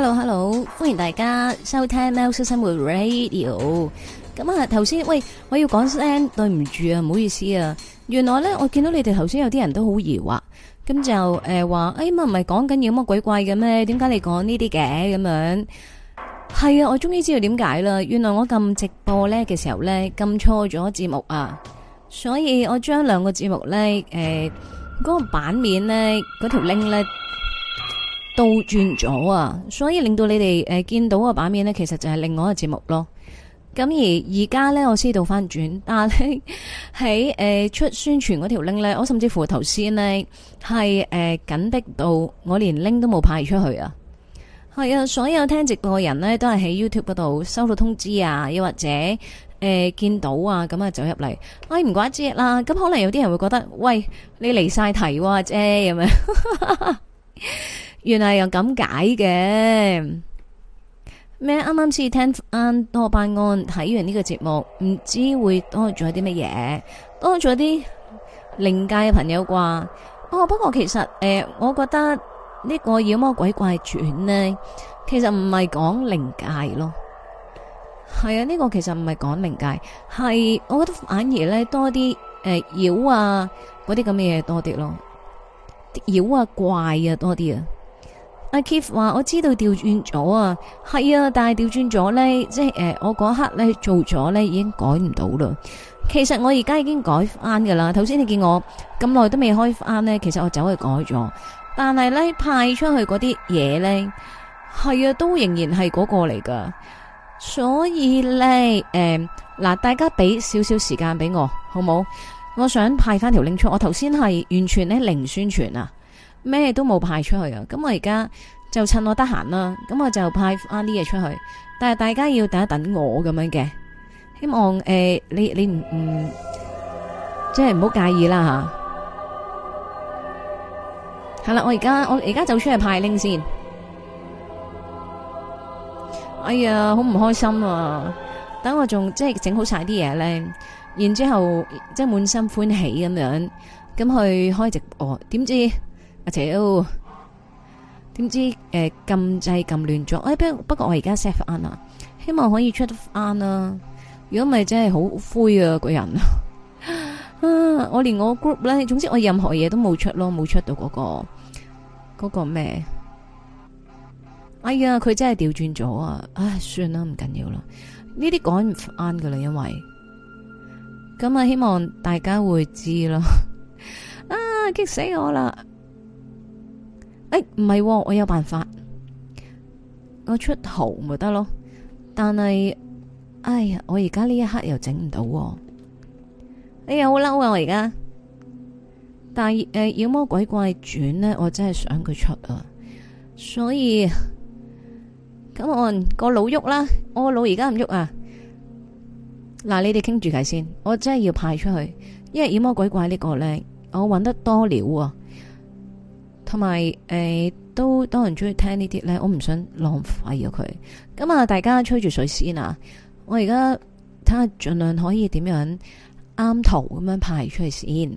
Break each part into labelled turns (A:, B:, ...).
A: hello hello，歡迎大家收聽《喵式生活 Radio》。咁啊，頭先喂，我要講聲對唔住啊，唔好意思啊。原來呢，我見到你哋頭先有啲人都好疑惑，咁就誒、呃哎、話，哎咪唔係講緊妖魔鬼怪嘅咩？點解你講呢啲嘅咁樣？係啊，我終於知道點解啦。原來我撳直播呢嘅時候呢，撳錯咗節目啊，所以我將兩個節目呢，誒、呃，嗰、那個版面呢，嗰條 link 咧。倒轉咗啊，所以令到你哋誒、呃、見到個版面呢，其實就係另外一個節目咯。咁而而家呢，我先倒翻轉，但係喺誒出宣傳嗰條 link 呢，我甚至乎頭先呢係誒緊迫到我連 link 都冇派出去啊。係啊，所有聽直播嘅人呢，都係喺 YouTube 嗰度收到通知啊，又或者誒、呃、見到啊，咁啊走入嚟。哎，唔怪之啦，咁可能有啲人會覺得，喂，你離晒題啫，啊，咁樣。 原來又咁解嘅咩？啱啱先聽翻多辦案睇完呢個節目，唔知會多咗啲乜嘢？多咗啲靈界嘅朋友啩？哦，不過其實誒、呃，我覺得呢個妖魔鬼怪傳呢，其實唔係講靈界咯。係啊，呢、這個其實唔係講靈界，係我覺得反而呢，多啲誒妖啊嗰啲咁嘅嘢多啲咯，妖啊怪啊多啲啊。阿 Keith 話我知道調轉咗啊，係啊，但係調轉咗呢，即係誒、呃，我嗰刻呢做咗呢已經改唔到啦。其實我而家已經改翻噶啦。頭先你見我咁耐都未開翻呢，其實我走去改咗，但係呢，派出去嗰啲嘢呢，係啊，都仍然係嗰個嚟噶。所以呢，誒，嗱，大家俾少少時間俾我，好冇？我想派翻條 link 出。我頭先係完全呢，零宣傳啊。咩都冇派出去啊！咁我而家就趁我得閒啦，咁我就派翻啲嘢出去。但係大家要等一等我咁樣嘅，希望誒，你你唔唔即係唔好介意啦吓。係啦，我而家我而家就出去派拎先。哎呀，好唔開心啊！等我仲即係整好晒啲嘢咧，然之後即係滿心歡喜咁樣，咁去開直播，點知？阿屌！點、啊、知誒、呃、禁制咁亂咗？誒、哎，不不過我而家 set 翻啦，希望可以出得翻啦、啊。如果唔係真係好灰啊個人啊！我連我 group 咧，總之我任何嘢都冇出咯，冇出到嗰、個嗰、個咩？哎呀，佢真係調轉咗啊！唉，算啦，唔緊要啦，呢啲趕唔翻噶啦，因為咁啊，希望大家會知咯。啊，激死我啦！誒，唔係、哎哦，我有辦法，我出頭咪得咯。但係，哎呀，我而家呢一刻又整唔到。哎呀，好嬲啊！我而家，但係誒，妖魔鬼怪轉呢，我真係想佢出啊。所以，咁按，個腦喐啦，我個腦而家唔喐啊。嗱，你哋傾住睇先，我真係要派出去，因為妖魔鬼怪個呢個咧，我搵得多了、啊。同埋誒，都多人中意聽呢啲呢，我唔想浪費咗佢。咁啊，大家吹住水先啊！我而家睇下，盡量可以點樣啱圖咁樣排出嚟先。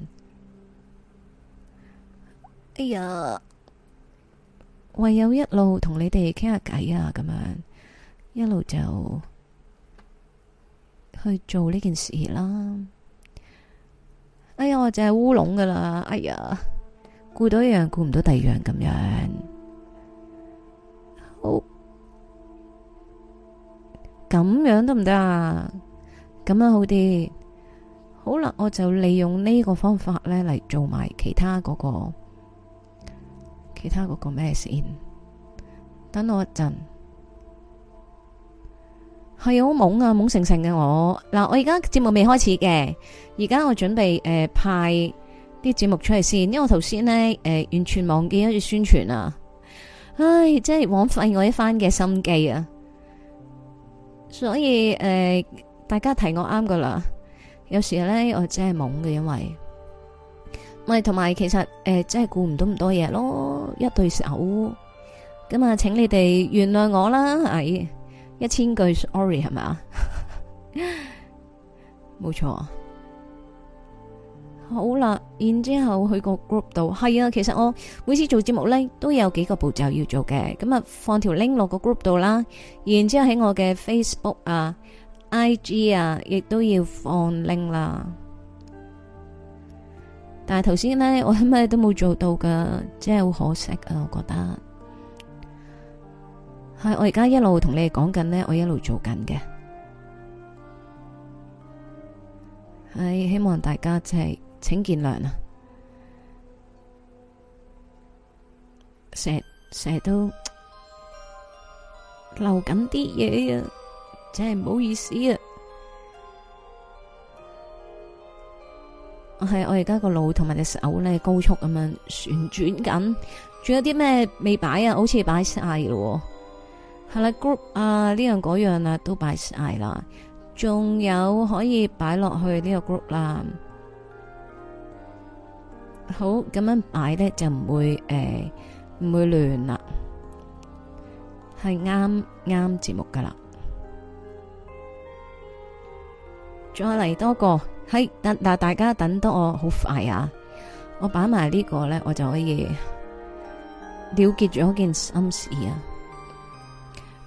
A: 哎呀，唯有一路同你哋傾下偈啊，咁樣一路就去做呢件事啦。哎呀，我淨係烏龍噶啦，哎呀！顧到一樣，顧唔到第二樣咁樣，好咁樣得唔得啊？咁樣好啲，好啦，我就利用呢個方法咧嚟，做埋其他嗰個。其他嗰個咩先？等我一陣，係好懵啊，懵成成嘅我嗱，我而家節目未開始嘅，而家我準備誒派。啲節目出嚟先，因為我頭先呢誒完全忘記咗做宣傳啊，唉，真係枉費我一番嘅心機啊，所以誒、呃、大家提我啱㗎啦，有時呢，我真係懵嘅，因為，咪同埋其實誒、呃、真係顧唔到咁多嘢咯，一對手，咁啊，請你哋原諒我啦，係、哎、一千句 sorry 係咪啊？冇 錯。好啦，然之後去個 group 度，係啊，其實我每次做節目呢都有幾個步驟要做嘅，咁啊放條 link 落個 group 度啦，然之後喺我嘅 Facebook 啊、IG 啊，亦都要放 link 啦。但係頭先呢，我乜都冇做到噶，真係好可惜啊！我覺得係我而家一路同你哋講緊呢，我一路做緊嘅，係希望大家即係。請見諒啊！成成日都漏緊啲嘢啊，真係唔好意思啊！啊我係我而家個腦同埋隻手咧高速咁樣旋轉緊，仲有啲咩未擺啊？好似擺晒咯，係啦，group 啊呢樣嗰樣啊都擺晒啦，仲有可以擺落去呢個 group 啦、啊。好，咁樣擺咧，就唔會誒唔、呃、會亂啦，係啱啱節目噶啦。再嚟多一個，係但大家等得我好快啊！我擺埋呢個咧，我就可以了結咗件心事啊。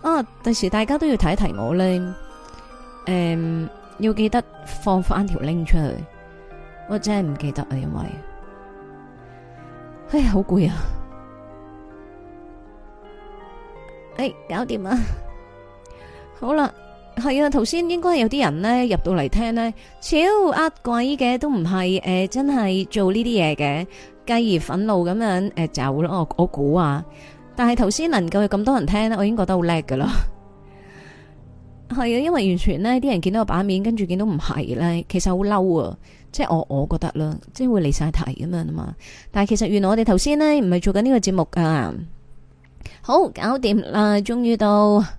A: 啊，第時大家都要睇一睇我咧，誒、嗯，要記得放翻條 link 出去。我真係唔記得啊，因為。唉，好攰啊！哎，搞掂啊！好啦，係啊，頭先應該有啲人呢入到嚟聽呢，超呃鬼嘅，都唔係誒，真係做呢啲嘢嘅，繼而憤怒咁樣誒、呃，走啦！我估啊，但係頭先能夠有咁多人聽呢，我已經覺得好叻噶啦，係啊，因為完全呢啲人見到個版面，跟住見到唔係咧，其實好嬲啊！即係我我覺得啦，即係會離晒題咁樣啊嘛。但係其實原來我哋頭先呢唔係做緊呢個節目噶。好，搞掂啦，終於到啊，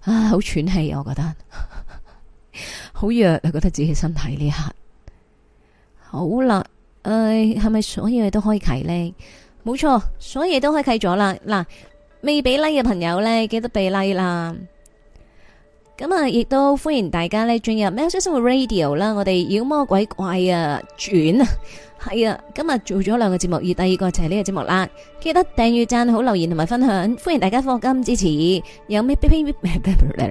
A: 好喘氣，我覺得好弱，覺得自己身體呢一刻好啦。唉、呃，係咪所有嘢都開啟呢？冇錯，所有嘢都開啟咗啦。嗱，未俾 like 嘅朋友呢，記得俾 like 啦。咁啊，亦、嗯、都歡迎大家咧進入《喵式生活 Radio》啦！我哋妖魔鬼怪啊，傳啊，係啊！今日做咗兩個節目，而第二個就係呢個節目啦。記得訂閱、讚好、留言同埋分享，歡迎大家放金支持。有咩 pay pay pay, pay pay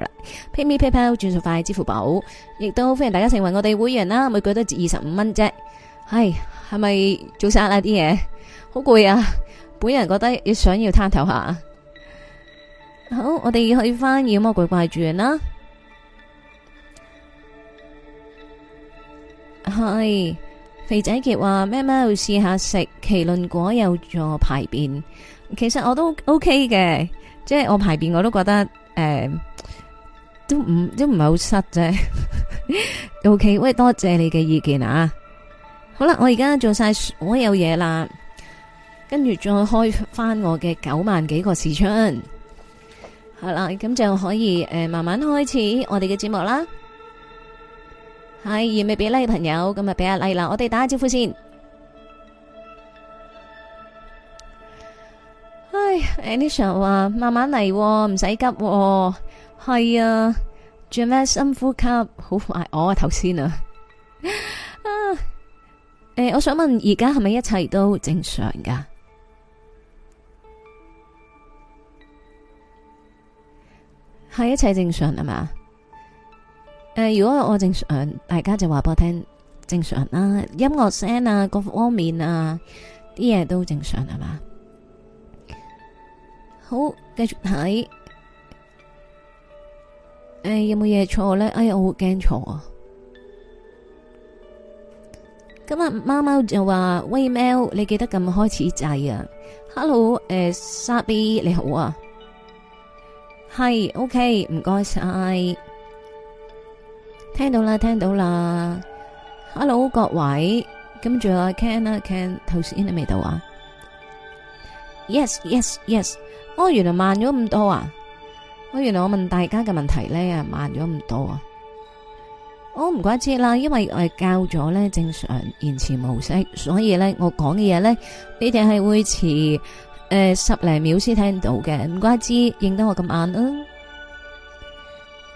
A: pay pay PayPal 轉數快寶，支付寶亦都歡迎大家成為我哋會員啦！每個月都只二十五蚊啫。係係咪做晒啦啲嘢？好攰啊！本人覺得要想要探頭下。好，我哋去翻妖魔鬼怪傳啦！係肥仔杰話喵喵要試下食麒麟果有助排便，其實我都 O K 嘅，即係我排便我都覺得誒、呃、都唔都唔係好塞啫，O K。喂， 多謝你嘅意見啊！好啦，我而家做晒所有嘢啦，跟住再開翻我嘅九萬幾個視窗。係啦，咁就可以誒、呃、慢慢開始我哋嘅節目啦。係，而未俾呢朋友咁啊，畀阿麗啦，我哋打下招呼先唉。唉，Anisha 話、啊、慢慢嚟、啊，唔使急、啊。係啊，仲有咩深呼吸，好快、啊。我啊頭先啊，啊，誒、欸，我想問而家係咪一切都正常噶？係一切正常啊嘛？誒、呃，如果我正常，大家就話俾我聽正常啦，音樂聲啊，各方面啊啲嘢都正常係嘛？好，繼續睇。誒、呃，有冇嘢錯咧？哎呀，我好驚錯啊！今日貓貓就話喂，喂喵，你記得咁開始制啊？Hello，誒、呃，傻 B 你好啊，係 OK，唔該晒。聽到啦，聽到啦，hello 各位，跟住我 can 啦、啊，can 頭先你未到啊？Yes，Yes，Yes，yes，哦，原來慢咗咁多啊！我、哦、原來我問大家嘅問題咧啊，慢咗咁多啊！我、哦、唔怪之啦，因為我係教咗咧正常延遲模式，所以咧我講嘅嘢咧，你哋係會遲誒、呃、十零秒先聽到嘅，唔怪之認得我咁晏啊！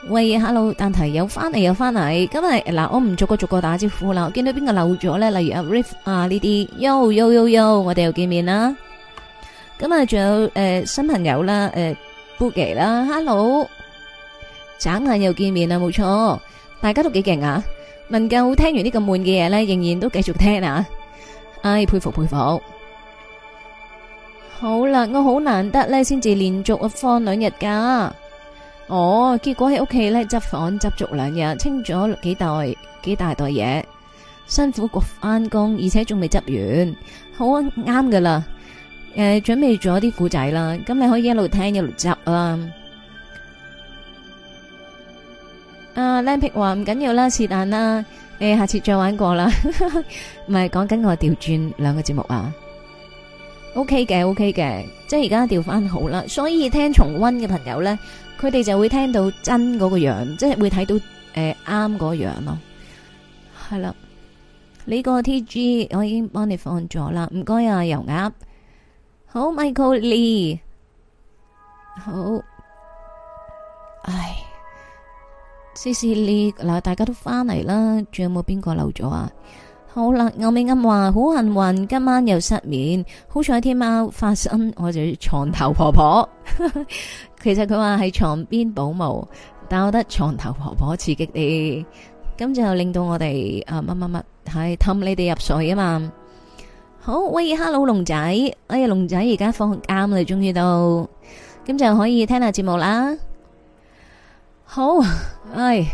A: 喂，hello，但係有翻嚟又翻嚟，今日嗱我唔逐個逐個打招呼啦，我見到邊個漏咗咧，例如阿 Riff 啊呢啲 Yo yo，Yo yo 我哋又見面啦，咁啊仲有誒、呃、新朋友啦，誒、呃、Boogie 啦，Hello，眨眼又見面啦，冇錯，大家都幾勁啊，能夠聽完呢個悶嘅嘢咧，仍然都繼續聽啊，哎佩服佩服，好啦，我好難得咧先至連續放兩日假。哦，結果喺屋企咧執房執足兩日，清咗幾袋幾大袋嘢，辛苦過返工，而且仲未執完，好啱噶啦。誒、呃，準備咗啲故仔啦，咁你可以一路聽一路執、啊、啦。阿靚皮話唔緊要啦，是但啦。誒，下次再玩過啦，唔係講緊我調轉兩個節目啊。OK 嘅，OK 嘅，即係而家調返好啦。所以聽重溫嘅朋友咧。佢哋就會聽到真嗰個樣，即係會睇到誒啱嗰樣咯。係啦，呢個 TG 我已經幫你放咗啦。唔該啊，油鴨。好，Michael Lee。好，唉，Cecilia，嗱，大家都翻嚟啦，仲有冇邊個漏咗啊？好啦，我尾啱話好幸運，今晚又失眠。好彩天喵，發生我就床頭婆婆。其實佢話係床邊保姆，但係我覺得床頭婆婆刺激啲，咁就令到我哋誒乜乜乜，係氹你哋入睡啊嘛。好，喂，Hello 龍仔，哎呀，龍仔而家放監啦，終於到，咁就可以聽下節目啦。好，唉，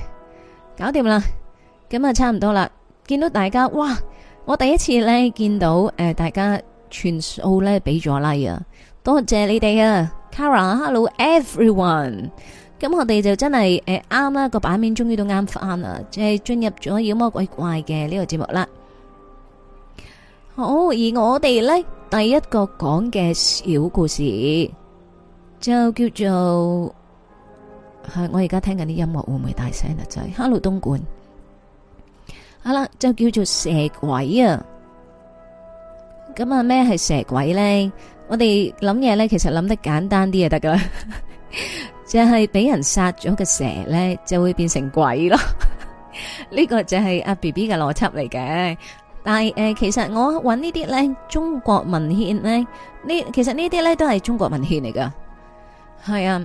A: 搞掂啦，咁啊差唔多啦。見到大家，哇！我第一次呢見到誒，大家全數呢俾咗 like 啊，多謝你哋啊，Cara，Hello everyone，咁我哋就真係誒啱啦個版面，終於都啱翻啦，即係進入咗妖魔鬼怪嘅呢個節目啦。好，而我哋呢第一個講嘅小故事就叫做，我而家聽緊啲音樂會唔會大聲啊？就係 Hello 東莞。好啦，就叫做蛇鬼啊！咁啊咩係蛇鬼咧？我哋諗嘢咧，其實諗得簡單啲就得噶，就係俾人殺咗嘅蛇咧，就會變成鬼咯。呢個就係阿 BB 嘅邏輯嚟嘅。但係誒，其實我搵呢啲咧，中國文獻咧，呢其實呢啲咧都係中國文獻嚟噶，係啊。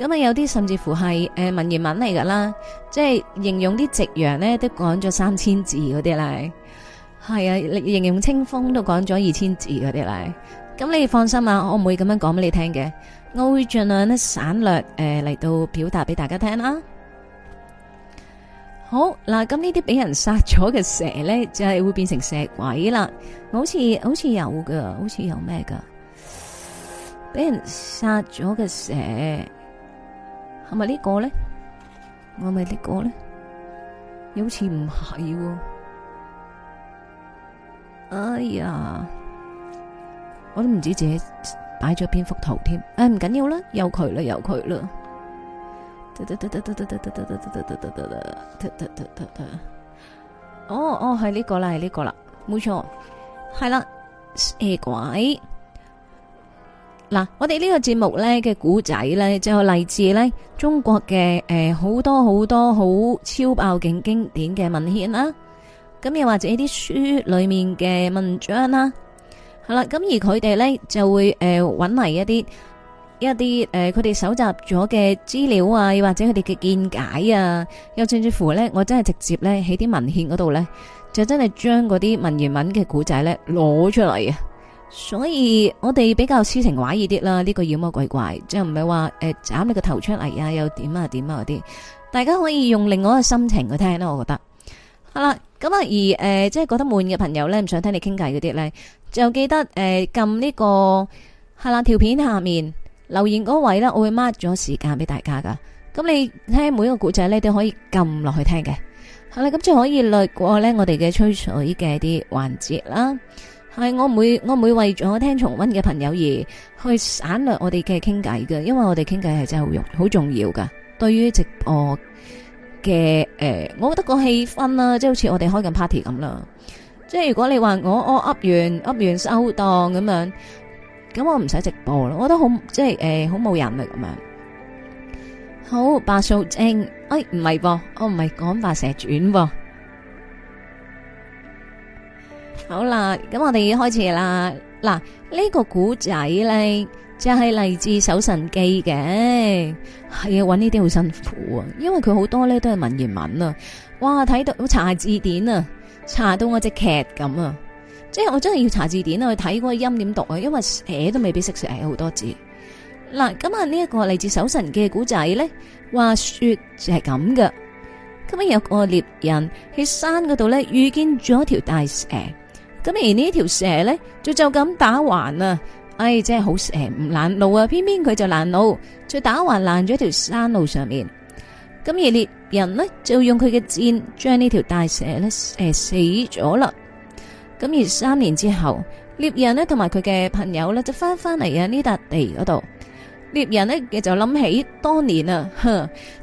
A: 咁啊，有啲甚至乎係誒、呃、文言文嚟噶啦，即係形容啲夕陽咧，都講咗三千字嗰啲啦，係啊，形容清風都講咗二千字嗰啲啦。咁你放心啊，我唔會咁樣講俾你聽嘅，我會盡量咧省略誒嚟、呃、到表達俾大家聽啦。好，嗱，咁呢啲俾人殺咗嘅蛇咧，就係會變成蛇鬼啦。好似好似有噶，好似有咩噶，俾人殺咗嘅蛇。係咪呢個咧？我咪呢個咧？好似唔係喎。哎呀，我都唔知自己擺咗邊幅圖添。誒，唔緊要啦，有佢啦，有佢啦。噠噠噠噠噠噠噠噠噠噠噠噠噠噠噠噠噠噠噠噠。哦哦，係呢個啦，係呢個啦，冇錯，係啦，蛇鬼。嗱，我哋呢個節目呢嘅古仔呢，就嚟自呢中國嘅誒好多好多好超爆勁經典嘅文獻啦，咁又或者啲書裏面嘅文章啦，係啦，咁而佢哋呢，就會誒搵嚟一啲一啲誒，佢哋搜集咗嘅資料啊，又或者佢哋嘅見解啊，又甚至乎呢，我真係直接呢喺啲文獻嗰度呢，就真係將嗰啲文言文嘅古仔呢攞出嚟啊！所以我哋比較詩情畫意啲啦，呢、這個妖魔鬼怪即係唔係話誒斬你個頭出嚟啊，又點啊點啊嗰啲，大家可以用另外一個心情去聽啦，我覺得係啦。咁啊，而誒、呃、即係覺得悶嘅朋友呢，唔想聽你傾偈嗰啲呢，就記得誒撳呢個下啦條片下面留言嗰位呢，我會 mark 咗時間俾大家噶。咁你聽每一個故仔呢，都可以撳落去聽嘅。係啦，咁就可以略過呢我哋嘅吹水嘅啲環節啦。係，我唔會我唔會為咗聽重溫嘅朋友而去省略我哋嘅傾偈嘅，因為我哋傾偈係真係好用好重要噶。對於直播嘅誒，我覺得個氣氛啦，即係好似我哋開緊 party 咁啦。即係如果你話我我 up 完 up 完收檔咁樣，咁我唔使直播咯，我覺得好即係誒好冇癮啊咁樣。好白素貞，哎唔係噃，我唔係講白蛇傳喎。好啦，咁我哋要開始啦。嗱，這個、呢個古仔咧，就係、是、嚟自《搜神記》嘅、哎，係要搵呢啲好辛苦啊，因為佢好多咧都係文言文啊。哇，睇到我查字典啊，查到我隻 cat 咁啊，即係我真係要查字典啊，去睇嗰個音點讀啊，因為寫都未必識寫好多字。嗱，咁啊呢一個嚟自《搜神記》嘅古仔咧，話說就係咁噶。咁啊有個獵人喺山嗰度咧，遇見咗條大蛇。咁而條呢條蛇咧就就咁打橫啊！哎，真係好蛇唔難路啊，偏偏佢就難路，就打橫爛咗條條山路上面。咁而獵人呢，就用佢嘅箭將呢條大蛇咧射死咗啦。咁而三年之後，獵人呢，同埋佢嘅朋友呢，就翻翻嚟啊呢笪地嗰度。獵人呢，就諗起當年啊，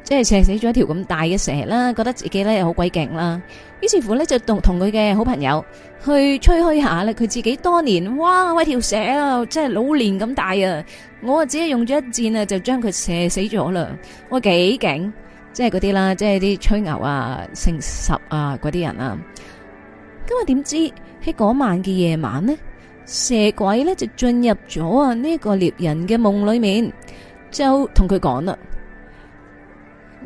A: 即係射死咗一條咁大嘅蛇啦，覺得自己咧好鬼勁啦。於是乎呢就同同佢嘅好朋友去吹噓下啦。佢自己當年，哇喂，條蛇啊，真係老年咁大啊！我只係用咗一箭啊，就將佢射死咗啦。我幾勁，即係嗰啲啦，即係啲吹牛啊、成十啊嗰啲人啊。咁啊，點知喺嗰晚嘅夜晚呢，蛇鬼呢就進入咗啊呢個獵人嘅夢裏面，就同佢講啦。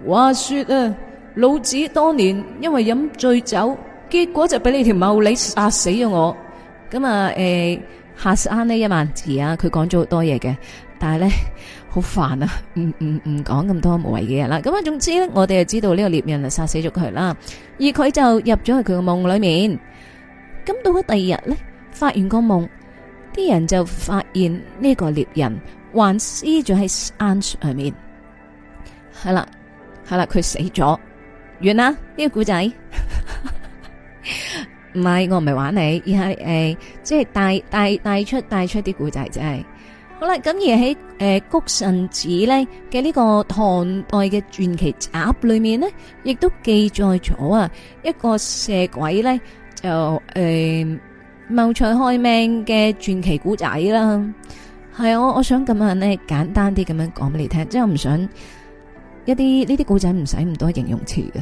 A: 話說啊。老子當年因為飲醉酒，結果就俾你條茂利殺死咗我。咁啊，誒、欸，下山呢一萬字啊，佢講咗好多嘢嘅，但係咧好煩啊，唔唔唔講咁多無謂嘅嘢啦。咁啊，總之咧，我哋就知道呢個獵人嚟殺死咗佢啦，而佢就入咗去佢嘅夢裏面。咁到咗第二日咧，發完個夢，啲人就發現呢個獵人還屍咗喺山上面，係啦，係啦，佢死咗。完啦，呢個故仔，唔係我唔係玩你，而係誒，即係帶帶帶出帶出啲故仔，就係好啦。咁而喺誒谷神子咧嘅呢個唐代嘅傳奇集裏面咧，亦都記載咗啊一個蛇鬼咧就誒謀財害命嘅傳奇故仔啦。係啊，我我想咁樣咧簡單啲咁樣講俾你聽，即係我唔想。一啲呢啲古仔唔使咁多形容詞嘅，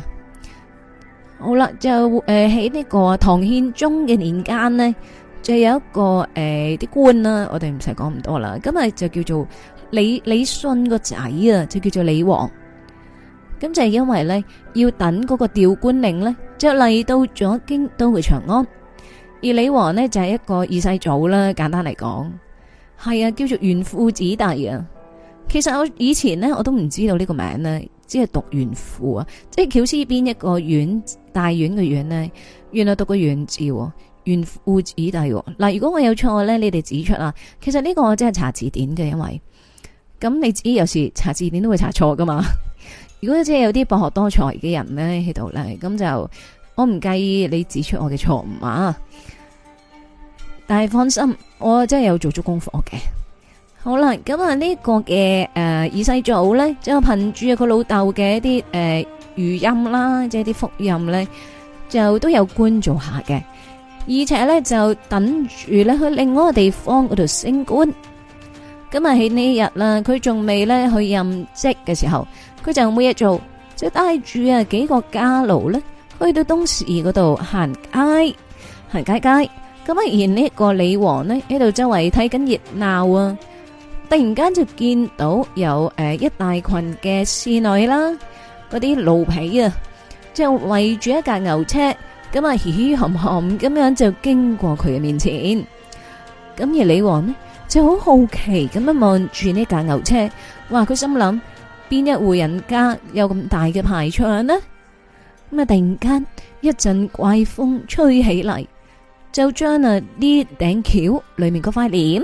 A: 好啦，就誒喺呢個唐憲宗嘅年間呢，就有一個誒啲、呃、官啦、啊，我哋唔使講咁多啦，咁啊就叫做李李信個仔啊，就叫做李黃，咁就因為呢，要等嗰個調官令呢，就嚟到咗京都去長安，而李黃呢，就係、是、一個二世祖啦、啊，簡單嚟講，係啊叫做紈絝子弟啊。其實我以前咧，我都唔知道呢個名咧，只係讀元父啊，即係巧思。邊一個院？大院嘅院咧，原來讀個院字、哦，元父子弟、哦。嗱，如果我有錯咧，你哋指出啊。其實呢個我真係查字典嘅，因為咁你知有時查字典都會查錯噶嘛。 如果即係有啲博學多才嘅人咧喺度咧，咁就我唔介意你指出我嘅錯誤啊。但係放心，我真係有做足功課嘅。好啦，咁啊呢個嘅，誒，二世祖咧，即係憑住啊佢老豆嘅一啲誒語音啦，即係啲福音咧，就都有官做下嘅，而且咧就等住咧去另外一個地方嗰度升官。咁啊喺呢日啦，佢仲未咧去任職嘅時候，佢就冇嘢做，就帶住啊幾個家奴咧，去到東市嗰度行街行街街。咁啊，而呢一個李王咧喺度周圍睇緊熱鬧啊！突然間就見到有誒一大群嘅侍女啦，嗰啲奴婢啊，就圍住一架牛車，咁啊嘻嘻含含咁樣就經過佢嘅面前。咁而李王呢，就好好奇咁樣望住呢架牛車，話佢心諗邊一戶人家有咁大嘅排場呢？咁啊突然間一陣怪風吹起嚟，就將啊啲頂轎裏面嗰塊簾。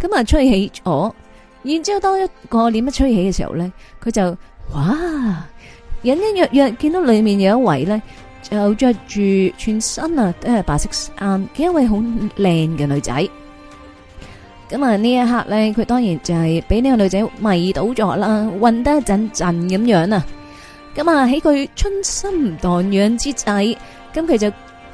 A: 咁啊吹起哦，然之後當一個簾一吹起嘅時候咧，佢就哇隱隱約約見到裏面有一位咧，就着住全身啊都係白色衫嘅一位好靚嘅女仔。咁啊呢一刻咧，佢當然就係俾呢個女仔迷倒咗啦，暈得一陣陣咁樣啊。咁啊喺佢春心盪漾之際，咁佢就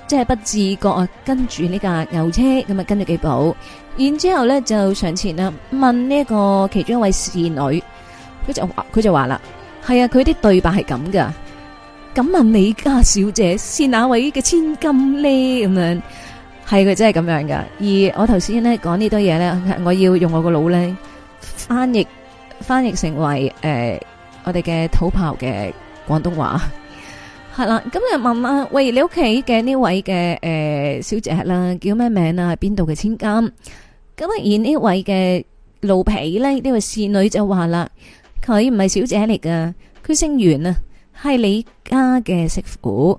A: 即係不自覺啊跟住呢架牛車咁啊跟住幾步。然之後咧就上前啦問呢一個其中一位侍女，佢就佢就話啦，係啊佢啲對白係咁噶，咁問你家小姐是哪位嘅千金呢？咁樣係佢真係咁樣噶。而我頭先咧講呢堆嘢咧，我要用我個腦咧翻譯翻譯成為誒、呃、我哋嘅土炮嘅廣東話，係 啦、啊，咁就問啦、啊，喂，你屋企嘅呢位嘅誒、呃、小姐啦，叫咩名啊？係邊度嘅千金？咁而呢位嘅奴婢呢，呢位侍女就話啦，佢唔係小姐嚟噶，佢姓袁啊，係李家嘅媳婦。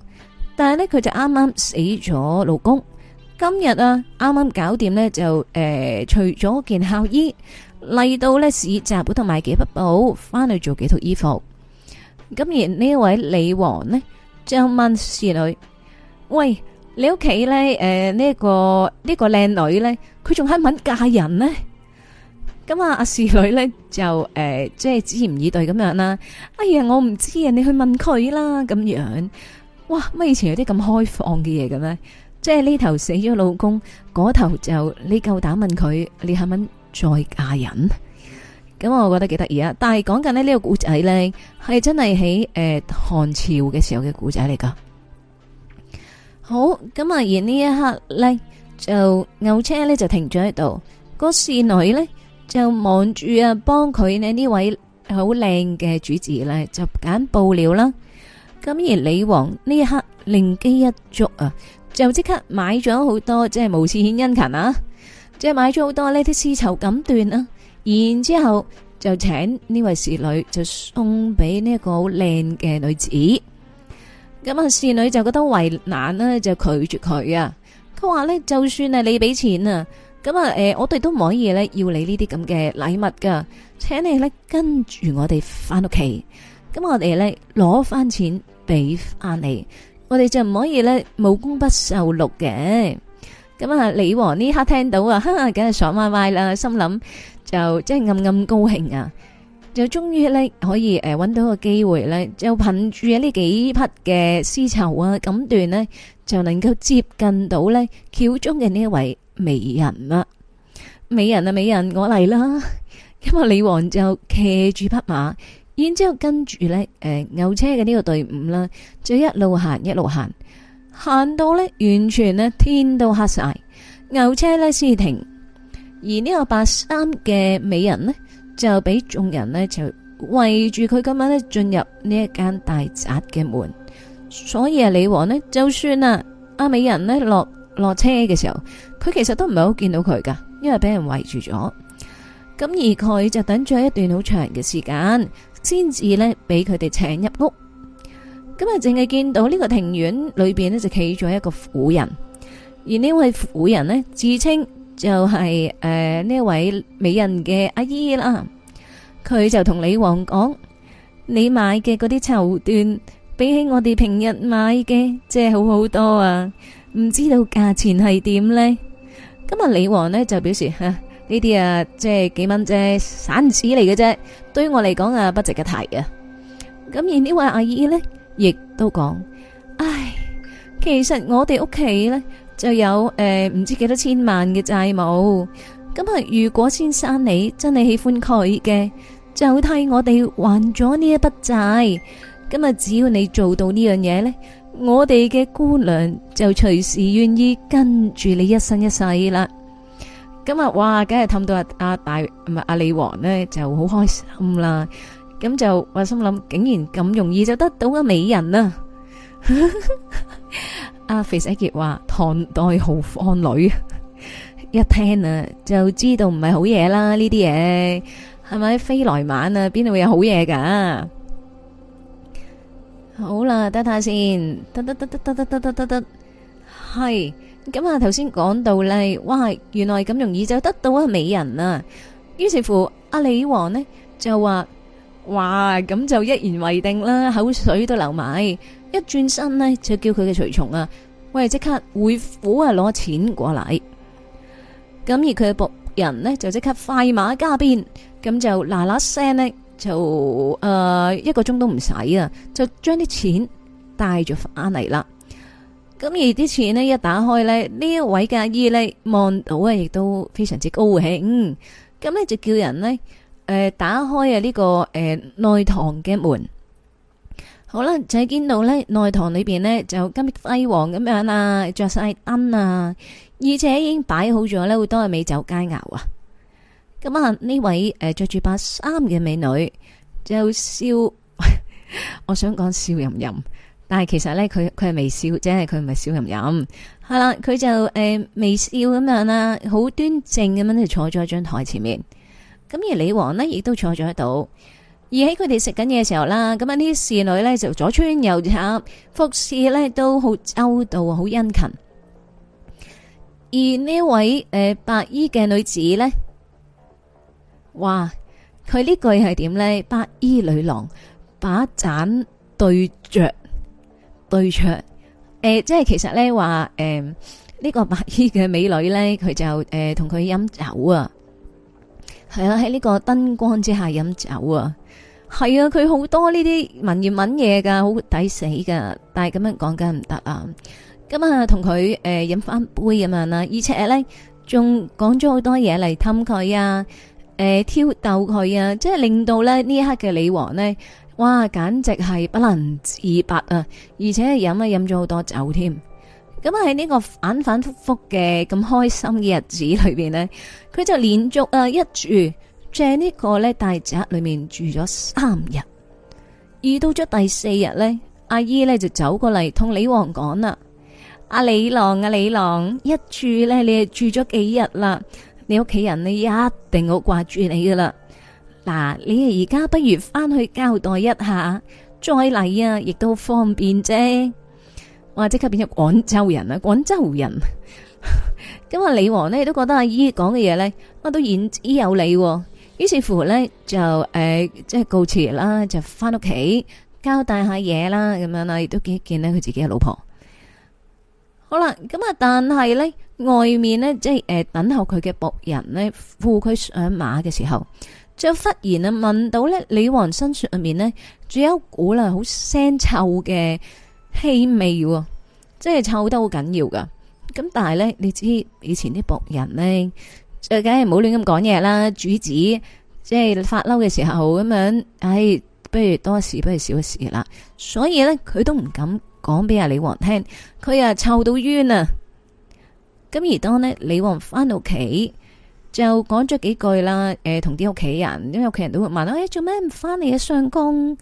A: 但係呢，佢就啱啱死咗老公，今日啊，啱啱搞掂呢，就誒除咗件孝衣，嚟到呢市集度買幾匹布，翻去做幾套衣服。咁而呢位李王呢，就問侍女，喂，你屋企咧，誒、呃這個這個、呢個呢個靚女咧，佢仲喺唔肯嫁人呢？咁啊，阿侍女咧就誒，即係指言以對咁樣啦。哎呀，我唔知啊，你去問佢啦，咁樣。哇，乜以前有啲咁開放嘅嘢嘅咩？即係呢頭死咗老公，嗰頭就你夠膽問佢，你肯唔肯再嫁人？咁我覺得幾得意啊！但係講緊呢呢個古仔咧，係真係喺誒漢朝嘅時候嘅古仔嚟噶。好，咁啊！而呢一刻咧，就牛車咧就停咗喺度，個侍女咧就望住啊，幫佢呢呢位好靚嘅主子咧就揀布料啦。咁而李王呢一刻靈機一觸啊，就即刻買咗好多，即係無事獻殷勤啊，即係買咗好多呢啲絲綢錦緞啊。然之後就請呢位侍女就送俾呢一個好靚嘅女子。咁啊，侍女就覺得為難呢，就拒絕佢啊。佢話咧，就算係你俾錢啊，咁啊誒，我哋都唔可以咧要你呢啲咁嘅禮物噶，請你咧跟住我哋翻屋企。咁我哋咧攞翻錢俾翻你，我哋就唔可以咧冇功不受祿嘅。咁啊，李王呢刻聽到啊，哈，梗係爽歪歪啦，心諗就即係暗暗高興啊。就終於咧可以誒搵到個機會咧，就憑住呢幾匹嘅絲綢啊錦緞呢，就能夠接近到咧轎中嘅呢一位美人啦！美人啊，美人，我嚟啦！咁啊，李王就騎住匹馬，然之後跟住咧誒牛車嘅呢個隊伍啦，就一路行一路行，行到咧完全呢天都黑晒，牛車咧先停，而呢個白衫嘅美人呢。就俾眾人呢，就圍住佢，今晚呢，進入呢一間大宅嘅門。所以啊，李王呢，就算啊，阿美人呢，落落車嘅時候，佢其實都唔係好見到佢噶，因為俾人圍住咗。咁而佢就等咗一段好長嘅時間，先至呢，俾佢哋請入屋。咁啊，淨係見到呢個庭院裏邊呢，就企咗一個婦人，而呢位婦人呢，自稱。就係誒呢位美人嘅阿姨啦，佢就同李王講：你買嘅嗰啲綢緞比起我哋平日買嘅，即係好好多啊！唔知道價錢係點咧？咁啊，李王咧就表示：呢啲啊，即係幾蚊啫，散紙嚟嘅啫，對於我嚟講啊，不值一提啊！咁而呢位阿姨咧，亦都講：唉，其實我哋屋企咧。就有誒唔、呃、知幾多千萬嘅債務，咁啊，如果先生你真係喜歡佢嘅，就替我哋還咗呢一筆債，咁啊，只要你做到呢樣嘢呢，我哋嘅姑娘就隨時願意跟住你一生一世啦。咁啊哇，梗係氹到阿、啊、阿大唔係阿李王呢就好開心啦，咁就話心諗，竟然咁容易就得到個美人啦。 阿肥仔傑話唐代豪放女，一聽啊就知道唔係好嘢啦，呢啲嘢係咪飛來晚啊？邊度會有好嘢噶？好啦，等下先，得得得得得得得得得，係咁啊！頭先講到咧，哇，原來咁容易就得到啊美人啊！於是乎，阿李王呢就話：哇，咁就一言為定啦，口水都流埋。一轉身呢，就叫佢嘅隨從啊，喂，即刻回府啊，攞錢過嚟。咁而佢嘅僕人呢，就即刻快馬加鞭，咁就嗱嗱聲呢，就誒一個鐘都唔使啊，就將啲錢帶咗返嚟啦。咁而啲錢呢，一打開呢，呢一位嘅阿姨呢，望到啊，亦都非常之高興。咁呢，就叫人呢，誒、呃、打開啊、這、呢個誒呃、內堂嘅門。好啦，就喺見到咧內堂裏邊呢，就金碧輝煌咁樣啊，着晒燈啊，而且已經擺好咗呢好多嘅美酒佳肴啊。咁啊呢位誒着住白衫嘅美女就笑，我想講笑吟吟，但係其實呢，佢佢係微笑，即係佢唔係笑吟吟。係啦，佢就誒微笑咁樣啊，好、呃啊、端正咁樣就坐咗喺張台前面。咁而李王呢，亦都坐咗喺度。而喺佢哋食緊嘢嘅時候啦，咁啊啲侍女呢就左穿右插，服侍呢都好周到，好殷勤。而呢位誒、呃、白衣嘅女子呢，哇，佢呢句係點呢？白衣女郎把盞對着對着，誒、呃，即係其實呢話，誒呢、呃這個白衣嘅美女呢，佢就誒同佢飲酒啊。係啊，喺呢個燈光之下飲酒啊，係啊，佢好多呢啲文言文嘢噶，好抵死噶。但係咁樣講梗係唔得啊。咁啊，同佢誒飲翻杯咁樣啦，而且咧仲講咗好多嘢嚟氹佢啊，誒、呃、挑逗佢啊，即係令到咧呢這一刻嘅李王呢，哇，簡直係不能自拔啊！而且飲啊飲咗好多酒添。咁，喺呢個反反复复嘅咁開心嘅日子裏邊呢，佢就連續啊一住，係呢個呢大宅裏面住咗三日。而到咗第四日呢，阿姨呢就走過嚟同李王講啦：阿、啊、李郎、啊，阿李郎，一住呢你係住咗幾日啦？你屋企人呢一定好掛住你噶啦。嗱，你而家不如翻去交代一下，再嚟啊，亦都好方便啫。哇！即刻變咗廣州人啦，廣州人。咁啊，李王呢都覺得阿姨講嘅嘢，呢，我都言之有理，哦。於是乎呢，就誒、即，呃、係、就是、告辭啦，就翻屋企交代下嘢啦，咁樣啦，亦都見一見呢佢自己嘅老婆。好啦，咁啊，但係呢，外面呢，即係誒等候佢嘅僕人呢，扶佢上馬嘅時候，就忽然啊聞到呢，李王身上面呢，仲有一股啦好腥臭嘅。氣味喎，即係臭得好緊要噶。咁但係呢，你知以前啲僕人呢，就梗係唔好亂咁講嘢啦。主子即係發嬲嘅時候咁樣，唉、哎，不如多一事不如少一事啦。所以呢，佢都唔敢講俾阿李王聽，佢啊臭到冤啊。咁而當呢，李王翻到屋企就講咗幾句啦。誒、呃，同啲屋企人，因為屋企人都會問：，誒、哎，做咩唔翻嚟啊，相公？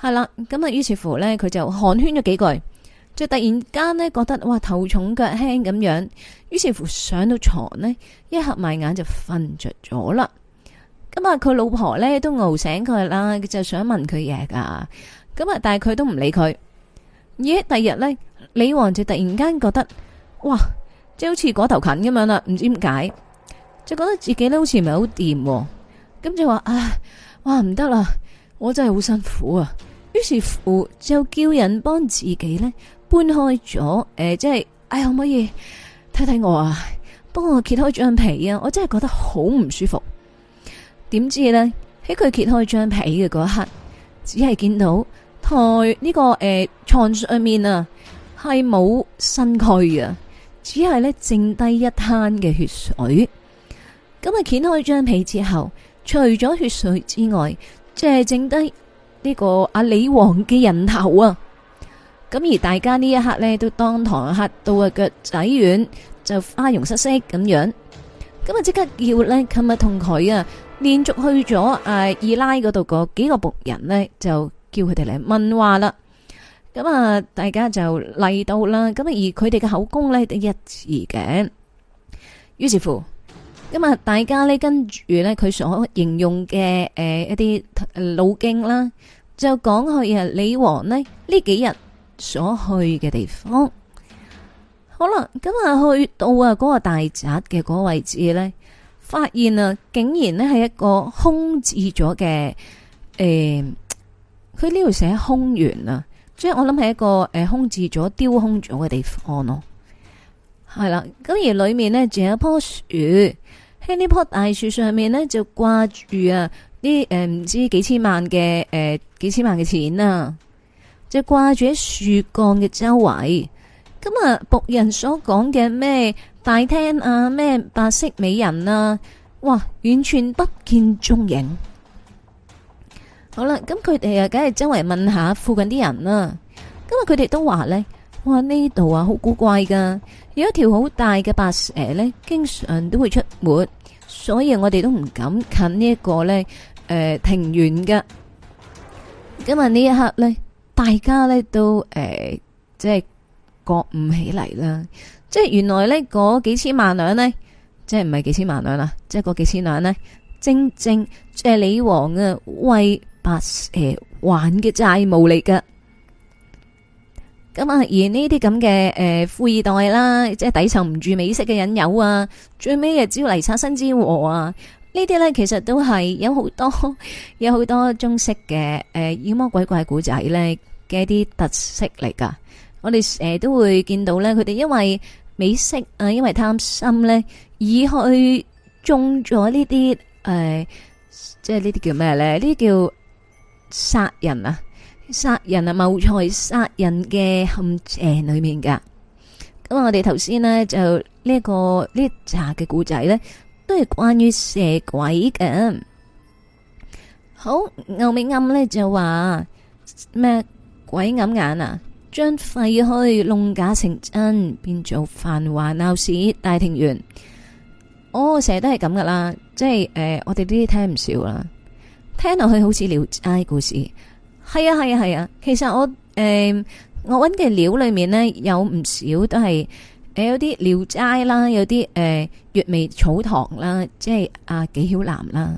A: 係啦，咁啊，於是乎呢，佢就寒暄咗幾句，就突然間呢覺得哇頭重腳輕咁樣，於是乎上到床呢，一合埋眼就瞓着咗啦。咁啊，佢老婆呢都熬醒佢啦，就想問佢嘢噶，咁啊，但係佢都唔理佢。咦，第日呢，李王就突然間覺得哇，即係好似個頭近咁樣啦，唔知點解，就覺得自己咧好似唔係好掂，咁就話啊，哇唔得啦。我真係好辛苦啊！於是乎就叫人幫自己呢搬開咗。誒、呃，即係哎，可唔可以睇睇我啊？幫我揭開張皮啊！我真係覺得好唔舒服。點知呢，喺佢揭開張皮嘅嗰一刻，只係見到台呢、這個誒、呃、床上面啊係冇身軀啊，只係呢剩低一灘嘅血水。咁啊，揭開張皮之後，除咗血水之外，即係剩低呢個阿李王嘅人頭啊！咁而大家呢一刻呢，都當堂嚇到腳仔軟，就花容失色咁樣。咁啊即刻叫呢琴日同佢啊，連續去咗啊二奶嗰度個幾個仆人呢，就叫佢哋嚟問話啦。咁啊，大家就嚟到啦。咁而佢哋嘅口供呢，都一致嘅。於是乎。咁啊，大家咧跟住咧佢所形容嘅誒一啲路徑啦，就講去啊李王咧呢幾日所去嘅地方好了。好啦，咁啊去到啊嗰個大宅嘅嗰位置咧，發現啊竟然咧係一個空置咗嘅誒，佢呢度寫空園啊，即係我諗係一個誒空置咗、丟空咗嘅地方咯。係啦，咁而裏面呢，仲有一棵樹。喺呢棵大樹上面呢，就掛住啊啲誒唔知幾千萬嘅誒、呃、幾千萬嘅錢啊，就掛住喺樹幹嘅周圍。咁啊僕人所講嘅咩大廳啊，咩白色美人啊，哇，完全不見蹤影。好啦，咁佢哋啊，梗係周圍問下附近啲人啦。咁啊，佢哋、嗯、嗯、都話呢，哇呢度啊好古怪噶，有一條好大嘅白蛇呢，經常都會出沒。所以我哋都唔敢近呢、這、一個誒、呃，庭院噶。今日呢一刻呢，大家都誒、呃，即係覺悟起嚟啦。即係原來呢嗰幾千萬兩呢，即係唔係幾千萬兩啦，即係嗰幾千兩呢，正正係李王嘅為白蛇還嘅債務嚟噶。咁啊，而呢啲咁嘅誒富二代啦，即係抵受唔住美色嘅引誘啊，最尾誒招嚟殺身之禍啊！呢啲咧其實都係有好多有好多中式嘅誒妖魔鬼怪古仔咧嘅一啲特色嚟噶。我哋誒、呃、都會見到咧，佢哋因為美色，啊、呃，因為貪心咧，而去中咗呢啲誒，即係呢啲叫咩咧？呢啲叫殺人啊！殺人啊，謀財殺人嘅陷阱裏面噶。咁啊，我哋頭先呢，就呢、這個、一個呢查嘅故仔呢，都係關於蛇鬼嘅。好牛尾庵呢就話咩鬼暗眼啊，將廢墟弄假成真，變做繁華鬧市大庭園。我成日都係咁噶啦，即係誒、呃，我哋呢啲聽唔少啦，聽落去好似聊齋故事。係啊係啊係啊，其實我誒我揾嘅料裏面咧有唔少都係誒有啲聊齋啦，有啲誒閱微草堂啦，即係阿紀曉嵐啦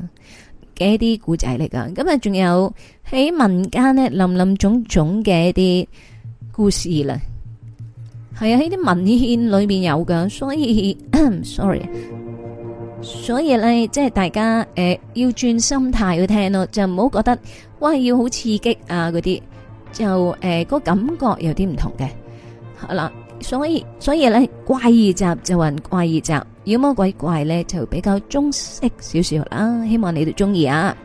A: 嘅一啲古仔嚟噶，咁啊仲有喺民間咧林林總總嘅一啲故事啦，係啊喺啲文獻裏面有嘅，所以 sorry，所以咧即係大家誒要轉心態去聽咯，就唔好覺得。哇！要好刺激啊，嗰啲就誒，嗰、呃那個感覺有啲唔同嘅啦，所以所以咧怪異集就話怪異集妖魔鬼怪咧就比較中式少少啦，希望你哋中意啊，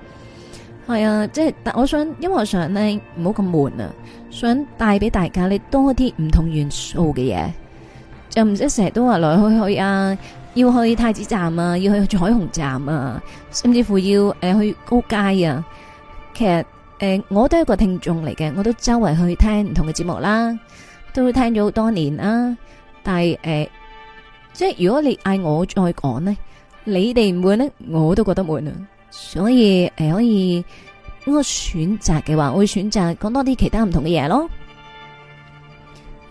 A: 係啊，即係但我想，因為我想咧唔好咁悶啊，想帶俾大家你多啲唔同元素嘅嘢，就唔使成日都話來去去啊，要去太子站啊，要去彩虹站啊，甚至乎要誒、呃、去高街啊。其實誒，我都係一個聽眾嚟嘅，我都周圍去聽唔同嘅節目啦，都聽咗好多年啦。但係誒，即係如果你嗌我再講呢，你哋唔會呢，我都覺得悶啦。所以誒，可以如果我選擇嘅話，我會選擇講多啲其他唔同嘅嘢咯。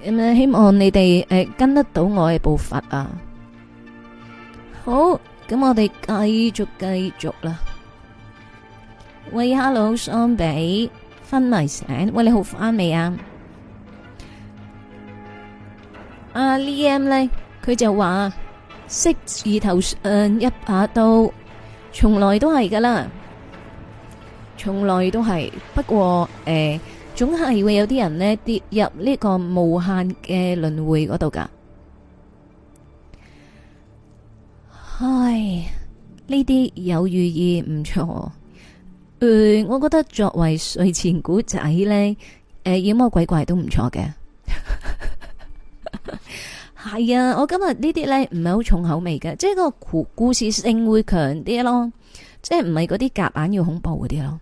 A: 咁啊，希望你哋誒跟得到我嘅步伐啊。好，咁我哋繼續繼續啦。喂，Hello，桑比，分埋醒？喂，你好翻未啊？阿 Liam 呢，佢就話色字頭上、呃、一把刀，從來都係噶啦，從來都係。不過誒、呃，總係會有啲人呢跌入呢個無限嘅輪回嗰度噶。唉，呢啲有寓意，唔錯。誒、嗯，我覺得作為睡前古仔呢，誒，妖魔鬼怪都唔錯嘅。係啊，我今日呢啲呢，唔係好重口味嘅，即係個故事性會強啲咯，即係唔係嗰啲夾硬要恐怖嗰啲咯。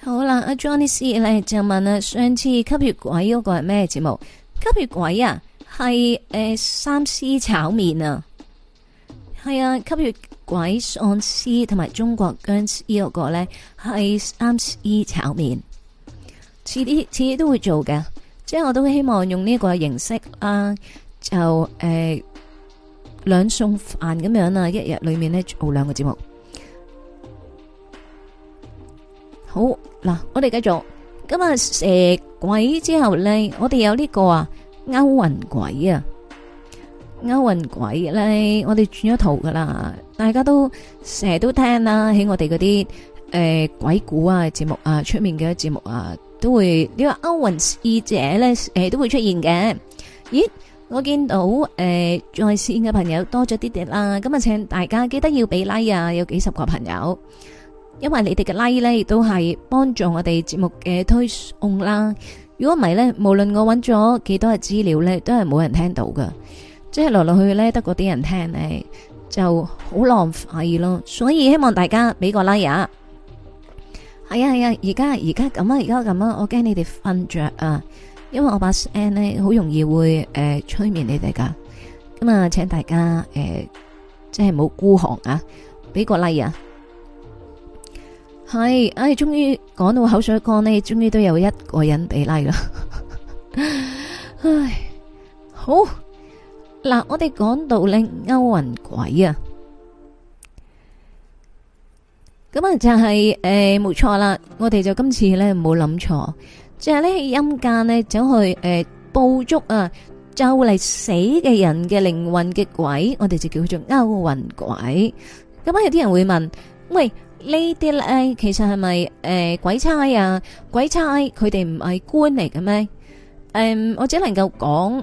A: 好啦，阿 Johnny C 呢，就問啦，上次吸血鬼嗰個係咩節目？吸血鬼啊，係誒、欸、三絲炒麵啊，係啊，吸血。鬼喪屍同埋中國僵屍呢個呢，係啱意炒麵，次啲次都會做嘅，即係我都希望用呢個形式啊，就誒兩餸飯咁樣啊，一日裏面呢，做兩個節目。好嗱，我哋繼續，今日蛇鬼之後呢，我哋有呢、呢個啊勾魂鬼啊，勾魂鬼呢，我哋轉咗圖噶啦。大家都成日都聽啦，喺我哋嗰啲誒鬼故啊節目啊，出面嘅節目啊，都會呢個歐雲師姐咧誒都會出現嘅。咦，我見到誒在線嘅朋友多咗啲啲啦，咁啊，請大家記得要俾 like 啊，有幾十個朋友，因爲你哋嘅 like 咧亦都係幫助我哋節目嘅推送啦。如果唔係咧，無論我揾咗幾多嘅資料咧，都係冇人聽到噶，即係來來去去咧得嗰啲人聽咧。就好浪費咯，所以希望大家俾個 like 啊。係啊係啊，而家而家咁啊而家咁啊，我驚你哋瞓着啊，因為我把聲呢，好容易會誒、呃、催眠你哋噶，咁、嗯、啊請大家誒、呃、即係冇孤寒啊，俾個 like 啊。係，唉、哎，終於講到口水乾呢，終於都有一個人俾 like 啦。 唉，好。嗱，我哋講到咧勾魂鬼啊，咁啊就係誒，冇錯啦，我哋就今次咧冇諗錯，就係咧喺陰間咧走去誒捕捉啊，就嚟死嘅人嘅靈魂嘅鬼，我哋就叫做勾魂鬼。咁啊有啲人會問，喂呢啲咧其實係咪誒鬼差啊？鬼差佢哋唔係官嚟嘅咩？誒，我只能夠講。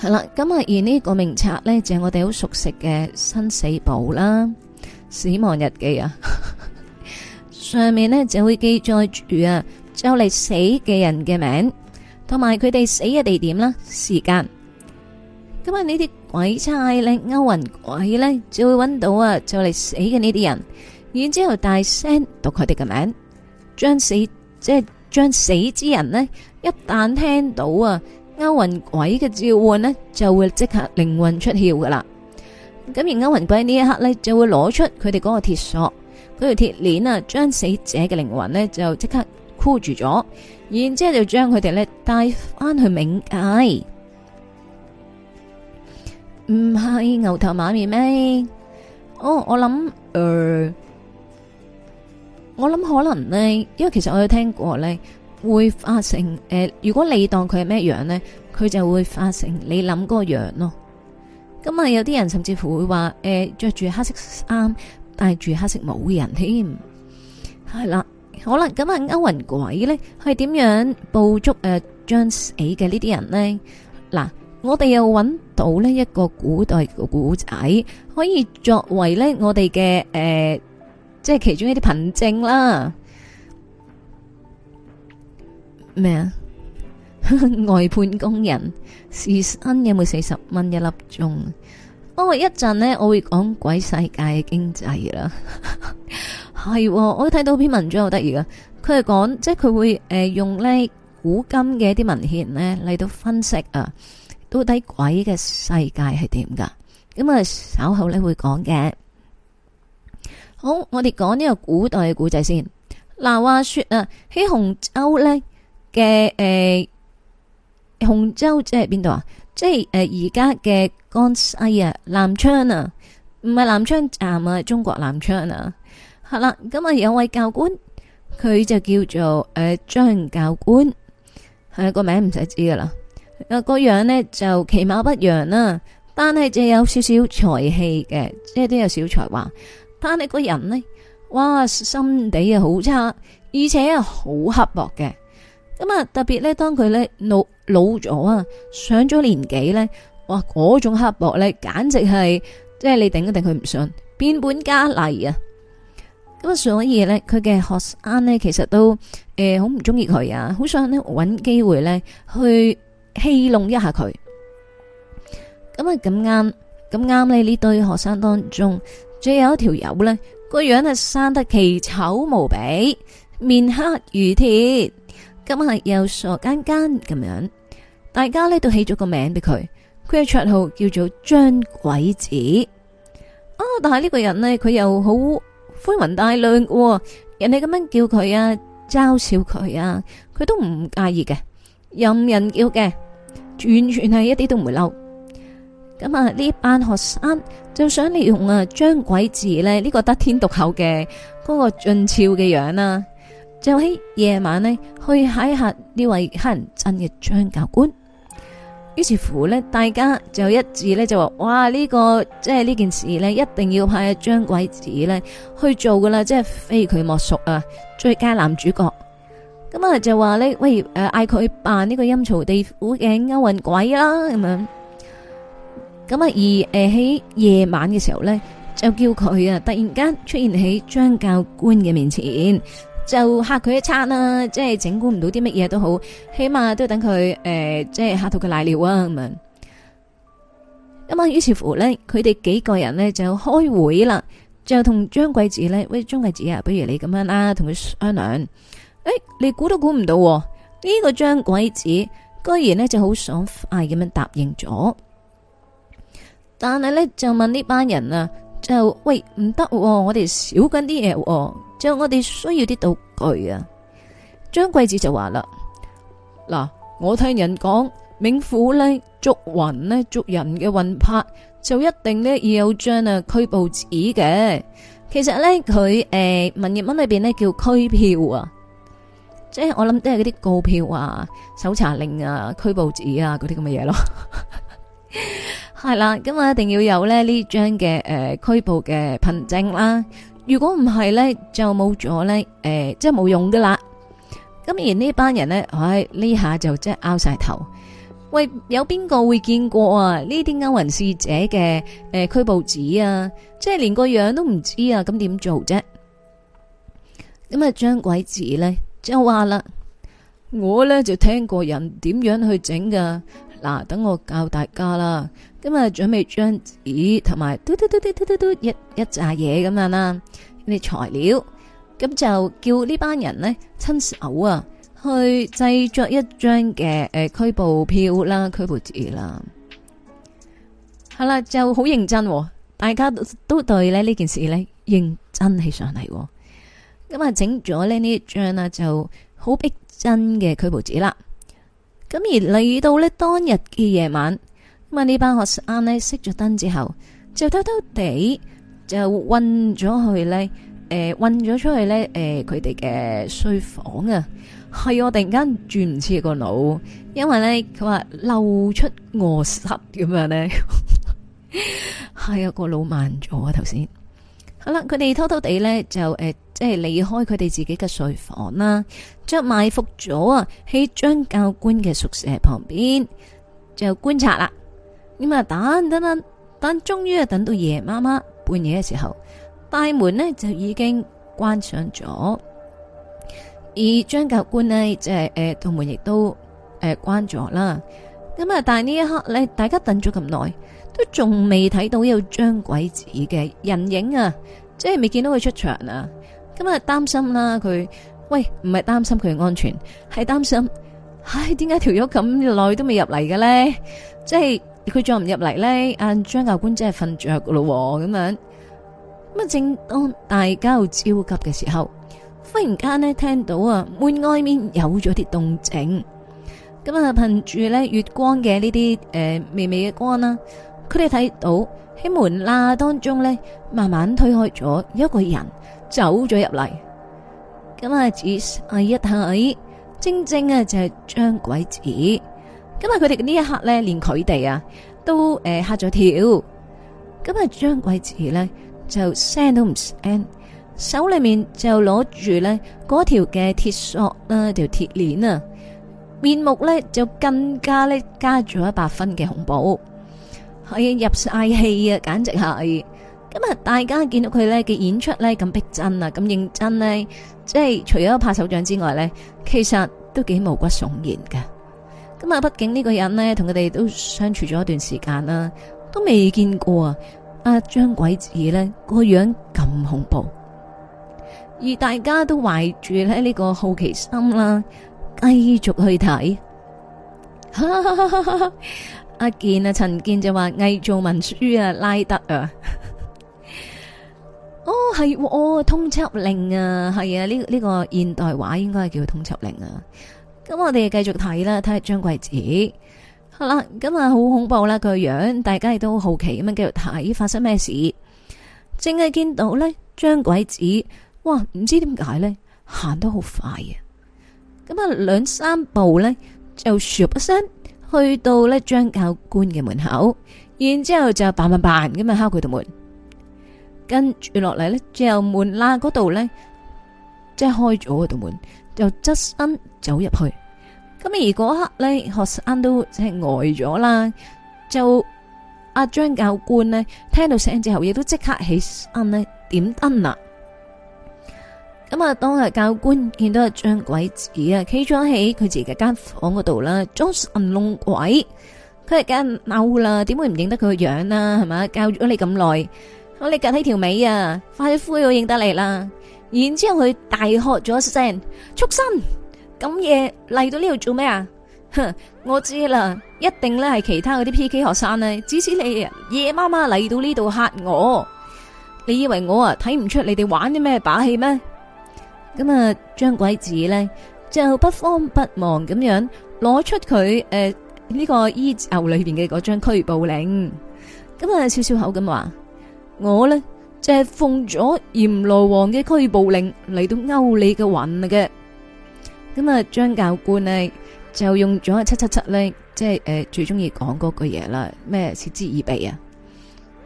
A: 係啦，咁啊，而呢個名冊呢，就係我哋好熟悉嘅《生死簿》啦，《死亡日記》啊， 上面呢，就會記載住啊，就嚟死嘅人嘅名，同埋佢哋死嘅地點啦、時間。咁啊，呢啲鬼差呢，勾魂鬼呢，就會揾到啊，就嚟死嘅呢啲人，然之後大聲讀佢哋嘅名，將死即係將死之人呢，一旦聽到啊。勾魂鬼嘅召喚呢，就會即刻靈魂出竅噶啦。咁而勾魂鬼呢一刻呢，就會攞出佢哋嗰個鐵索，嗰條鐵鏈啊，將死者嘅靈魂呢就即刻箍住咗，然之後就將佢哋呢帶翻去冥界。唔係牛頭馬面咩？哦，我諗，誒、呃，我諗可能呢，因為其實我有聽過呢。會化成誒、呃，如果你當佢係咩樣呢？佢就會化成你諗嗰樣咯。咁、嗯、啊，有啲人甚至乎會話誒、呃，着住黑色衫、戴住黑色帽嘅人添，係啦，好啦。咁、嗯、啊，勾魂鬼呢，係點樣捕捉誒、呃，將死嘅呢啲人呢？嗱、嗯，我哋又搵到呢一個古代古仔，可以作為呢我哋嘅誒，即係其中一啲憑證啦。咩啊？什 外判工人時薪有冇四十蚊一粒鐘？因、哦、為一陣呢，我會講鬼世界嘅經濟啦。係、 哦、我睇到一篇文章好得意啊，佢係講即係佢會誒、呃、用呢古今嘅一啲文獻呢嚟到分析啊，到底鬼嘅世界係點噶？咁啊稍後呢會講嘅。好，我哋講呢個古代嘅古仔先。嗱，話說啊，喺紅州呢。嘅誒，洪、呃、州即係邊度啊？即係誒，而家嘅江西啊，南昌啊，唔係南昌站啊，中國南昌啊。係啦，咁日有位教官，佢就叫做誒張、呃、教官。啊，個名唔使知噶啦。呃、啊，個樣呢就其貌不揚啦，但係就有少少才氣嘅，即係都有少少才華。但係個人呢，哇，心地啊好差，而且啊好刻薄嘅。咁啊，特別咧，當佢呢老老咗啊，上咗年紀呢，哇，嗰種刻薄咧，簡直係即係你頂一頂佢唔順，變本加厲啊。咁啊，所以咧，佢嘅學生呢，其實都誒好唔中意佢啊，好想咧揾機會呢去戲弄一下佢。咁啊，咁啱咁啱咧呢堆學生當中，最後一條友咧個樣係生得奇醜無比，面黑如鐵。今日又傻更更咁樣，大家呢都起咗個名俾佢，佢嘅綽號叫做張鬼子。啊、哦，但係呢個人呢，佢又好灰雲大量喎。人哋咁樣叫佢啊，嘲笑佢啊，佢都唔介意嘅，任人叫嘅，完全係一啲都唔會嬲。咁啊，呢班學生就想利用啊張鬼子呢、呢個得天獨厚嘅嗰個俊俏嘅樣呀、啊。就喺夜晚呢，去嚇下呢位乞人憎嘅張教官。於是乎呢，大家就一致呢，就話，哇！呢、呢個即係呢件事呢，一定要派張鬼子呢去做噶啦，即係非佢莫屬啊！最佳男主角。咁啊，就話呢：「喂，誒、呃，嗌佢扮呢個陰曹地府嘅勾魂鬼啦，咁樣。咁啊，而誒喺夜晚嘅時候呢，就叫佢啊，突然間出現喺張教官嘅面前。就嚇佢一餐啦，即係整蠱唔到啲乜嘢都好，起碼都等佢誒，即係嚇到佢瀨尿啊咁啊！咁啊，於是乎呢，佢哋幾個人呢就開會啦，就同張鬼子呢，喂，張鬼子啊，不如你咁樣啦，啊，同佢商量。誒、欸，你估都估唔到呢、啊這個張鬼子，居然呢就好爽快咁樣答應咗。但係呢，就問呢班人啊。就喂唔得、啊，我哋少緊啲嘢，就我哋需要啲道具啊！張貴子就話啦，嗱，我聽人講，冥府咧捉魂呢捉人嘅魂魄，就一定呢要有張啊拘捕紙嘅。其實呢，佢誒、呃、文言文裏邊呢叫拘票啊，即係我諗都係嗰啲告票啊、搜查令啊、拘捕紙啊嗰啲咁嘅嘢咯。 係啦，咁啊，一定要有咧呢張嘅誒、呃、拘捕嘅憑證啦。如果唔係呢，就冇咗呢，誒、呃、即係冇用噶啦。咁而呢班人呢，唉、哎、呢下就即係拗晒頭。喂，有邊個會見過啊？呢啲勾魂使者嘅誒、呃、拘捕紙啊，即係連個樣都唔知啊，咁點做啫？咁啊，張鬼子呢就話啦，我呢就聽過人點樣去整噶嗱，等我教大家啦。今日準備張紙同埋嘟嘟嘟嘟嘟嘟嘟一叮叮一紮嘢咁樣啦，啲材料，咁就叫呢班人呢親手啊去製作一張嘅誒拘捕票啦，拘捕紙啦。係啦，就好認真，大家都都對咧呢件事呢認真起上嚟。咁啊整咗咧呢一張啊就好逼真嘅拘捕紙啦。咁而嚟到呢當日嘅夜晚。咁啊！呢班學生呢熄咗燈之後，就偷偷地就運咗去呢。誒、呃，運咗出去呢，誒、呃，佢哋嘅睡房啊，係我、啊、突然間轉唔切個腦，因為呢，佢話露出臥室咁樣呢，係 啊，個腦慢咗啊，頭先，好啦、啊，佢哋偷偷地呢，就誒、呃，即係離開佢哋自己嘅睡房啦、啊，即埋伏咗啊喺張教官嘅宿舍旁邊，就觀察啦。咁啊，等等等，但終於啊等到夜媽媽半夜嘅時候，大門呢就已經關上咗，而張教官呢，即係誒，大、呃、門亦都誒關咗啦。咁啊，但係呢一刻咧，大家等咗咁耐，都仲未睇到有張鬼子嘅人影啊，即係未見到佢出場啊。咁啊，擔心啦，佢喂唔係擔心佢嘅安全，係擔心唉，點解條咗咁耐都未入嚟嘅咧？即係。而佢再唔入嚟呢，阿張教官真係瞓着咯，咁樣。咁啊，正當大家要焦急嘅時候，忽然間呢，聽到啊門外面有咗啲動靜。咁啊，憑住呢月光嘅呢啲誒微微嘅光啦，佢哋睇到喺門罅當中呢，慢慢推開咗一個人走咗入嚟。咁啊，仔細一睇，正正啊就係張鬼子。今日佢哋呢一刻咧，連佢哋啊都誒吓咗跳。今日張偉傑咧就聲都唔聲，手裏面就攞住咧嗰條嘅鐵索啦，條鐵鏈啊，面目咧就更加咧加咗一百分嘅恐怖，係入晒戲啊，簡直係。今日大家見到佢咧嘅演出咧咁逼真，啊咁認真咧，即係除咗拍手掌之外咧，其實都幾毛骨悚然㗎。咁啊，畢竟呢個人呢同佢哋都相處咗一段時間啦，都未見過啊！阿、啊、張鬼子呢個樣咁恐怖，而大家都懷住咧呢、呢個好奇心啦、啊，繼續去睇。阿、啊、健啊，陳健就話偽造文書啊，拉得啊！ 哦，係哦，通緝令啊，係啊，呢、呢、呢、個呢個現代話應該係叫通緝令啊。咁我哋繼續睇啦，睇張鬼子，好啦，咁啊好恐怖啦個樣，大家亦都好奇咁樣繼續睇發生咩事。正係見到呢張鬼子，哇，唔知點解呢，行得好快啊！咁啊兩三步呢，就咻一聲去到呢張教官嘅門口，然之後就扮 a 扮 g b 咁樣敲佢道門，跟住落嚟呢，之後門啦嗰度呢，即係開咗嗰道門，就側身。走入去，咁而嗰刻咧，學生都真係呆咗啦。就阿張教官咧，聽到聲之後，亦都即刻起身咧點燈啦。咁啊，當日教官見到阿張鬼子啊，企咗喺佢自己間房嗰度啦，裝神弄鬼，佢係梗係嬲啦。點會唔認得佢個樣啦？係咪啊教咗你咁耐，我你夾起條尾啊，快啲灰我認得你啦。然之後佢大喝咗一聲：畜生！咁夜嚟到呢度做咩啊？我知啦，一定咧係其他嗰啲 P.K. 學生咧，指使你夜媽媽嚟到呢度吓我，你以為我啊睇唔出你哋玩啲咩把戲咩？咁啊，張鬼子咧就不慌不忙咁樣攞出佢誒呢個衣袖裏邊嘅嗰張拘捕令，咁啊，笑笑口咁話：我呢，就係奉咗閻羅王嘅拘捕令嚟到勾你嘅魂嘅。咁啊，張教官呢就用咗七七七呢，即係誒、呃、最中意講嗰句嘢啦，咩嗤之以鼻啊，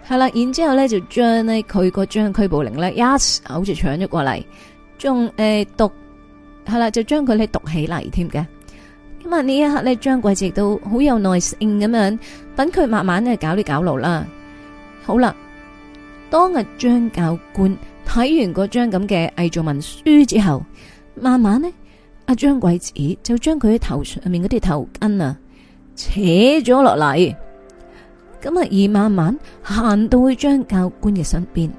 A: 係啦，然之後呢就將呢佢嗰張拘捕令呢一好似搶咗過嚟，仲誒讀係啦，就將佢咧讀起嚟添嘅。咁啊呢一刻呢，張貴直都好有耐性咁樣，等佢慢慢呢搞啲搞路啦。好啦，當啊張教官睇完嗰張咁嘅偽造文書之後，慢慢呢。阿張鬼子就將佢喺頭上面嗰啲頭巾啊扯咗落嚟，咁啊，而慢慢行到去張教官嘅身邊。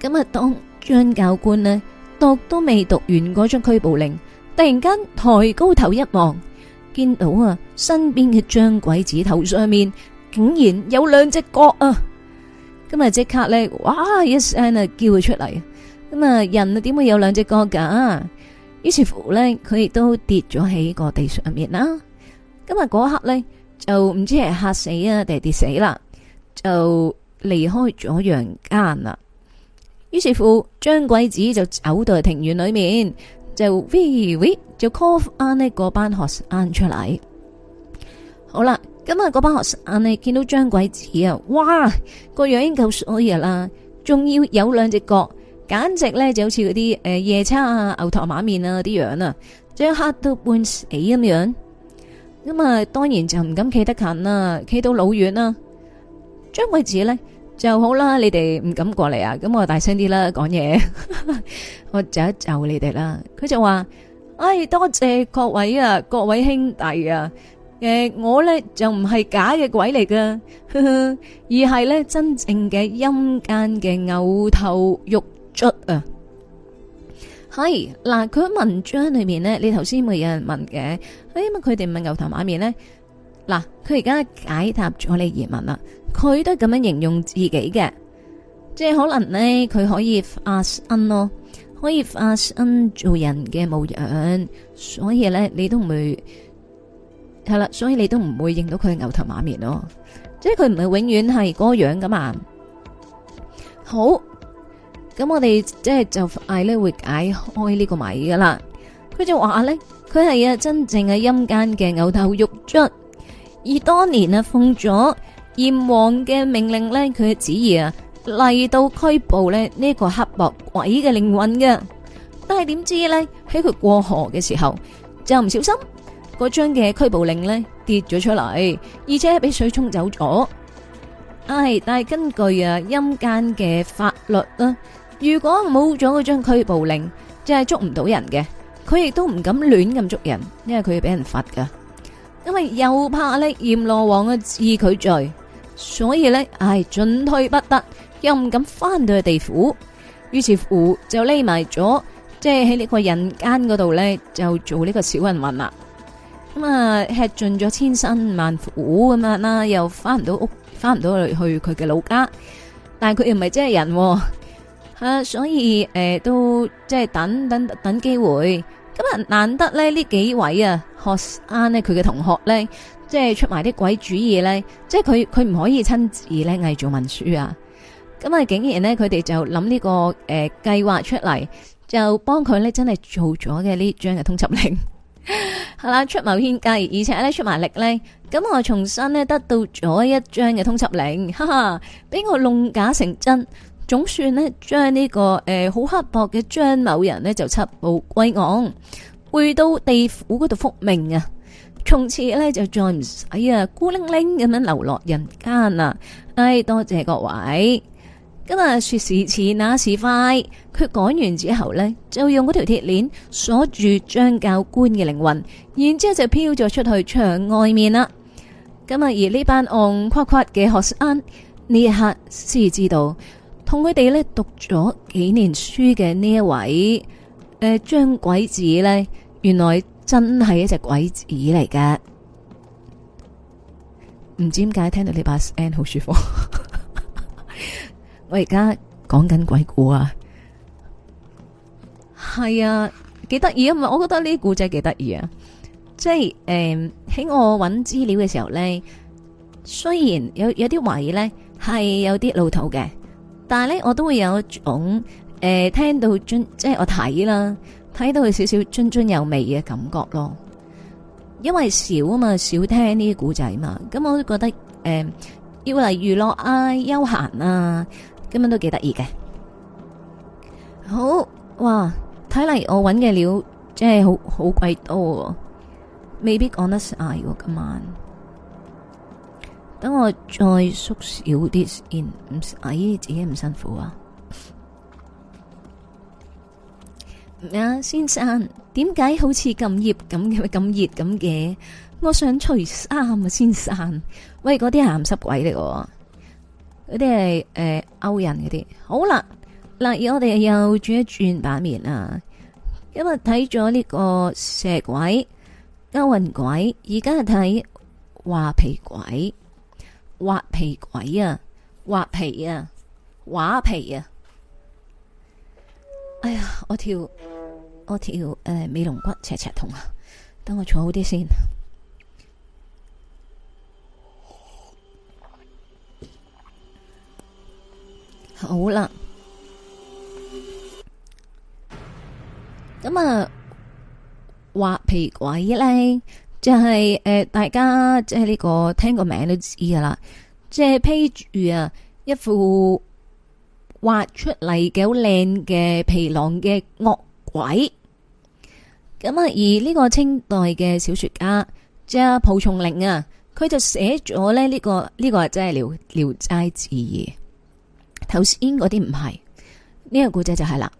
A: 咁啊，當張教官呢讀都未讀完嗰張拘捕令，突然間抬高頭一望，見到啊身邊嘅張鬼子頭上面竟然有兩隻角啊！咁啊，即刻咧，哇一聲啊叫佢出嚟，咁啊，人點會有兩隻角噶？於是乎呢佢亦都跌咗喺個地上面啦。今日嗰刻呢，就唔知係吓死啊，定係跌死啦，就離開咗陽間啦。於是乎，張鬼子就走到庭院裏面，就喂喂，就 call 翻呢個班學生出嚟。好啦，今日嗰班學生呢，見到張鬼子啊，哇，個樣已經夠衰啦，仲要有兩隻角。簡直咧，就好似嗰啲，誒夜叉啊、牛頭馬面啊啲樣啊，將嚇到半死咁樣，咁啊當然就唔敢企得近啦，企到老遠啦。張貴子咧就好啦，你哋唔敢過嚟啊，咁我大聲啲啦講嘢，我就就你哋啦。佢就話：，哎，多謝各位啊，各位兄弟啊，誒，我咧就唔係假嘅鬼嚟噶，而係咧真正嘅陰間嘅牛頭肉。出啊，係嗱，佢喺文章裏面呢，你頭先咪有人問嘅，誒，乜佢哋唔係牛頭馬面呢？嗱，佢而家解答咗你疑問啦，佢都係咁樣形容自己嘅，即係可能呢，佢可以化身咯，可以化身做人嘅模樣，所以呢，你都唔會係啦，所以你都唔會認到佢係牛頭馬面咯，即係佢唔係永遠係嗰個樣噶嘛，好。咁我哋即係就嗌咧會解開個米呢個謎噶啦。佢就話咧，佢係啊真正嘅陰間嘅牛頭獄卒，而當年啊奉咗閻王嘅命令咧，佢旨意啊嚟到拘捕咧呢，這個黑白鬼嘅靈魂嘅。但係點知咧喺佢過河嘅時候就唔小心，嗰張嘅拘捕令咧跌咗出嚟，而且俾水沖走咗。唉、哎，但係根據啊陰間嘅法律如果冇咗嗰張拘捕令，即係捉唔到人嘅。佢亦都唔敢亂咁捉人，因為佢要俾人罰噶。因為又怕呢閻羅王啊治佢罪，所以呢，唉，進退不得，又唔敢翻到去地府。於是乎就匿埋咗，即係喺呢個人間嗰度呢，就做呢個小人運啦。咁啊吃盡咗千辛萬苦咁樣啦，又翻唔到屋，翻唔到去去佢嘅老家。但係佢又唔係真係人哦。啊，所以誒、呃、都即係等等等機會，咁難得咧，呢幾位啊學生呢，佢嘅同學呢，即係出埋啲鬼主意呢，即係佢佢唔可以親自呢偽造文書啊，咁啊竟然呢，佢哋就諗呢、這個誒計劃出嚟，就幫佢呢真係做咗嘅呢張嘅通緝令，係啦，出謀獻計，而且呢出埋力呢，咁我重新呢得到咗一張嘅通緝令，哈哈，俾我弄假成真。總算呢、這個，將呢個誒好刻薄嘅張某人呢，就緝捕歸案，回到地府嗰度復命啊。從此呢，就再唔使啊孤零零咁樣流落人間啦、啊。唉、哎，多謝各位。咁、嗯、啊，說時遲那時快，佢趕完之後呢，就用嗰條鐵鏈鎖住張教官嘅靈魂，然之後就飄咗出去牆外面啦。咁啊，嗯、而呢班戇誇誇嘅學生呢一刻先知道。同佢哋咧讀咗幾年書嘅呢一位誒、呃、張鬼子咧，原來真係一隻鬼子嚟㗎。唔知點解聽到你把聲好舒服。 我而家講緊鬼故啊，係啊，幾得意啊！我我覺得呢啲故仔幾得意啊，即係誒喺我揾資料嘅時候咧，雖然有有啲懷疑咧，係有啲老土嘅。但係咧，我都會有一種誒、呃，聽到津即係我睇啦，睇到佢少少津津有味嘅感覺咯。因為少啊嘛，少聽呢啲古仔嘛，咁我都覺得誒、呃，要嚟娛樂啊、休閒啊，咁樣都幾得意嘅。好哇，睇嚟我揾嘅料真係好好鬼多、啊，未必講得晒喎、啊，今晚。等我再縮小啲先。阿姨自己唔辛苦啊？啊，先生？點解好似咁熱咁嘅咁熱咁嘅？我想除衫啊，先生。喂，嗰啲鹹濕鬼嚟，嗰啲係誒勾人嗰啲。好啦，嗱，而我哋又轉一轉版面啊。今日睇咗呢個蛇鬼、勾魂鬼，而家係睇畫皮鬼。畫皮鬼啊，畫皮啊，畫皮啊！哎呀，我條我條誒尾龍骨赤赤痛啊，等我坐好啲先。好啦，咁啊畫皮鬼咧。就係、是、誒、呃，大家即係、這、呢個聽個名都知噶啦，即係披住啊一副畫出嚟嘅好靚嘅皮囊嘅惡鬼。咁啊，而呢個清代嘅小說家即係蒲松齡啊，佢就寫咗咧呢個呢、這個即係《聊聊齋志異》字。頭先嗰啲唔係呢個故仔就係啦，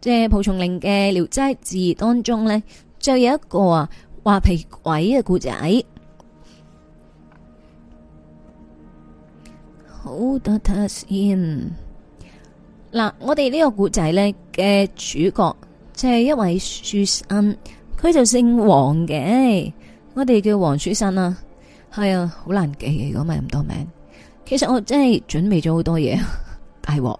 A: 即係蒲松齡嘅《聊齋志異》當中咧，就有一個啊。畫皮鬼嘅故仔好多睇先嗱，我哋呢個故仔呢嘅主角就係一位書生，佢就姓黃嘅，我哋叫黃書生啊，係啊，好難記嘅，如果唔係咁多名。其實我真係準備咗好多嘢，大鑊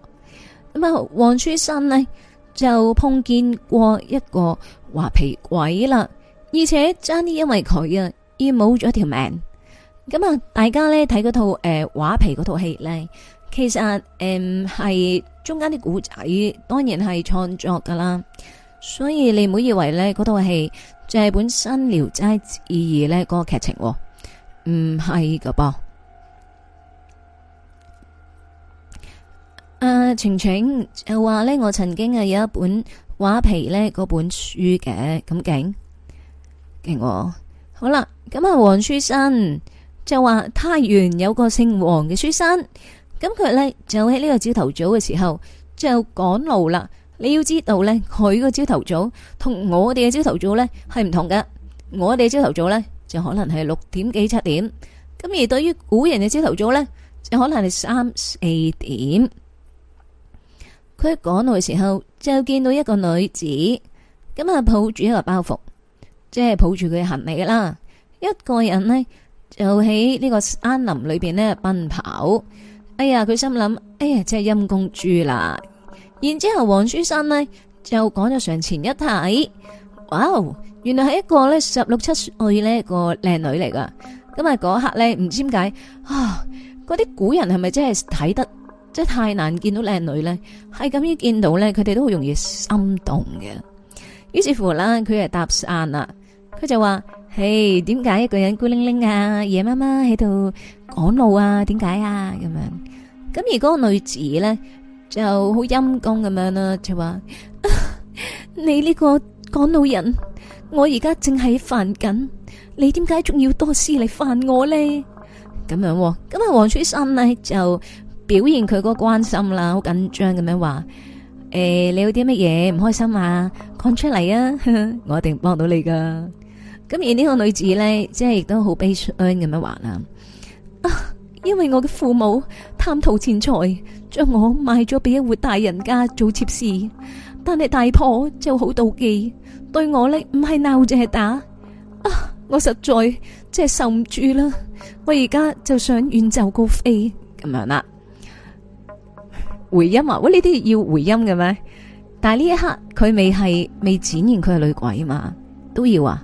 A: 咁啊。黃書生呢，就碰見過一個畫皮鬼啦。而且爭啲因為佢啊，而冇咗一條命。咁啊，大家呢睇嗰套誒畫、呃、皮嗰套戲呢，其實誒係、呃、中間啲古仔，當然係創作噶啦。所以你唔好以為呢嗰套戲就係本《新聊齋志異》呢嗰個劇情，唔係噶噃。啊晴晴又話呢，我曾經啊有一本畫皮呢嗰本書嘅，咁勁。我好啦，咁啊，黃書生就話，太原有個姓黃嘅書生，咁佢咧就喺呢個朝頭早嘅時候就趕路啦。你要知道咧，佢個朝頭早同我哋嘅朝頭早咧係唔同噶。我哋嘅朝頭早咧就可能係六點幾七點，咁而對於古人嘅朝頭早咧，就可能係三四點。佢喺趕路嘅時候就見到一個女子，咁啊抱住一個包袱。即係抱住佢行李啦，一個人呢，就喺呢個山林裏邊呢奔跑。哎呀，佢心諗，哎呀，真係陰公豬啦！然之後黃書生呢就趕咗上前一睇，哇，原來係一個呢十六七歲呢個靚女嚟噶。咁啊嗰刻呢，唔知點解啊，嗰啲古人係咪真係睇得即係太難見到靚女呢，係咁樣見到呢，佢哋都好容易心動嘅。於是乎啦，佢係搭訕啦。就話，嘿，點解一個人孤零零啊，夜媽媽喺度趕路啊？點解啊？咁樣，咁而個女子咧就好陰公咁樣啦，就話，啊，你呢個趕路人，我而家正係煩緊，你點解仲要多事嚟煩我咧？咁樣，咁啊，黃水生咧就表現佢個關心啦、啊，好緊張咁樣話，誒、欸，你有啲乜嘢唔開心啊？講出嚟啊，呵呵，我一定幫到你噶。咁而呢個女子咧，即係亦都好悲傷咁樣話啦。啊，因為我嘅父母貪圖錢財，將我賣咗俾一戶大人家做妾侍，但係大婆就好妒忌，對我呢唔係鬧就係打啊。我實在即係受唔住啦，我而家就想遠走高飛咁樣啦。回音啊，喂，呢啲要回音嘅咩？但係呢一刻佢未係未展現佢係女鬼嘛，都要啊。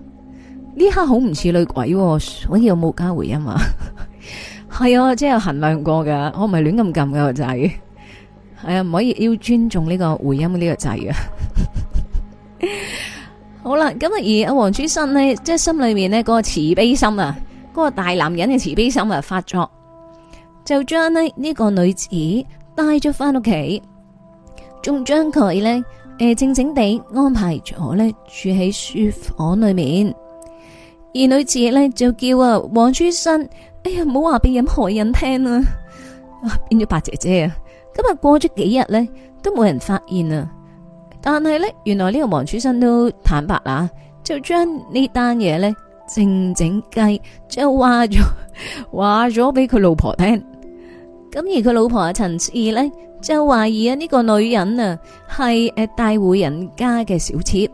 A: 呢刻好唔似女鬼，所以有冇加回音啊係 啊，即係衡量過㗎。我唔係亂咁撳㗎個掣係啊，唔可以要尊重呢個回音呢個掣啊。 好啦，咁啊而阿黃主任呢，即係心裏面呢個慈悲心啊，嗰個大男人嘅慈悲心啊發作，就將呢呢個女子帶咗翻屋企，仲將佢呢，誒靜靜地安排咗呢住喺書房裏面。二女子咧就叫啊黃書生，哎呀，唔好話俾任何人聽啊！變咗，白姐姐啊，今日過咗幾日咧，都冇人發現啊！但係咧，原來呢個黃書生都坦白啦，就將呢單嘢咧靜靜計，靜靜就話咗話咗俾佢老婆聽。咁而佢老婆啊陳氏咧，就懷疑啊呢個女人啊係誒大戶人家嘅小妾，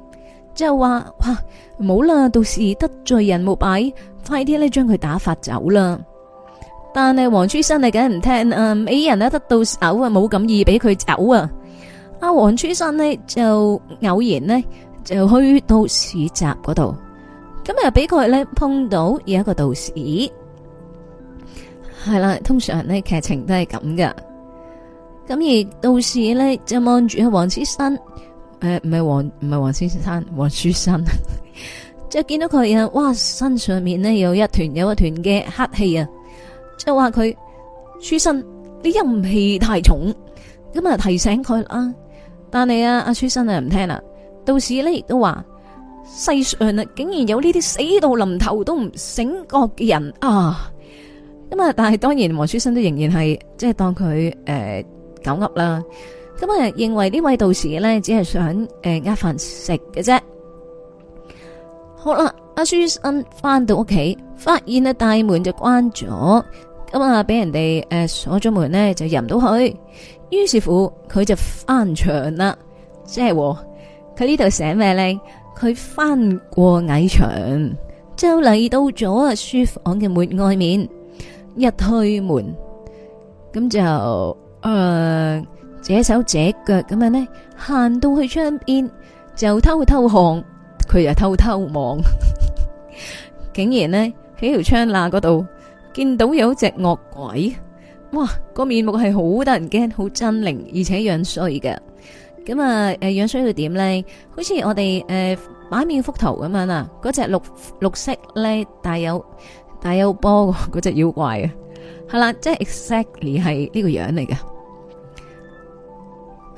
A: 就話哇。冇啦，到時得罪人冇擺，快啲咧將佢打發走啦。但係黃書生啊，梗係唔聽啊，美人啊，得到手啊，冇咁易俾佢走啊。阿黃書生呢，就偶然呢，就去到市集嗰度，咁啊，俾佢咧碰到有一個道士，係啦，通常咧劇情都係咁噶。咁而道士呢，就望住阿黃書生，誒、呃，唔係黃唔係黃先生，黃書生。 即係見到佢啊，哇，身上面呢有一團有一團嘅黑氣啊！就話佢書生，你陰氣太重，咁啊提醒佢啦。但係啊，阿書生啊唔聽啦。道士呢亦都話，世上啊竟然有呢啲死到臨頭都唔醒覺嘅人啊！咁啊，但係當然黃書生都仍然係即係當佢誒狗噏啦。咁、呃、啊認為呢位道士呢，只係想誒呃飯食嘅啫。好啦，阿書生翻到屋企，發現啊大門，關門就關咗，咁啊俾人哋誒鎖咗門呢，就入唔到去。於是乎，佢就翻牆啦，即係佢呢度寫咩咧？佢翻過矮牆，就嚟到咗啊書房嘅門外面，一推門，咁就誒、呃，借手借腳咁樣呢，行到去窗邊，就偷偷看。佢又偷偷望，竟然呢喺條窗罅嗰度見到有一隻惡鬼，哇個面目係好得人驚，好猙獰，而且樣衰嘅。咁啊，誒樣衰到點咧？好似我哋誒擺面幅圖咁樣啊。嗰隻綠綠色咧，帶有帶有波嗰隻妖怪啊，係啦，即係 exactly 係呢個樣嚟嘅。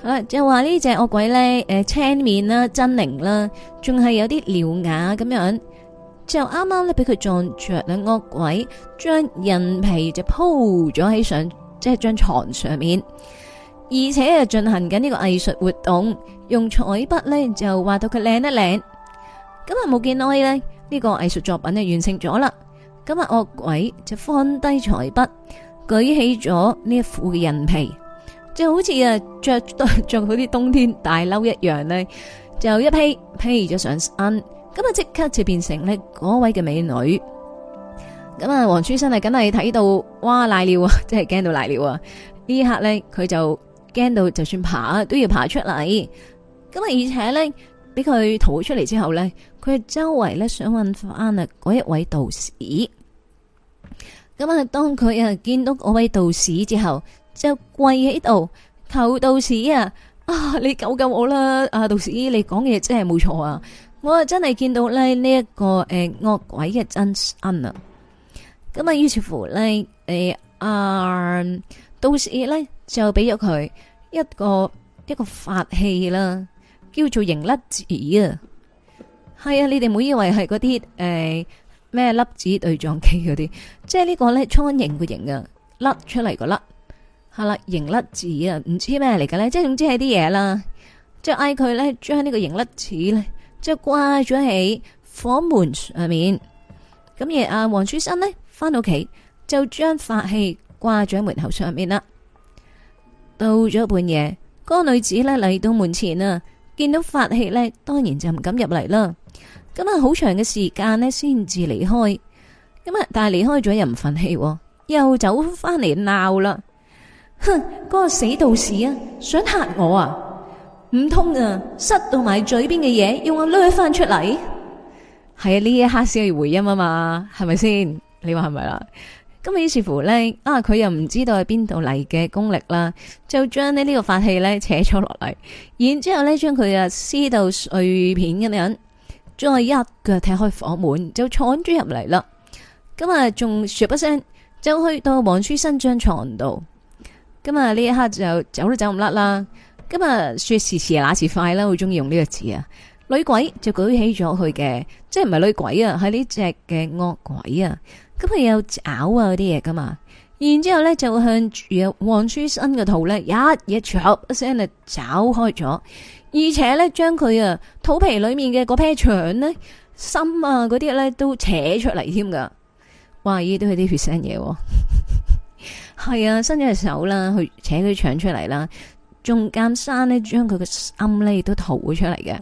A: 好啦，就話呢隻惡鬼咧，誒、呃，青面啦，猙獰啦，仲係有啲獠牙咁樣。就啱啱咧俾佢撞着啦，惡鬼將人皮就鋪咗喺上，即係張床上面，而且啊進行緊呢個藝術活動，用彩筆咧就畫到佢靚一靚。今日冇見愛呢呢、這個藝術作品就完成咗啦。今日惡鬼就放低彩筆，舉起咗呢一副嘅人皮。就好似啊，着到着好啲冬天大褸一樣呢就一披披咗上身，咁啊即刻就變成呢嗰位嘅美女。咁啊，黃書生啊，梗係睇到哇瀨尿啊，真係驚到瀨尿啊！呢一刻呢，佢就驚到，就算爬都要爬出嚟。咁啊，而且呢，俾佢逃出嚟之後呢，佢周圍呢想揾翻啊嗰一位道士。咁啊，當佢啊見到嗰位道士之後。就跪喺度求道士啊！啊，你救救我啦！啊，道士，你講嘢真係冇錯啊！我真係見到咧呢一個誒惡鬼嘅真身啦！咁啊，於是乎咧誒啊，道士咧就俾咗佢一個一個法器啦，叫做蠅粒子啊！係啊，你哋唔好以為係嗰啲誒咩粒子對撞機嗰啲，即係呢個咧蒼蠅嘅蠅啊，甩出嚟個粒。係啦，螢粒子啊，唔知咩嚟嘅呢？即係總之係啲嘢啦。即係嗌佢呢，將呢個形粒子呢，即係掛咗喺火門上面。咁而啊，黃書生呢，翻到屋企就將法器掛咗喺門口上面啦。到咗半夜，嗰、那個女子呢嚟到門前啊，見到法器呢，當然就唔敢入嚟啦。咁啊，好長嘅時間呢，先至離開。咁啊，但係離開咗又唔忿氣，又走翻嚟鬧啦。哼，嗰、那個死道士啊，想吓我啊？唔通啊，塞到埋嘴邊嘅嘢，要我掠翻出嚟？係啊，呢一刻先係回音啊嘛，係咪先？你話係咪啦？咁啊於是乎呢，啊，佢又唔知道係邊度嚟嘅功力啦，就將呢呢個法器呢扯咗落嚟，然之後呢將佢啊撕到碎片咁樣，再一腳踢開房門，就闖咗入嚟啦。咁啊，仲唔一聲，就去到王書生張床度。咁啊！呢一刻就走都走唔甩啦！咁啊，說時遲那時快啦，好中意用呢個字啊！女鬼就舉起咗佢嘅，即係唔係女鬼啊，係呢隻嘅惡鬼啊！咁佢有爪啊嗰啲嘢噶嘛？然之後咧就向住黃書生嘅肚咧，一嘢啄一聲就咬開咗，而且咧將佢啊肚皮裏面嘅嗰批腸咧心啊嗰啲咧都扯出嚟添噶，哇！咦都係啲血腥嘢。 係啊，伸咗隻手啦，去扯佢，搶出嚟啦。仲間山咧，將佢嘅暗呢都逃咗出嚟嘅。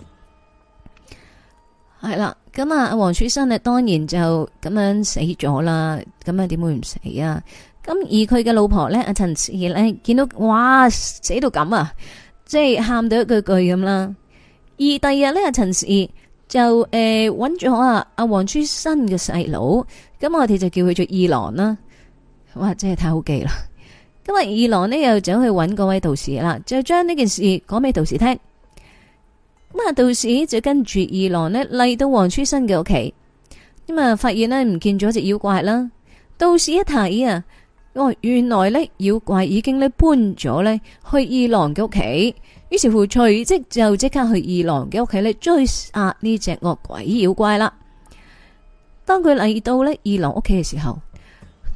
A: 係啦，咁啊，阿黃書生啊，當然就咁樣死咗啦。咁啊，點會唔死啊？咁而佢嘅老婆咧，阿陳氏咧，見到哇，死到咁啊，即係喊到一句句咁啦。而第二日呢，阿陳氏就誒揾咗啊，阿黃書生嘅細佬，咁我哋就叫佢做二郎啦。哇！真係太好記啦。今日二郎呢又走去搵嗰位道士啦，就將呢件事講俾道士聽。咁啊，道士就跟住二郎呢嚟到黃書生嘅屋企，咁啊，發現呢唔見咗隻妖怪啦。道士一睇啊，哦，原來呢妖怪已經呢搬咗呢去二郎嘅屋企。於是乎，隨即就即刻去二郎嘅屋企呢追殺呢隻惡鬼妖怪啦。當佢嚟到呢二郎屋企嘅時候。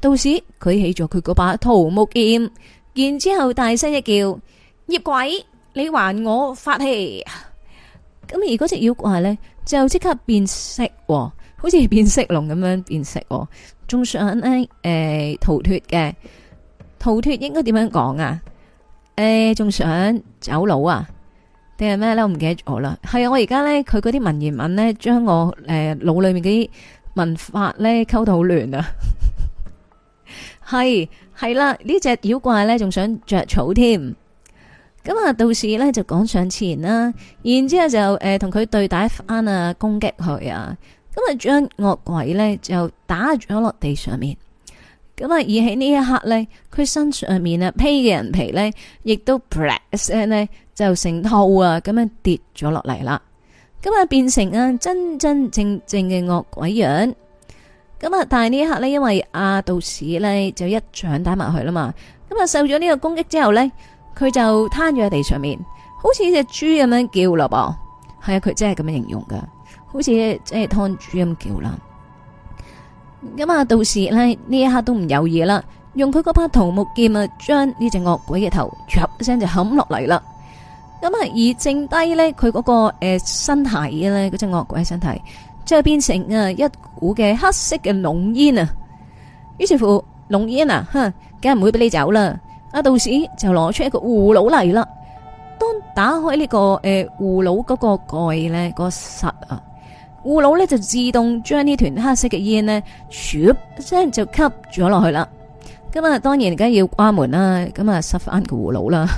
A: 到時佢起咗佢嗰把桃木劍，然之後大聲一叫：孽鬼，你還我法器！咁而嗰隻妖怪呢，就即刻變色，哦、好似變色龍咁樣變色，仲、哦、想咧誒、呃、逃脫嘅逃脫，應該點樣講啊？誒、呃，仲想走佬啊？定係咩呢？我唔記得咗啦。係啊，我而家呢，佢嗰啲文言文呢，將我誒、呃、腦裏面嗰啲文法呢溝到好亂啊。 係係啦，呢隻妖怪咧仲想着草添，咁啊道士咧就趕上前啦，然之後就誒同佢對打翻啊，攻擊佢啊，咁啊將惡鬼咧就打咗落地上面，咁啊而喺呢一刻咧，佢身上面啊披嘅人皮咧，亦都啪一聲咧就成套啊咁樣跌咗落嚟啦，咁啊變成啊真真正正嘅惡鬼樣。咁啊！但係呢一刻呢，因為阿道士呢就一掌打埋去啦嘛。咁啊，受咗呢個攻擊之後呢佢就癱咗喺地上面，好似隻豬咁樣叫咯噃。係啊，佢真係咁樣形容噶，好似即係劏豬咁叫啦。咁啊，道士呢，呢一刻都唔猶豫啦，用佢嗰把桃木劍啊，將呢隻惡鬼嘅頭一聲就冚落嚟啦。咁啊，而剩低呢，佢嗰個誒身體呢，嗰隻惡鬼嘅身體。即係變成啊一股嘅黑色嘅濃煙啊，於是乎濃煙啊，哼，梗係唔會俾你走啦。阿道士就攞出一個葫蘆嚟啦，當打開、這個呃、個蓋呢個誒葫蘆嗰個蓋咧，那個塞啊，葫蘆咧就自動將呢團黑色嘅煙咧咻一聲就吸咗落去啦。咁啊，當然而家要關門啦，咁啊，塞翻個葫蘆啦，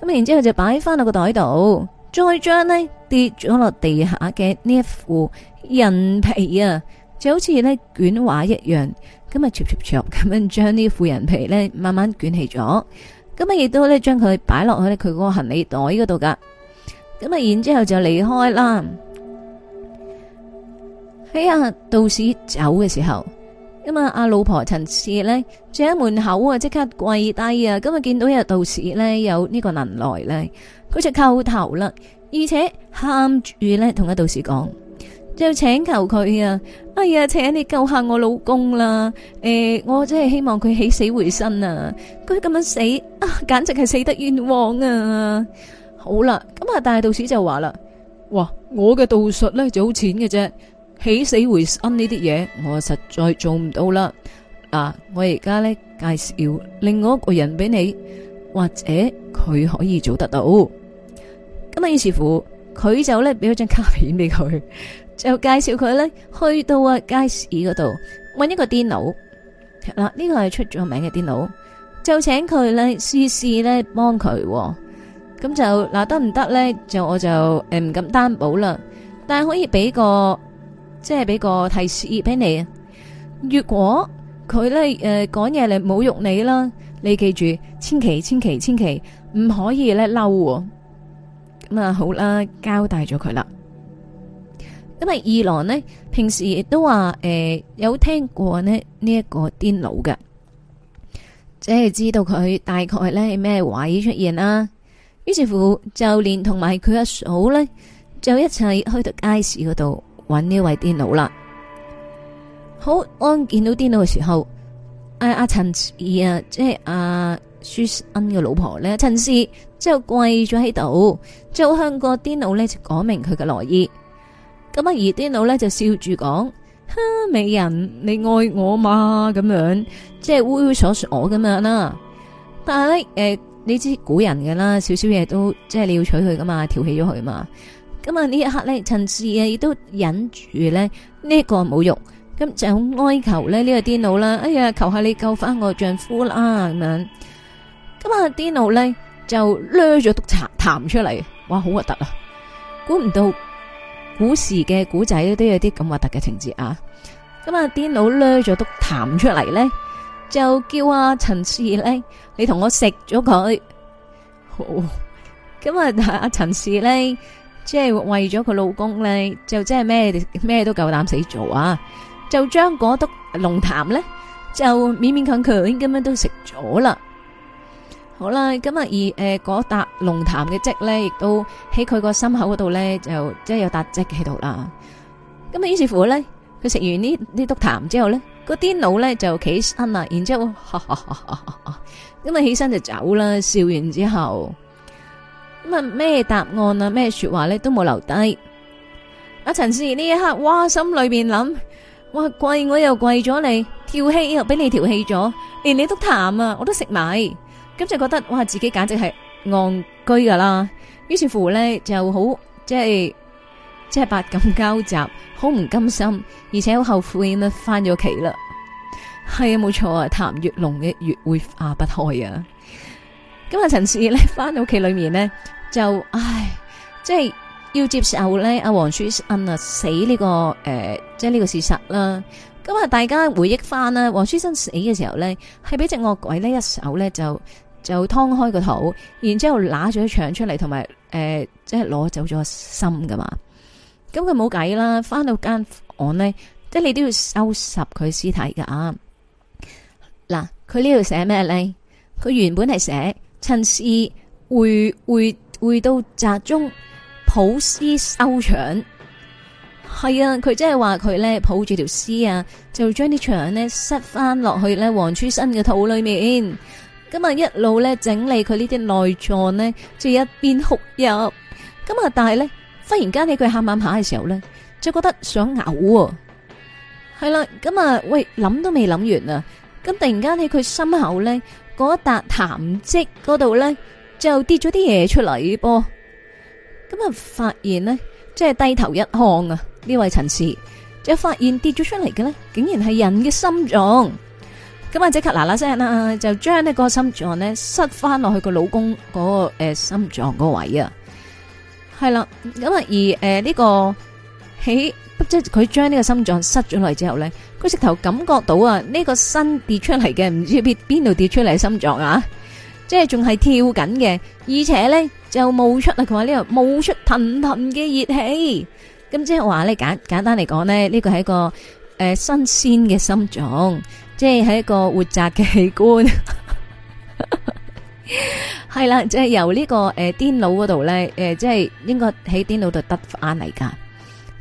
A: 咁然之後就擺翻落個袋度。再將呢跌咗落地下嘅呢一副人皮啊，就好似呢卷畫一樣，咁啊，疊疊疊咁樣將呢副人皮呢慢慢捲起咗，咁啊亦都呢將佢擺落去佢嗰個行李袋嗰度噶，咁啊，然之後就離開啦。喺呀道士走嘅時候，咁啊，阿老婆陳氏就喺門口啊，即刻跪低啊，咁啊，見到阿道士呢，有呢個能耐呢。佢就叩頭啦，而且喊住咧同阿道士講，就請求佢啊，哎呀，請你救下我老公啦！誒、呃，我真係希望佢起死回生啊！佢咁樣死啊，簡直係死得冤枉啊！好啦，咁啊，大道士就話啦，哇，我嘅道術咧就好淺嘅啫，起死回生呢啲嘢，我實在做唔到啦！嗱，我而家咧介紹另外一個人俾你，或者佢可以做得到。咁啊，於是乎佢就咧俾咗張卡片俾佢， 就介紹佢咧去到啊街市嗰度揾一個電腦嗱，呢個係出咗名嘅電腦，就請佢咧試試咧幫佢咁就嗱得唔得咧？就我就誒唔、呃、敢擔保啦，但係可以俾個即係俾個提示俾你啊。如果佢咧誒講嘢嚟侮辱你啦，你記住千祈千祈千祈唔可以咧嬲。咁啊、嗯、好啦，交代咗佢啦。咁為二郎呢，平時亦都話誒有聽過咧呢一個癲佬嘅，即係知道佢大概咧係咩位出現啦。於是乎就連同埋佢阿嫂呢，就一齊去到街市嗰度揾呢位癲佬啦。好安見到癲佬嘅時候，阿陳而啊，啊，陳啊即係阿、啊。舒恩嘅老婆咧，陳氏之後跪咗喺度，就向個癲佬咧就講明佢嘅來意。咁啊，而癲佬咧就笑住講：哈，美人，你愛我嘛？咁樣，即係猥猥瑣瑣咁樣啦。但係誒、呃，你知古人噶啦，少少嘢都即係你要娶佢噶嘛，調戲咗佢嘛。咁啊，呢一刻咧，陳氏啊亦都忍住咧呢一、這個侮辱，咁就哀求咧呢、這個癲佬啦：哎呀，求下你救翻我丈夫啦咁樣。咁啊！癲佬咧就掠咗督痰彈出嚟，哇，好核突啊！估唔到古時嘅古仔都有啲咁核突嘅情節啊！咁啊，癲佬掠咗督痰彈出嚟咧，就叫阿、啊、陳氏咧，你同我食咗佢。好、哦，咁啊，阿陳氏咧，即係為咗佢老公咧，就即係咩咩都夠膽死做啊！就將嗰督龍痰咧，就勉勉強強咁樣都食咗啦。好啦，咁啊，而誒嗰笪龍潭嘅積咧，亦都喺佢個心口嗰度咧，就即係有笪積喺度啦。咁啊，於是乎咧，佢食完呢呢督痰之後咧，個癲佬咧就起身啦，然之後咁啊，起身就走啦，笑完之後咁啊，咩答案啊，咩說話咧都冇留低。阿陳思儀呢一刻，哇，心裏邊諗，哇，貴我又貴咗你，調戲又俾你調戲咗，連你督痰啊，我都食埋。咁就覺得，哇，自己簡直係戇居噶啦，於是乎咧就好即係即係百感交集，好唔甘心，而且好後悔咁樣翻咗屋企啦。係啊，冇錯啊，談越濃嘅越會化不開啊。咁阿陳氏咧翻到屋企裏面呢就唉，即係要接受咧阿黃舒恩啊死呢、這個誒、呃，即係呢個事實啦。咁啊！大家回憶翻啦，黃書生死嘅時候咧，係俾隻惡鬼呢一手咧，就就劏開個肚，然之後拿咗腸出嚟，同埋誒即係攞走咗心噶嘛。咁佢冇計啦，翻到間房咧，即係你都要收拾佢屍體噶。嗱，佢呢度寫咩咧？佢原本係寫趁屍會會回到集中，普屍收腸。係啊，佢即係話佢呢抱住條屍啊，就將啲腸呢塞翻落去呢黃初生嘅肚裏面。咁啊一路呢整理佢呢啲內臟呢，就一邊哭泣。咁啊，但係呢，忽然間喺佢喊喊下嘅時候呢，就覺得想嘔、啊。係啦、啊，咁啊喂，諗都未諗完啊，咁突然間喺佢心口呢嗰笪痰漬嗰度呢，就跌咗啲嘢出嚟噃。咁啊發現呢，即係低頭一看啊！呢位陳氏，就發現跌咗出嚟嘅呢，竟然係人嘅心臟。咁、呃呃這個就是這個、啊，即刻嗱嗱聲啊，就將呢個心臟呢塞翻落去個老公嗰個誒心臟嗰位啊。係啦，咁啊而誒呢個起，即係佢將呢個心臟塞咗落嚟之後呢，佢直頭感覺到啊，呢個身跌出嚟嘅，唔知邊度跌出嚟心臟啊，即係仲係跳緊嘅，而且呢，就冒出啊，佢話呢度冒出騰騰嘅熱氣。咁即係話咧簡簡單嚟講咧，呢個係一個誒、呃、新鮮嘅心臟，即係係一個活摘嘅器官，係 啦、就是這個呃呃，即係由呢個誒癲佬嗰度咧，誒即係應該喺癲佬度得翻嚟噶。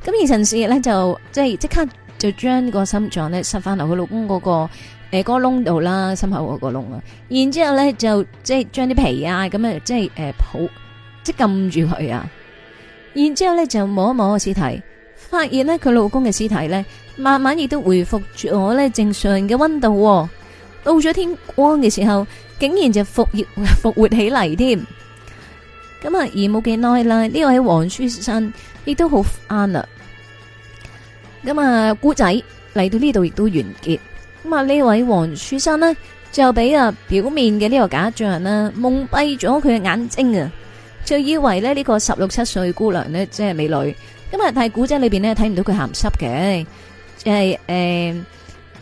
A: 咁而陳氏咧就即係即刻就將個心臟咧塞翻落佢老公、嗰個誒嗰、呃嗰個窿度啦，心口嗰個窿啊。然之後咧就即係將啲皮啊咁啊，即係誒、呃、抱即係撳住佢啊。然之後呢就摸一摸屍體，發現呢，佢老公嘅屍體呢，慢慢亦都回復住我正常嘅溫度，哦。到咗天光嘅時候，竟然就復復活起嚟添。咁啊而冇幾耐啦，呢、這、位、個、黃書生亦都好返啦。咁啊故仔嚟到呢度亦都完結。咁啊呢位黃書生呢，就俾啊表面嘅呢個假象啦、啊，蒙蔽咗佢嘅眼睛啊！就以為咧呢個十六七歲姑娘咧，即係美女。今日喺古仔裏邊咧睇唔到佢鹹濕嘅，就係誒，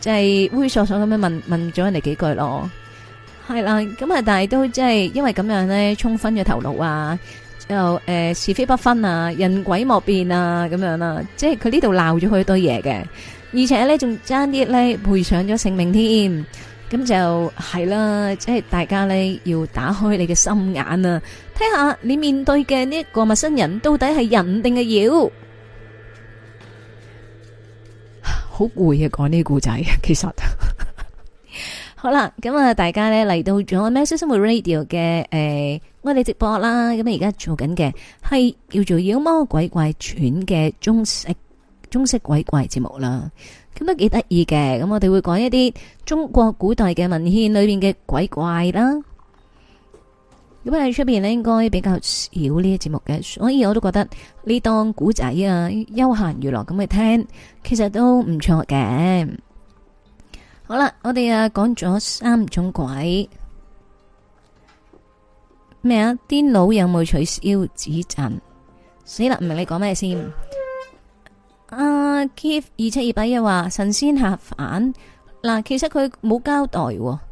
A: 就係猥瑣瑣咁樣問問咗人哋幾句咯。係啦，咁啊，但係都即係因為咁樣咧，沖昏咗頭腦啊，就誒是非不分啊，人鬼莫辨啊，咁樣啦，即係佢呢度鬧咗佢好多嘢嘅，而且咧仲爭啲咧賠償咗性命添。咁就係啦，即係大家呢要打開你嘅心眼啊，睇下你面對嘅呢個陌生人到底係人定係妖，好攰啊！講個呢故仔，其實 好啦，咁啊，大家呢嚟到咗喵式生活 Radio 嘅誒、呃，我哋直播啦，咁而家做緊嘅係叫做妖魔鬼怪傳嘅中式中式鬼怪節目啦。咁都幾得意嘅，咁我哋會講一啲中國古代嘅文獻裏面嘅鬼怪啦。咁喺出邊呢應該比較少呢個節目嘅，所以我都覺得呢當古仔啊，休閒娛樂咁去聽，其實都唔錯嘅。好啦，我哋啊講咗三種鬼，咩啊？癲佬有冇取消指陣？死啦，唔明你講咩先？啊，Keith 二七二八一話神仙下凡，嗱，其實佢冇交代、啊，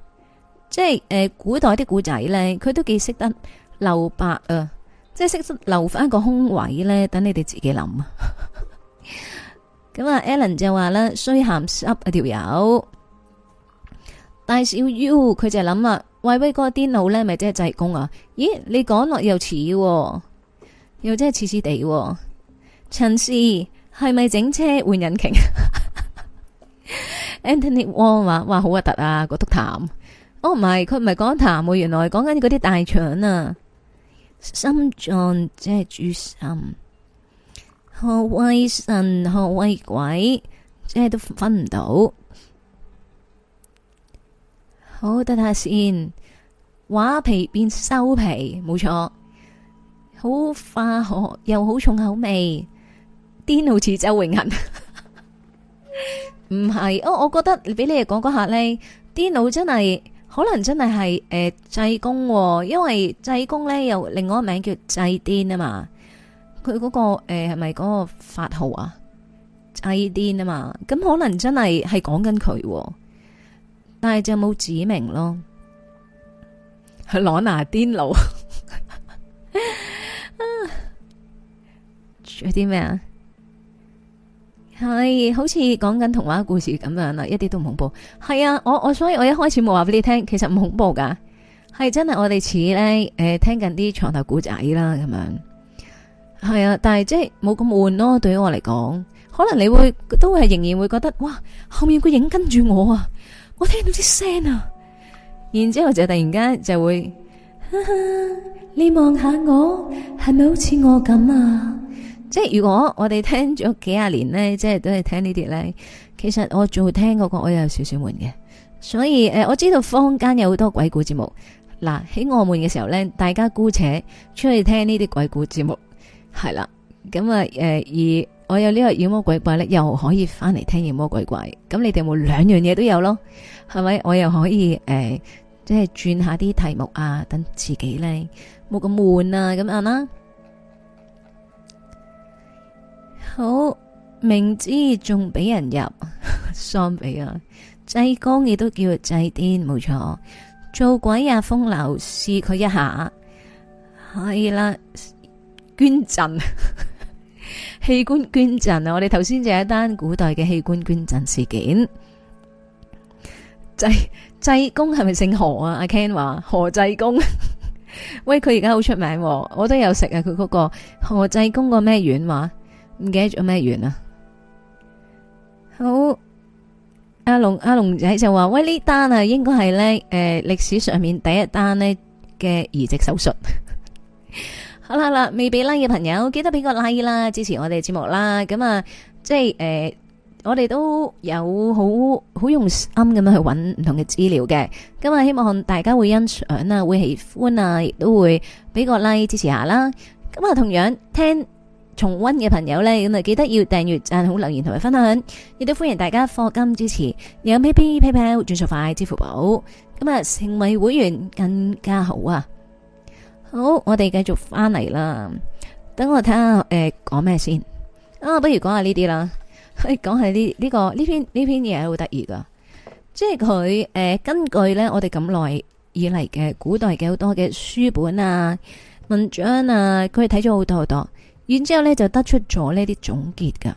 A: 即係誒、呃、古代啲古仔咧，佢都幾識得留白啊，即係識留翻個空位咧，等你哋自己諗、 uh,。咁啊 Ellen 就話咧，衰鹹濕啊條友，大小 U 佢就諗啊，喂、這個啊、威嗰個癲佬咧，咪即係濟公啊？咦，你講落又似、啊，又真係似似地、啊，陳思。係咪整車換引擎 ？Anthony Wong 話，哇，好核突啊！個篤痰，哦唔係，佢唔係講痰，冇，原來講緊嗰啲大腸啊，心臟即係主心，何謂神何謂鬼，即係都分唔到。好，等下先，畫皮變收皮，冇錯，好化學又好重口味。癲好似周永恒，唔係哦，我覺得俾你哋講嗰下呢，癲佬真係可能真係係誒濟公，因為濟公呢又另外一個名叫濟癲啊嘛，佢嗰、嗰個誒係咪嗰個法號啊？濟癲啊嘛，咁可能真係係講緊佢，但係就冇指明咯，攞拿癲佬，有啲咩啊？係，好似講緊童話故事咁樣啦，一啲都唔恐怖。係啊，我我所以我一開始冇話俾你聽，其實唔恐怖噶，係真係我哋似咧誒，聽緊啲床頭古仔啦咁樣。係啊，但係即係冇咁悶咯。對於我嚟講，可能你會都會仍然會覺得，哇，後面個影跟住我啊，我聽到啲聲啊，然之後就突然間就會， 你望下我係咪好似我咁啊？即係如果我哋聽咗幾廿年呢，即係都係聽呢啲呢。其實我做聽嗰個我又有少少悶嘅，所以誒、呃、我知道坊間有好多鬼故節目，嗱喺我悶嘅時候呢，大家姑且出去聽呢啲鬼故節目係啦，咁啊誒而我有呢個妖魔鬼怪呢又可以翻嚟聽妖魔鬼怪，咁你哋有冇兩樣嘢都有咯，係咪？我又可以誒、呃、即係轉下啲題目啊，等自己呢冇咁悶啊咁樣啦。好明知仲俾人入，喪俾啊！濟公亦都叫濟癲，冇錯。做鬼呀、啊！風流，試佢一下，係啦。捐贈器官捐贈啊！我哋頭先就有一單古代嘅器官捐贈事件。濟濟公係咪姓何啊？阿 Ken 話何濟公，喂佢而家好出名、啊，我都有食啊！佢嗰、嗰個何濟公個咩丸話？唔記得咗咩緣啊？好，阿龍阿龍仔就話，喂，呢單啊，應該係呢誒，歷史上面第一單呢嘅移植手術。 好啦啦，未俾 like 嘅朋友，記得俾個拉、like、啦，支持我哋節目啦。咁啊，即係誒、呃，我哋都有好好用心咁樣去搵唔同嘅資料嘅。咁啊，希望大家會欣賞啊，會喜歡啊，亦都會俾個拉、like、支持下啦。咁啊，同樣聽。重温嘅朋友呢，咁啊，記得要訂閱、讚好、留言同埋分享，亦都歡迎大家課金支持有 A P P PayPal 轉數快支付寶。咁啊，成為會員更加好啊！好，我哋繼續翻嚟啦。等我睇下誒，講、呃、咩先啊？不如講下呢啲啦。講下呢、這、呢個呢篇呢篇嘢好得意噶，即係佢誒，根據呢，我哋咁耐以嚟嘅古代嘅好多嘅書本啊、文章啊，佢哋睇咗好多好多。然之後咧就得出咗呢啲總結噶，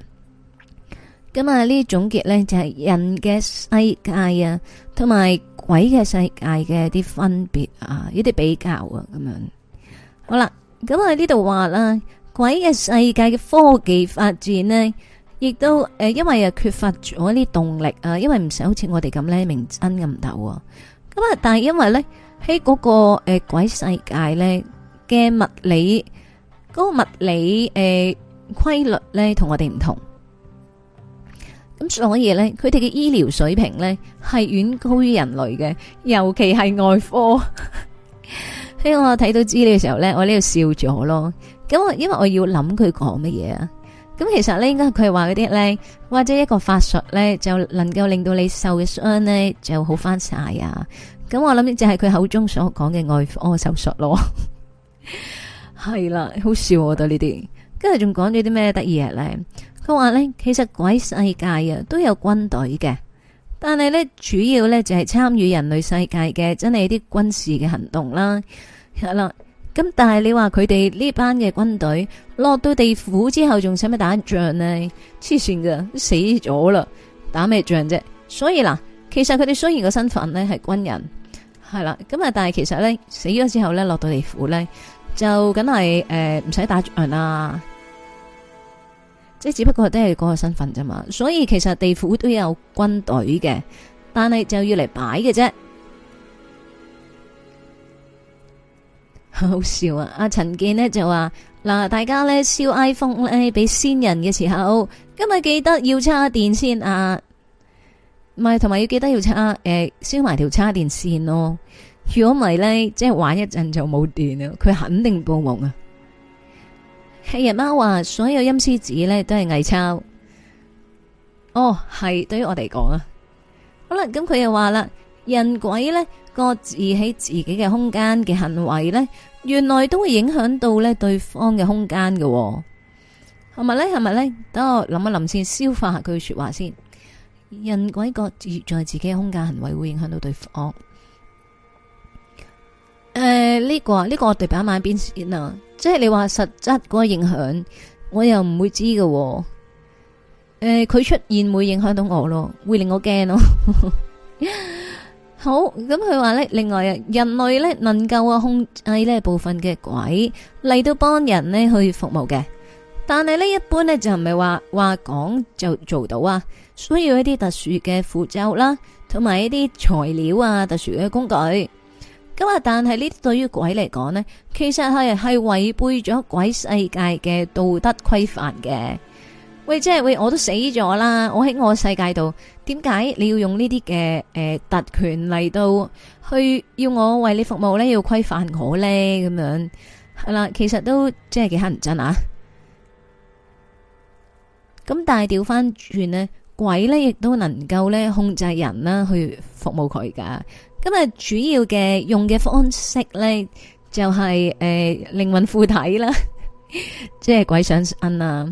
A: 咁啊呢啲總結咧就係人嘅世界啊，同埋鬼嘅世界嘅啲分別啊，呢啲比較啊，咁樣。好啦，咁啊呢度話啦，鬼嘅世界嘅科技發展咧，亦都誒因為啊缺乏咗啲動力啊，因為唔使好似我哋咁咧明真咁頭。咁啊，但係因為咧喺嗰個誒鬼世界咧嘅物理。嗰個物理誒規、呃、律咧，同我哋唔同。咁所以咧，佢哋嘅醫療水平咧係遠高於人類嘅，尤其係外科。喺 我睇到資料嘅時候咧，我呢度笑咗咯。咁我因為我要諗佢講乜嘢啊？咁其實咧，應該佢係話嗰啲咧，或者一個法術咧就能夠令到你受嘅傷咧就好翻晒啊！咁我諗呢就係佢口中所講嘅外科手術咯。 係啦，好笑我覺得呢啲，跟住仲講咗啲咩得意嘢呢？佢話呢，其實鬼世界啊都有軍隊嘅，但係呢，主要呢就係參與人類世界嘅真係啲軍事嘅行動啦，係啦。咁但係你話佢哋呢班嘅軍隊落到地府之後，仲使咩打仗呢？黐線噶，死咗啦，打咩仗啫？所以嗱，其實佢哋雖然個身份呢係軍人，係啦，咁啊，但係其實呢，死咗之後呢，落到地府呢。就梗係誒，唔使打住人啦，即係只不過都係嗰個身份啫嘛。所以其實地府都有軍隊嘅，但係就要嚟擺嘅啫。好笑啊！阿陳健呢就話嗱，大家咧燒 iPhone 咧俾先人嘅時候，今日記得要叉電先啊，唔係同埋要記得要叉誒燒埋條叉電線咯。如果唔係呢，即係玩一陣就冇電啦。佢肯定報夢啊！係日媽話所有陰司紙呢都係偽鈔。哦，係對於我哋講啊。好啦，咁佢又話啦，人鬼呢，各自喺自己嘅空間嘅行為呢，原來都會影響到呢對方嘅空間嘅，哦。係咪呢？係咪呢？等我諗一諗先，消化一下一句說話先。人鬼各自在自己嘅空間行為，會影響到對方。誒，呢、呃這個啊，呢、這個我哋擺埋邊先啊！即係你話實質嗰個影響，我又唔會知嘅、哦。誒、呃，佢出現會影響到我咯，會令我驚咯。 好，咁佢話呢，另外啊，人類呢能夠啊控制呢部分嘅鬼嚟到幫人呢去服務嘅，但係呢，一般呢就唔係話話講就做到啊，需要一啲特殊嘅符咒啦，同埋一啲材料啊，特殊嘅工具。咁但係呢啲對於鬼嚟講呢，其實係係違背咗鬼世界嘅道德規範嘅。喂，即係喂，我都死咗啦，我喺我世界度，點解你要用呢啲嘅誒特權嚟到去要我為你服務呢？要規範我呢？咁樣係啦，其實都即係幾乞人憎啊！咁但係調翻轉呢，鬼呢亦都能夠呢控制人啦，去服務佢噶。咁啊，主要嘅用嘅方式咧，就係誒靈魂附體啦，即係鬼上身啊。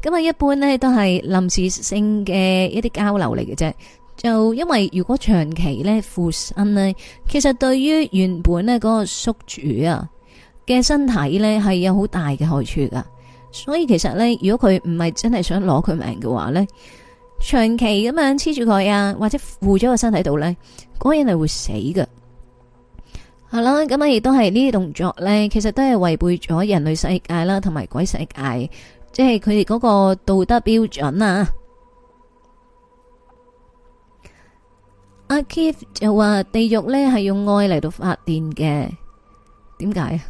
A: 咁、嗯、啊，一般咧都係臨時性嘅一啲交流嚟嘅啫。就因為如果長期咧附身咧，其實對於原本咧嗰，那個宿主啊嘅身體咧係有好大嘅害處噶。所以其實咧，如果佢唔係真係想攞佢命嘅話咧，長期咁樣黐住佢啊，或者附咗個身體度咧。果然係會死噶，係啦，咁啊亦都係呢啲動作呢，其實都係違背咗人類世界啦，同埋鬼世界，即係佢哋嗰個道德標準 K 啊。阿 Keith 就話地獄呢係用愛嚟到發電嘅，點解啊？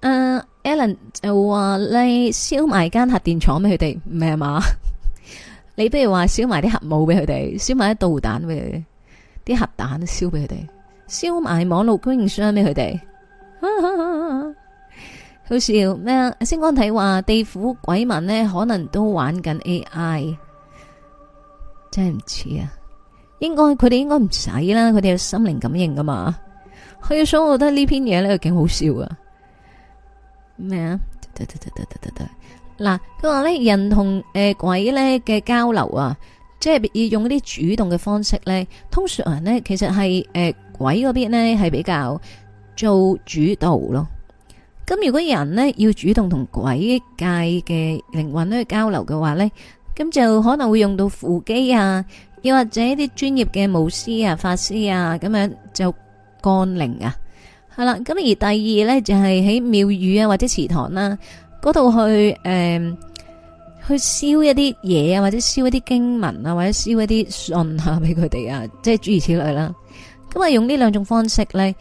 A: 阿 Allen 就話你燒埋間核電廠俾佢哋，唔係嘛？ 你不如話燒埋啲核武俾佢哋，燒埋啲導彈俾佢哋。啲核彈都燒俾佢哋，燒埋網絡供應商俾佢哋，好笑咩？星光體話地府鬼民呢，可能都玩緊 AI，真係唔似啊！應該佢哋應該唔使啦，佢哋有心靈感應噶嘛？佢想我覺得呢篇嘢呢，究竟好笑啊！咩啊麼？嗱，佢話呢，人同誒鬼呢嘅交流啊。即係要用嗰啲主動嘅方式呢，通常人呢其實係誒鬼嗰邊呢係比較做主導咯。咁如果人呢要主動同鬼界嘅靈魂呢去交流嘅話呢，咁就可能會用到扶乩啊，又或者啲專業嘅巫師啊、法師啊咁樣就幹靈啊，係啦。咁而第二呢就係喺廟宇啊或者祠堂啦嗰度去誒。去燒一啲嘢啊，或者燒一啲經文啊，或者燒一啲信啊，俾佢哋啊，即係諸如此類啦。咁啊，用呢兩種方式呢，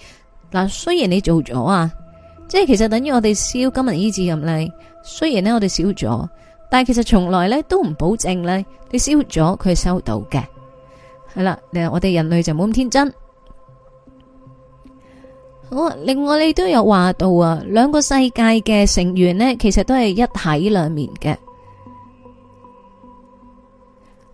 A: 嗱，雖然你做咗啊，即係其實等於我哋燒金銀衣紙咁咧。雖然呢，我哋燒咗，但係其實從來呢都唔保證呢，你燒咗佢收到嘅係啦。你我哋人類就冇咁天真。好，另外你都有話到啊，兩個世界嘅成員呢，其實都係一體兩面嘅。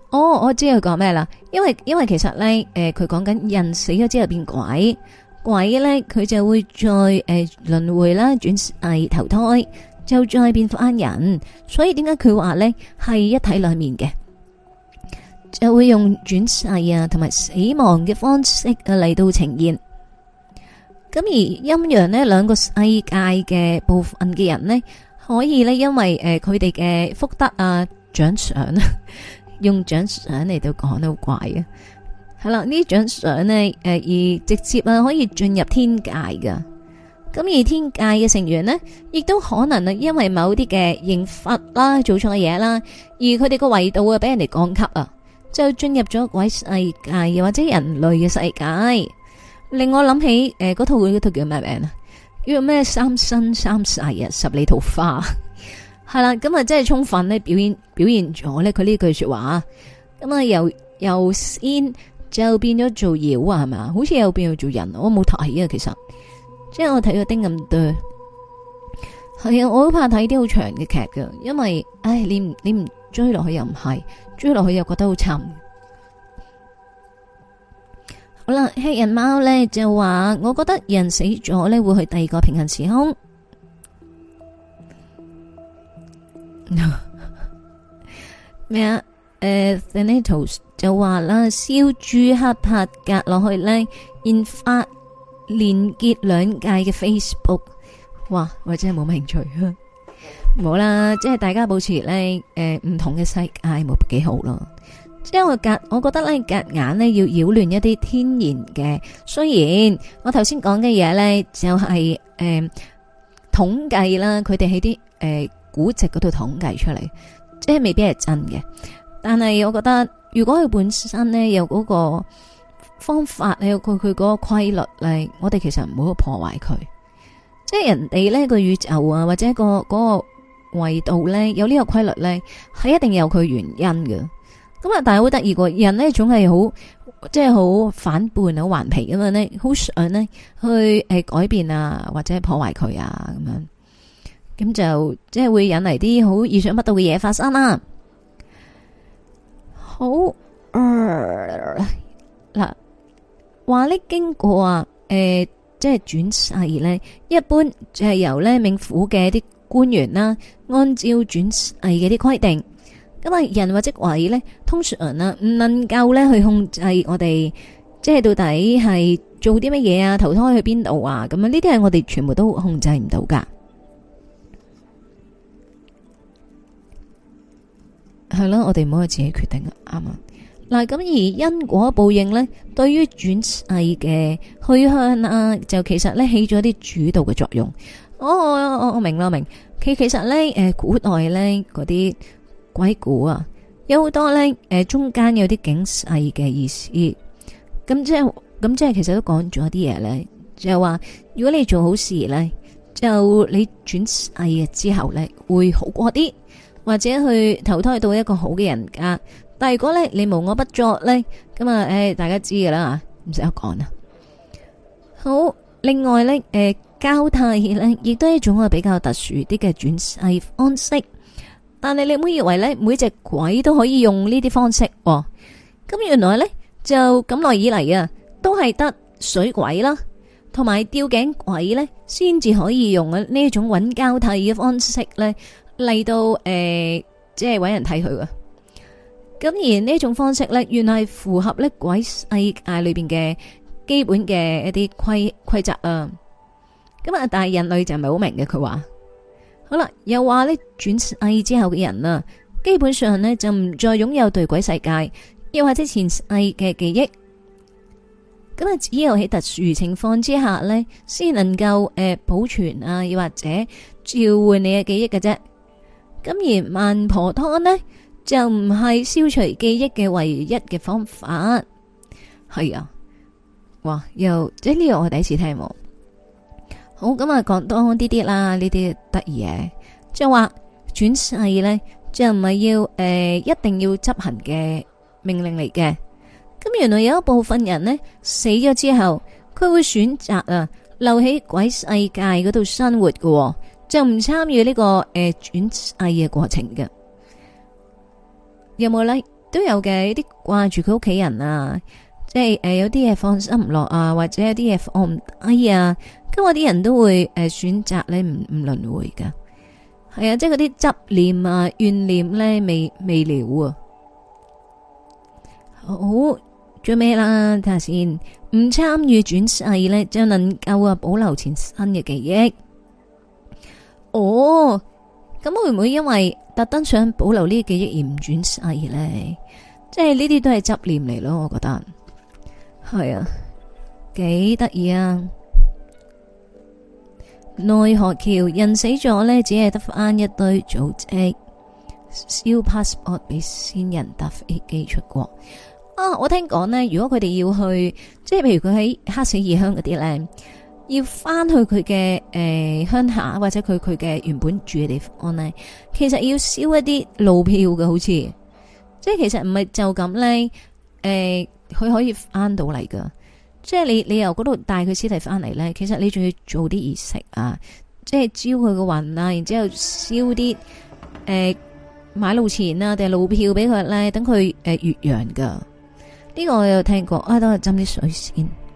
A: 哦，我知道佢講咩啦，因為因為其實咧，誒、呃，佢講緊人死咗之後變鬼，鬼咧佢就會再誒、呃、輪回啦，轉世投胎，就再變翻人，所以點解佢話咧係一體兩面嘅，就會用轉世啊同埋死亡嘅方式嚟，啊、到呈現。咁而陰陽呢兩個世界嘅部分嘅人呢，可以呢，因為誒佢哋嘅福德啊，獎賞。啊。用獎賞嚟到講都怪嘅，係啦，呢獎賞呢，誒而直接啊可以進入天界噶，咁而天界嘅成員呢，亦都可能啊因為某啲嘅刑罰啦，做錯嘢啦，而佢哋個維度啊俾人哋降級啊，就進入咗鬼世界，又或者人類嘅世界，令我諗起誒嗰、呃、套嗰套叫咩名啊？叫做咩三生三世啊，十里桃花。係啦，咁啊，就真係充分呢表，表現表現咗呢佢呢句說話啊，咁啊又又先就變咗做妖啊，係咪？好似又變咗做人，我冇睇啊，其實，即係我睇咗丁咁多，係啊，我好怕睇啲好長嘅劇噶，因為唉，你唔你唔追落去又唔係，追落去又覺得好慘。好啦，黑人貓呢就話，我覺得人死咗呢會去第二個平行時空。咩啊？誒，呢條就話啦，燒豬黑柏格落去咧，連結兩界嘅 Facebook，哇！我真係冇興趣，冇啦，即係大家保持咧，誒，唔同嘅世界冇幾好咯。即係隔，我覺得咧夾硬咧要擾亂一啲天然嘅。雖然我頭先講嘅嘢咧就係誒統計啦，佢哋喺啲誒。古籍嗰度統計出嚟，即係未必係真嘅。但係我覺得，如果佢本身咧有嗰個方法有佢佢嗰個規律咧，我哋其實唔好去破壞佢。即係人哋咧個宇宙啊，或者個嗰個維度咧，有呢個規律咧，係一定有佢原因嘅。咁啊，但係好得意個，人咧總係好即係好反叛、好頑皮咁樣咧，好想咧去誒改變啊，或者破壞佢啊咁樣。咁就即係會引嚟啲好意想不到嘅嘢發生啦。好，嗱，話咧經過啊，誒，即係轉世咧，一般就係由咧冥府嘅一啲官員啦，按照轉世嘅啲規定，因為人或者鬼咧，通常人啊，唔能夠咧去控制我哋，即係到底係做啲乜嘢啊，投胎去邊度啊，咁啊，呢啲係我哋全部都控制唔到噶。係咯，我哋唔可以自己決定啊，啱啊。嗱，咁而因果報應呢，對於轉世嘅去向啊，就其實呢起咗啲主導嘅作用。哦，我我，我明啦，我明白。其其實呢誒，古代呢嗰啲鬼故啊，有好多呢，誒，中間有啲警世嘅意思。咁即係，咁即係，其實都講咗啲嘢呢，就係話，如果你做好事呢，就你轉世啊之後呢，會好過啲。或者去投胎到一個好嘅人家，但如果咧你無我不作呢，咁啊誒，大家知嘅啦，唔使我講啦。好，另外呢，誒，交替呢亦都係一種比較特殊啲嘅轉世方式，但係你唔好以為呢，每隻鬼都可以用呢啲方式，咁原來呢，就咁耐以嚟啊，都係得水鬼啦，同埋吊頸鬼呢，先至可以用呢種揾交替嘅方式呢。嚟到誒、呃，即係揾人睇佢啊！咁而呢種方式咧，原來符合呢鬼世界裏邊嘅基本嘅一啲規規則啊！咁啊，但係人類就唔係好明嘅。佢話好啦，又話呢轉世紀之後轉世之後嘅人啊，基本上呢就唔再擁有對鬼世界，又或者前世嘅記憶。咁啊，只有喺特殊情況之下呢，先能夠誒、呃、保存啊，又或者召喚你嘅記憶嘅啫。咁而孟婆湯呢，就唔係消除記憶嘅唯一嘅方法，係啊，哇！又即係呢個我第一次聽喎。好咁啊，講、嗯、多啲啲啦，呢啲得意嘢，即係話轉世呢，就唔係要誒、呃、一定要執行嘅命令嚟嘅。咁原來有一部分人呢，死咗之後，佢會選擇啊留喺鬼世界嗰度生活喎、哦。就唔參與呢個誒、轉、呃、世嘅過程嘅，有冇呢？都有嘅？有啲掛住佢屋企人啊，即係誒、呃、有啲嘢放心唔落啊，或者有啲嘢放唔低啊，咁有啲人都會誒、呃、選擇呢唔唔輪迴㗎，係啊，即係嗰啲執念啊、怨念呢，未未了啊，好做咩啦，睇下先，唔參與轉世呢，就能夠啊保留前生嘅記憶。哦，咁、oh，會唔會因為特登想保留呢個記憶而唔轉世呢？即係呢啲都係執念嚟咯，我覺得係啊，幾得意啊！奈何橋，人死咗呢，只係得返一堆組織，燒 passport 俾先人搭飛機出國啊！我聽講呢，如果佢哋要去，即係譬如佢喺客死異鄉嗰啲呢。要翻去佢嘅誒鄉下，或者佢佢嘅原本住嘅地方呢，其實要燒一啲路票嘅，好似即係其實唔係就咁呢，誒、呃，佢可以翻到嚟噶，即係你你由嗰度帶佢屍體翻嚟呢，其實你仲要做啲儀式啊，即係招佢嘅魂啊，然之後燒啲誒買路錢啊，定係路票俾佢呢，等佢誒越洋噶。呢、這個我有聽過，啊都係斟啲水先。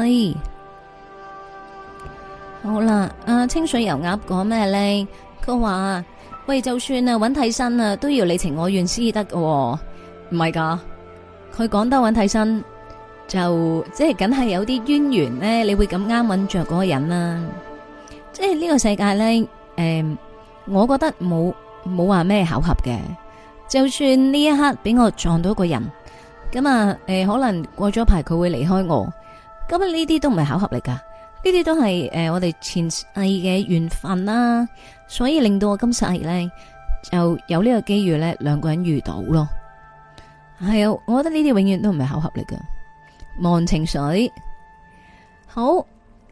A: 係好啦，啊清水油鴨講咩咧？佢話，喂，就算啊揾替身啊，都要你情我願先，哦，得喎。唔係噶，佢講得揾替身就即係梗係有啲淵源咧，你會咁啱揾着嗰個人啦，啊。即係呢個世界咧，誒、呃，我覺得冇冇話咩巧合嘅。就算呢一刻俾我撞到一個人，咁啊誒、呃，可能過咗排佢會離開我。咁呢啲都唔係巧合嚟噶，呢啲都係誒、呃、我哋前世嘅緣分啦，所以令到我今世咧就有個機呢個機遇咧，兩個人遇到咯。係、哎，我覺得呢啲永遠都唔係巧合嚟噶。忘情水，好，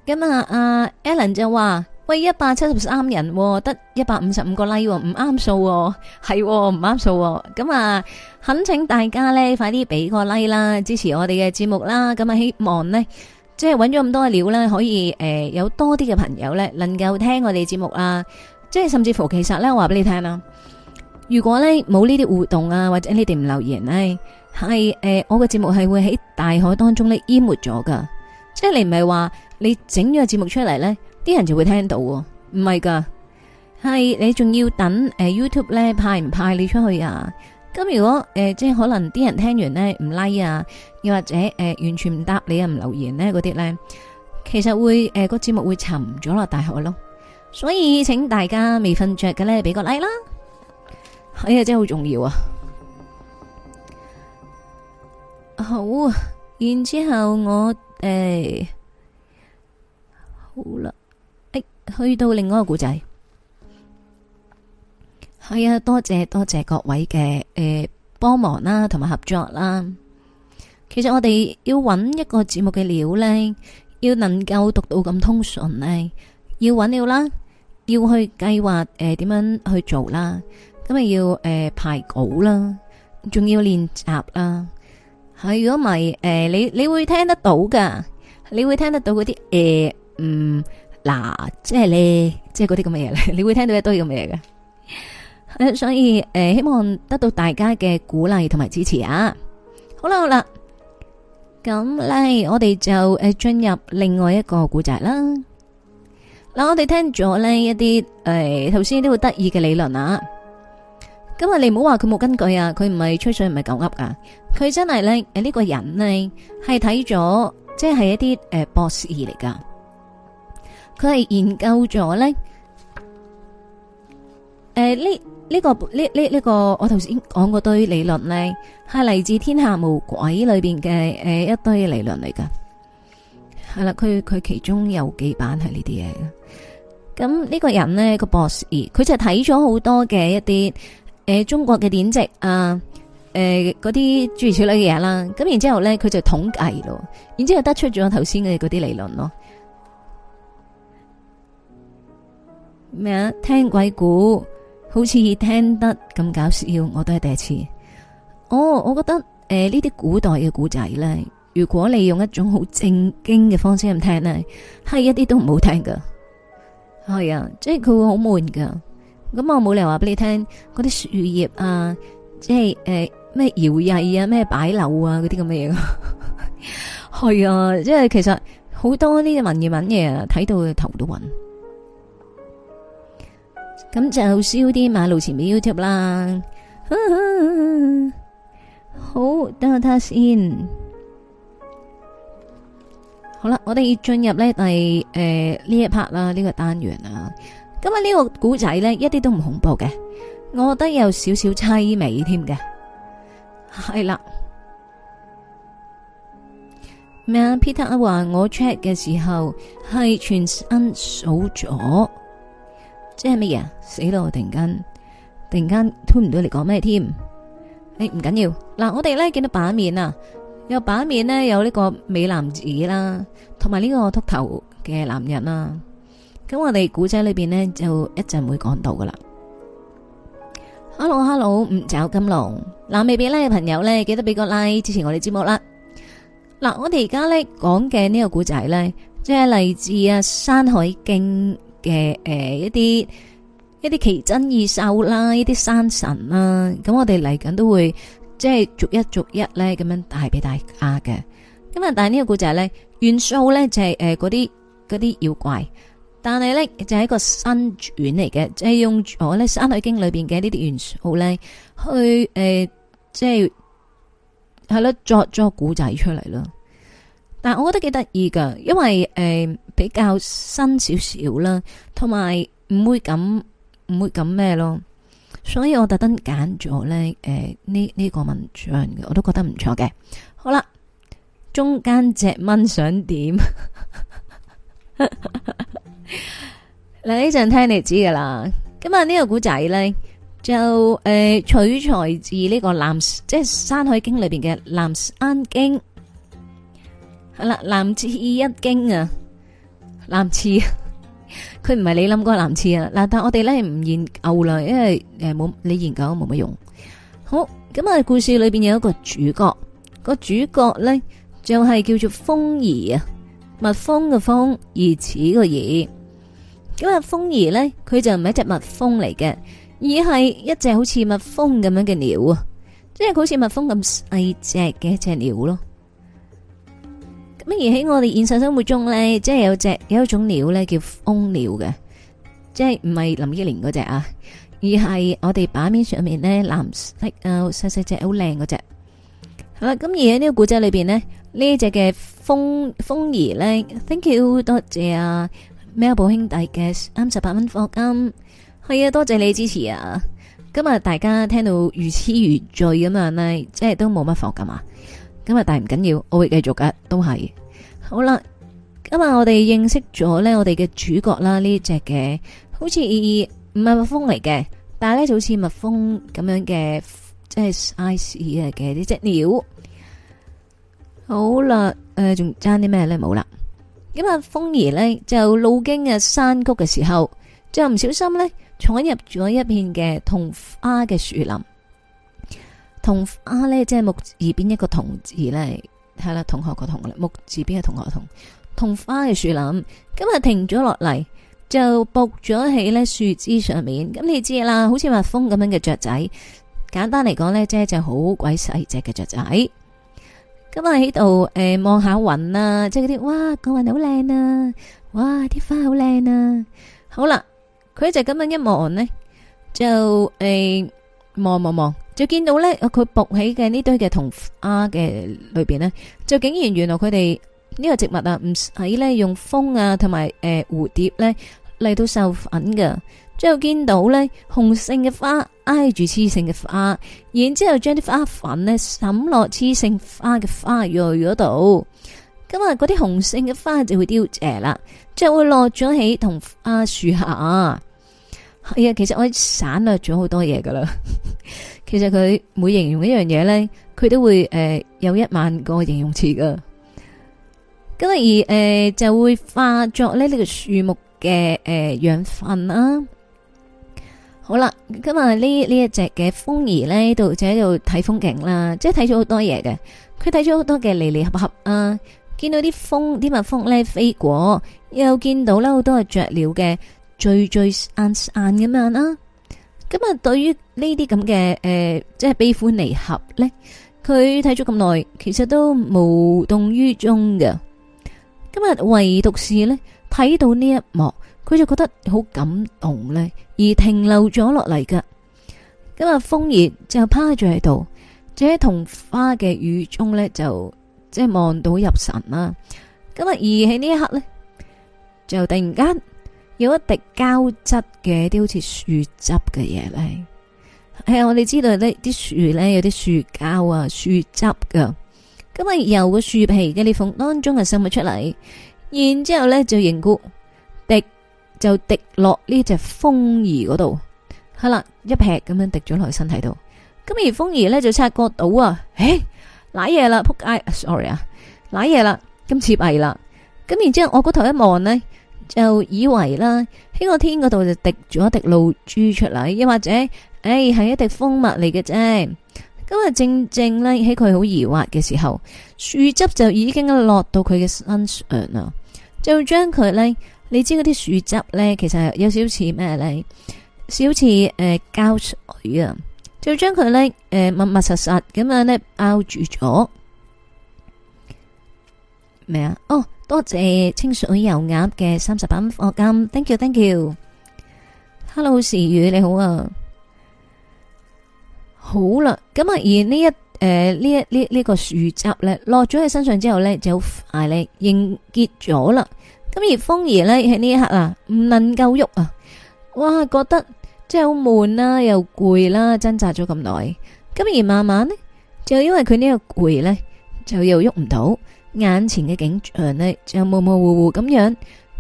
A: 咁啊阿 Alan、啊、就話。喂，一百七十三人得一百五十五個 like，唔啱數，係唔啱數。咁啊、哦，懇、哦、請大家呢，快啲俾個 like 啦，支持我哋嘅節目啦。咁、嗯、啊，希望呢，即係揾咗咁多料呢，可以誒、呃、有多啲嘅朋友呢，能夠聽我哋節目啦。即係甚至乎其實呢，我話俾你聽啊，如果呢，冇呢啲活動啊，或者你哋唔留言、啊，呢，係、呃、誒，我嘅節目係會喺大海當中呢淹沒咗噶。即係你唔係話你整咗個節目出嚟呢。啲人就會聽到，唔係噶，係你仲要等誒，YouTube 咧派唔派你出去啊？咁如果誒、呃，即係可能啲人聽完呢唔 like 啊，又或者誒、呃、完全唔答你啊，唔留言呢嗰啲呢，其實會誒、呃，個節目會沉咗落大海咯。所以請大家未瞓着嘅呢俾個 like 啦，哎呀，真係好重要啊！好，然之後我誒、呃、好啦。去到另外一個故仔。係啊，多謝多謝各位嘅，誒幫忙啦，同埋合作啦。其實我哋要揾一個節目嘅料呢，要能夠讀到咁通順呢，要揾料啦，要去計劃誒點樣去做啦。咁咪要誒排稿啦，仲要練習啦。係如果唔係誒，你你會聽得到噶，你會聽得到嗰啲誒嗯。嗱，即係呢即係嗰啲咁嘅嘢咧，你會聽到一堆咁嘅嘢嘅，所以誒、呃、希望得到大家嘅鼓勵同埋支持啊！好啦，好啦，咁呢，我哋就誒進入另外一個古仔啦。嗱，我哋聽咗呢一啲誒頭先都好得意嘅理論啊，咁你唔好話佢冇根據啊，佢唔係吹水唔係狗噏噶，佢真係咧誒呢、呢個人呢係睇咗，即係、就是、一啲誒、呃、博士二嚟噶。佢係研究咗咧，誒呢呢個呢呢呢個、這個、我頭先講嗰堆理論呢係嚟自《天下無鬼》裏邊嘅誒一堆理論嚟噶，係啦，佢佢其中有幾版係呢啲嘢，咁、嗯、呢、這個人呢、這個博士，佢就睇咗好多嘅一啲誒、呃、中國嘅典籍啊，誒嗰啲諸如此類嘅嘢啦，咁然之後呢佢就統計咯，然之後得出咗頭先嘅嗰啲理論咯。咩啊？聽鬼故好似聽得咁搞笑，我都係第一次。哦，我覺得誒呢啲古代嘅古仔咧，如果你用一種好正經嘅方式咁聽咧，係一啲都唔好聽噶。係啊，即係佢會好悶噶。咁我冇理由話俾你聽嗰啲樹葉啊，即係誒咩搖曳啊，咩擺樓啊嗰啲咁嘅嘢。係 啊，即係其實好多呢啲文言文嘢睇到佢頭都暈。咁就燒啲馬路錢俾 YouTube 啦， 好等下睇下先。好、呃、啦，我哋進入呢第誒呢一 part 啦，呢個單元啦。咁啊呢個古仔呢，一啲都唔恐怖嘅，我覺得有少少凄美添嘅，係啦。咩啊 ？Peter 阿話我 check 嘅時候係全身數咗。即係乜嘢啊？死咯！我突然間，突然間推唔到你講咩添？誒、欸，唔緊要，要。嗱，我哋咧見到版面啊，有版面呢，有呢個美男子啦，同埋呢個禿頭嘅男人啦。咁我哋古仔裏邊呢，就一陣會講到噶 hello, hello, 啦。Hello，Hello，五爪金龍。嗱，未俾 like 嘅朋友呢，記得俾個 like 支持我哋節目啦。嗱，我哋而家呢講嘅呢個古仔呢，即係嚟自啊《山海經》。嘅誒、呃、一啲一啲奇珍異獸啦，一啲山神啦，咁我哋嚟緊都會即係逐一逐一咧咁樣帶俾大家嘅。咁啊，但係呢個古仔咧，元素咧就係誒嗰啲嗰啲妖怪，但係咧就係、是、一個新傳嚟嘅，即係用我咧《山海經》裏邊嘅呢啲元素咧去誒、呃，即係係咯作作咗個古仔出嚟咯。但係我覺得幾得意噶，因為誒比較新少少啦，同埋唔會咁唔會咁咩咯，所以我特登揀咗咧誒呢呢個文章嘅，我都覺得唔錯嘅。好啦，中間隻蚊想點？嗱呢陣聽你知噶啦，今日呢個古仔咧就誒取材自呢個《南即係山海經》裏邊嘅《南山經》。係啦，南次一經啊！南次，佢唔係你諗嗰個南次啊！嗱，但係我哋咧唔研究牛，因為誒冇，你研究冇乜用。好，咁啊，故事裏邊有一個主角，個主角咧就係叫做蜂兒啊，蜜蜂嘅蜂，蜂，蜂，蜂，而此個兒。咁啊，蜂兒咧，佢就唔係一隻蜜蜂嚟嘅，而係一隻好似蜜蜂咁樣嘅鳥啊，即係好似蜜蜂咁細隻嘅一隻鳥咯。咁而喺我哋現實生活中咧，即係有隻有一種鳥咧叫蜂鳥嘅，即係唔係林憶蓮嗰隻啊，而係我哋版面上面咧藍色啊，細細隻好靚嗰隻。好啦、嗯，咁而喺呢個古仔裏邊呢，隻呢隻嘅蜂蜂兒咧，thank you 多謝啊，喵寶兄弟嘅啱十八蚊課金，係啊，多謝你支持啊！今日大家聽到如痴如醉咁呢，即係都冇乜課金啊！今日但係唔緊要，我會繼續嘅、啊，都係。好啦，今日我哋認識咗呢，我哋嘅主角啦，呢隻嘅好似唔係蜜蜂嚟嘅，但係呢就好似蜜蜂咁樣嘅，即係 size 嚟嘅呢隻鳥。好啦，誒、呃，仲爭啲咩呢？冇啦。咁啊，蜂兒呢，就路經嘅山谷嘅時候，就唔小心呢闖入咗一片嘅桐花嘅樹林。桐花呢，即係木耳邊一個同字呢。係啦，同學個同啦，木字邊係同學個同，同花嘅樹林，今日停咗落嚟，就伏咗喺咧樹枝上面。咁你知啦，好似蜜蜂咁樣嘅雀仔，簡單嚟講咧，即係一隻好鬼細隻嘅雀仔。咁啊喺度誒望下雲啊，即係嗰啲哇個雲好靚啊，哇啲花好靚啊。好啦，佢就咁樣一望呢，就誒望望望。就見到咧，佢僕起嘅呢堆嘅桐花嘅裏邊呢，就竟然原來佢哋呢個植物不用用啊，唔使咧用風啊，同埋誒蝴蝶咧嚟到授粉噶。最後見到咧雄性嘅花挨住雌性嘅花，然之後將啲花粉咧沈落雌性花嘅花蕊嗰度。噉嗰啲雄性嘅花就會凋謝啦，就會落咗喺桐花樹下啊。係啊，其實我省略咗好多嘢噶啦。其實佢每形容一樣嘢咧，佢都會誒有一萬個形容詞噶。咁而誒就會化作咧呢個樹木嘅誒養分啦。好啦，咁啊呢呢一隻嘅蜂兒咧，度就喺度睇風景啦，即係睇咗好多嘢嘅。佢睇咗好多嘅離離合合啊，見到啲蜂啲蜜蜂咧飛過，又見到啦好多嘅雀鳥嘅聚聚雁雁咁樣啦。今日對於呢啲咁嘅誒，即係悲歡離合呢，佢睇咗咁耐，其實都無動於衷嘅。今日唯獨是呢，睇到呢一幕，佢就覺得好感動呢，而停留咗落嚟㗎。今日楓葉就趴住喺度，喺桐花嘅雨中呢，就即係望到入神啦。今日而喺呢一刻呢，就突然間。有一滴膠質嘅啲好似樹汁嘅嘢咧，係啊，我哋知道咧啲樹咧有啲樹膠啊樹汁噶，咁啊由個樹皮嘅裂縫當中啊滲埋出嚟，然之後咧就凝固，滴就滴落呢隻蜂兒嗰度，係啦，一劈咁樣滴咗落去身體度，咁而蜂兒咧就察覺到啊，誒，瀨嘢啦，撲街，sorry 啊，瀨嘢啦，今次弊啦，咁然之後我個頭一望咧。就以為啦，喺個天嗰度就滴咗一滴露珠出嚟，又或者，誒、哎、係一滴蜂蜜嚟嘅啫。咁就正正咧，喺佢好疑惑嘅時候，樹汁就已經落到佢嘅身上啦，就將佢咧，你知嗰啲樹汁咧，其實有少似咩咧，少似誒、呃、膠水啊，就將佢咧，誒、呃、密密實實咁樣咧包住咗。咩啊？哦，多謝清水油鴨嘅三十八蚊課金，thank you，thank you。Hello，時雨你好啊，好啦。咁啊，而呢一誒呢一呢呢個樹汁咧落咗喺身上之後咧就好快咧凝結咗啦。咁而楓兒咧喺呢一刻啊，唔能夠喐啊，哇，覺得即係好悶啦，又攰啦，掙扎咗咁耐。咁而慢慢咧就因為佢呢個攰咧就又喐唔到。眼前嘅景象呢，就模模糊糊咁樣，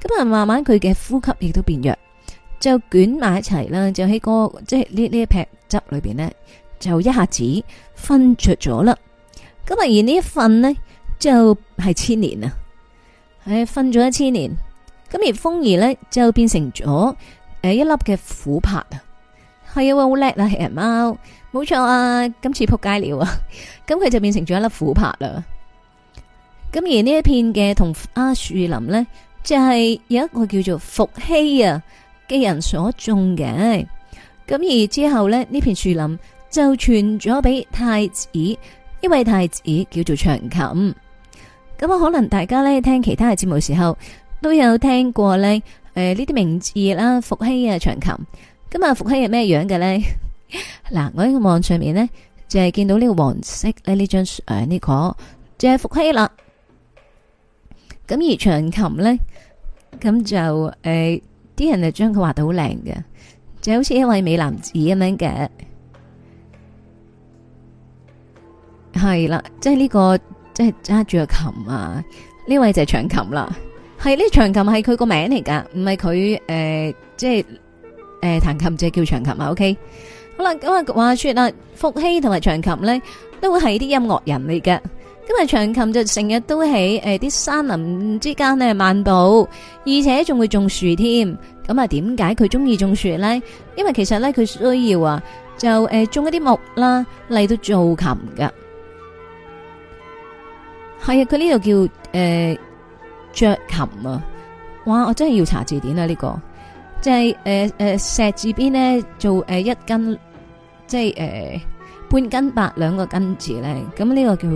A: 咁啊慢慢佢嘅呼吸亦都變弱，就捲埋一齊啦，就喺個即係呢呢一劈汁裏邊呢，就一下子瞓着咗啦。咁啊而呢一瞓呢，就係、是、千年啊，係瞓咗一千年。咁而蜂兒呢，就變成咗誒一粒嘅琥珀、哎、呀啊，係啊好叻啊，黑人貓，冇錯啊，今次撲街了啊，咁 佢就變成咗一粒琥珀啦。咁而呢一片嘅同阿樹林呢，就係有一個叫做伏羲啊嘅人所種嘅。咁而之後呢，呢片樹林就傳咗俾太子，呢位太子叫做長琴。咁啊，可能大家呢，聽其他嘅節目時候都有聽過呢誒呢啲名字啦，伏羲啊，長琴。咁啊伏羲係咩樣嘅呢？嗱， 我喺個網上面呢，就係、是、見到呢個黃色呢張誒呢個，就係伏羲啦。咁而長琴咧，咁就誒，啲、呃、人就將佢畫到好靚嘅，就好似一位美男子咁樣嘅，係啦，即係呢、這個即係揸住個琴啊！呢位就長琴啦，係呢長琴係佢個名嚟噶，唔係佢誒，即係誒彈琴就叫長琴啊！OK，好啦，咁啊話說啦，伏羲同埋長琴咧，都會係啲音樂人嚟嘅。因為長琴就成日都喺誒啲山林之間咧漫步，而且仲會種樹添。咁啊，點解佢中意種樹咧？因為其實咧佢需要啊，就誒、呃、種一啲木啦嚟，到做琴噶。係啊，佢呢度叫誒、呃、雀琴啊。哇，我真係要查字典啦呢、這個，即係誒誒石字邊咧做誒、呃、一斤，即係誒、呃、半斤八兩個斤字咧。咁、這、呢個叫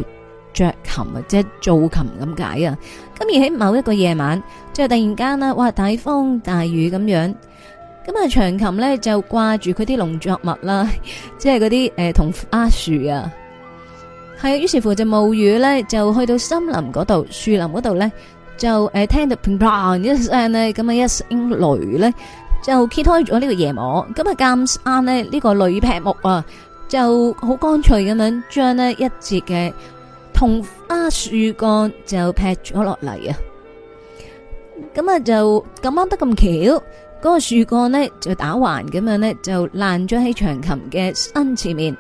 A: 着琴啊，即係造琴咁解啊。咁而喺某一個夜晚，即係突然間啦，哇！大風大雨咁樣，咁啊長琴咧就掛住佢啲農作物啦，即係嗰啲誒同阿樹啊，係啊。於是乎就冒雨咧，就去到森林嗰度，樹林嗰度咧就誒聽到砰一聲呢，咁啊一聲雷咧就揭開咗呢個夜幕。咁啊，咁啱呢，呢、呢個雷劈木啊，就好乾脆咁樣將呢一節嘅。同花樹幹就劈咗落嚟啊，咁啊就咁啱得咁巧，嗰、那個樹幹呢，就打橫咁樣呢，就爛咗喺長琴嘅身前面，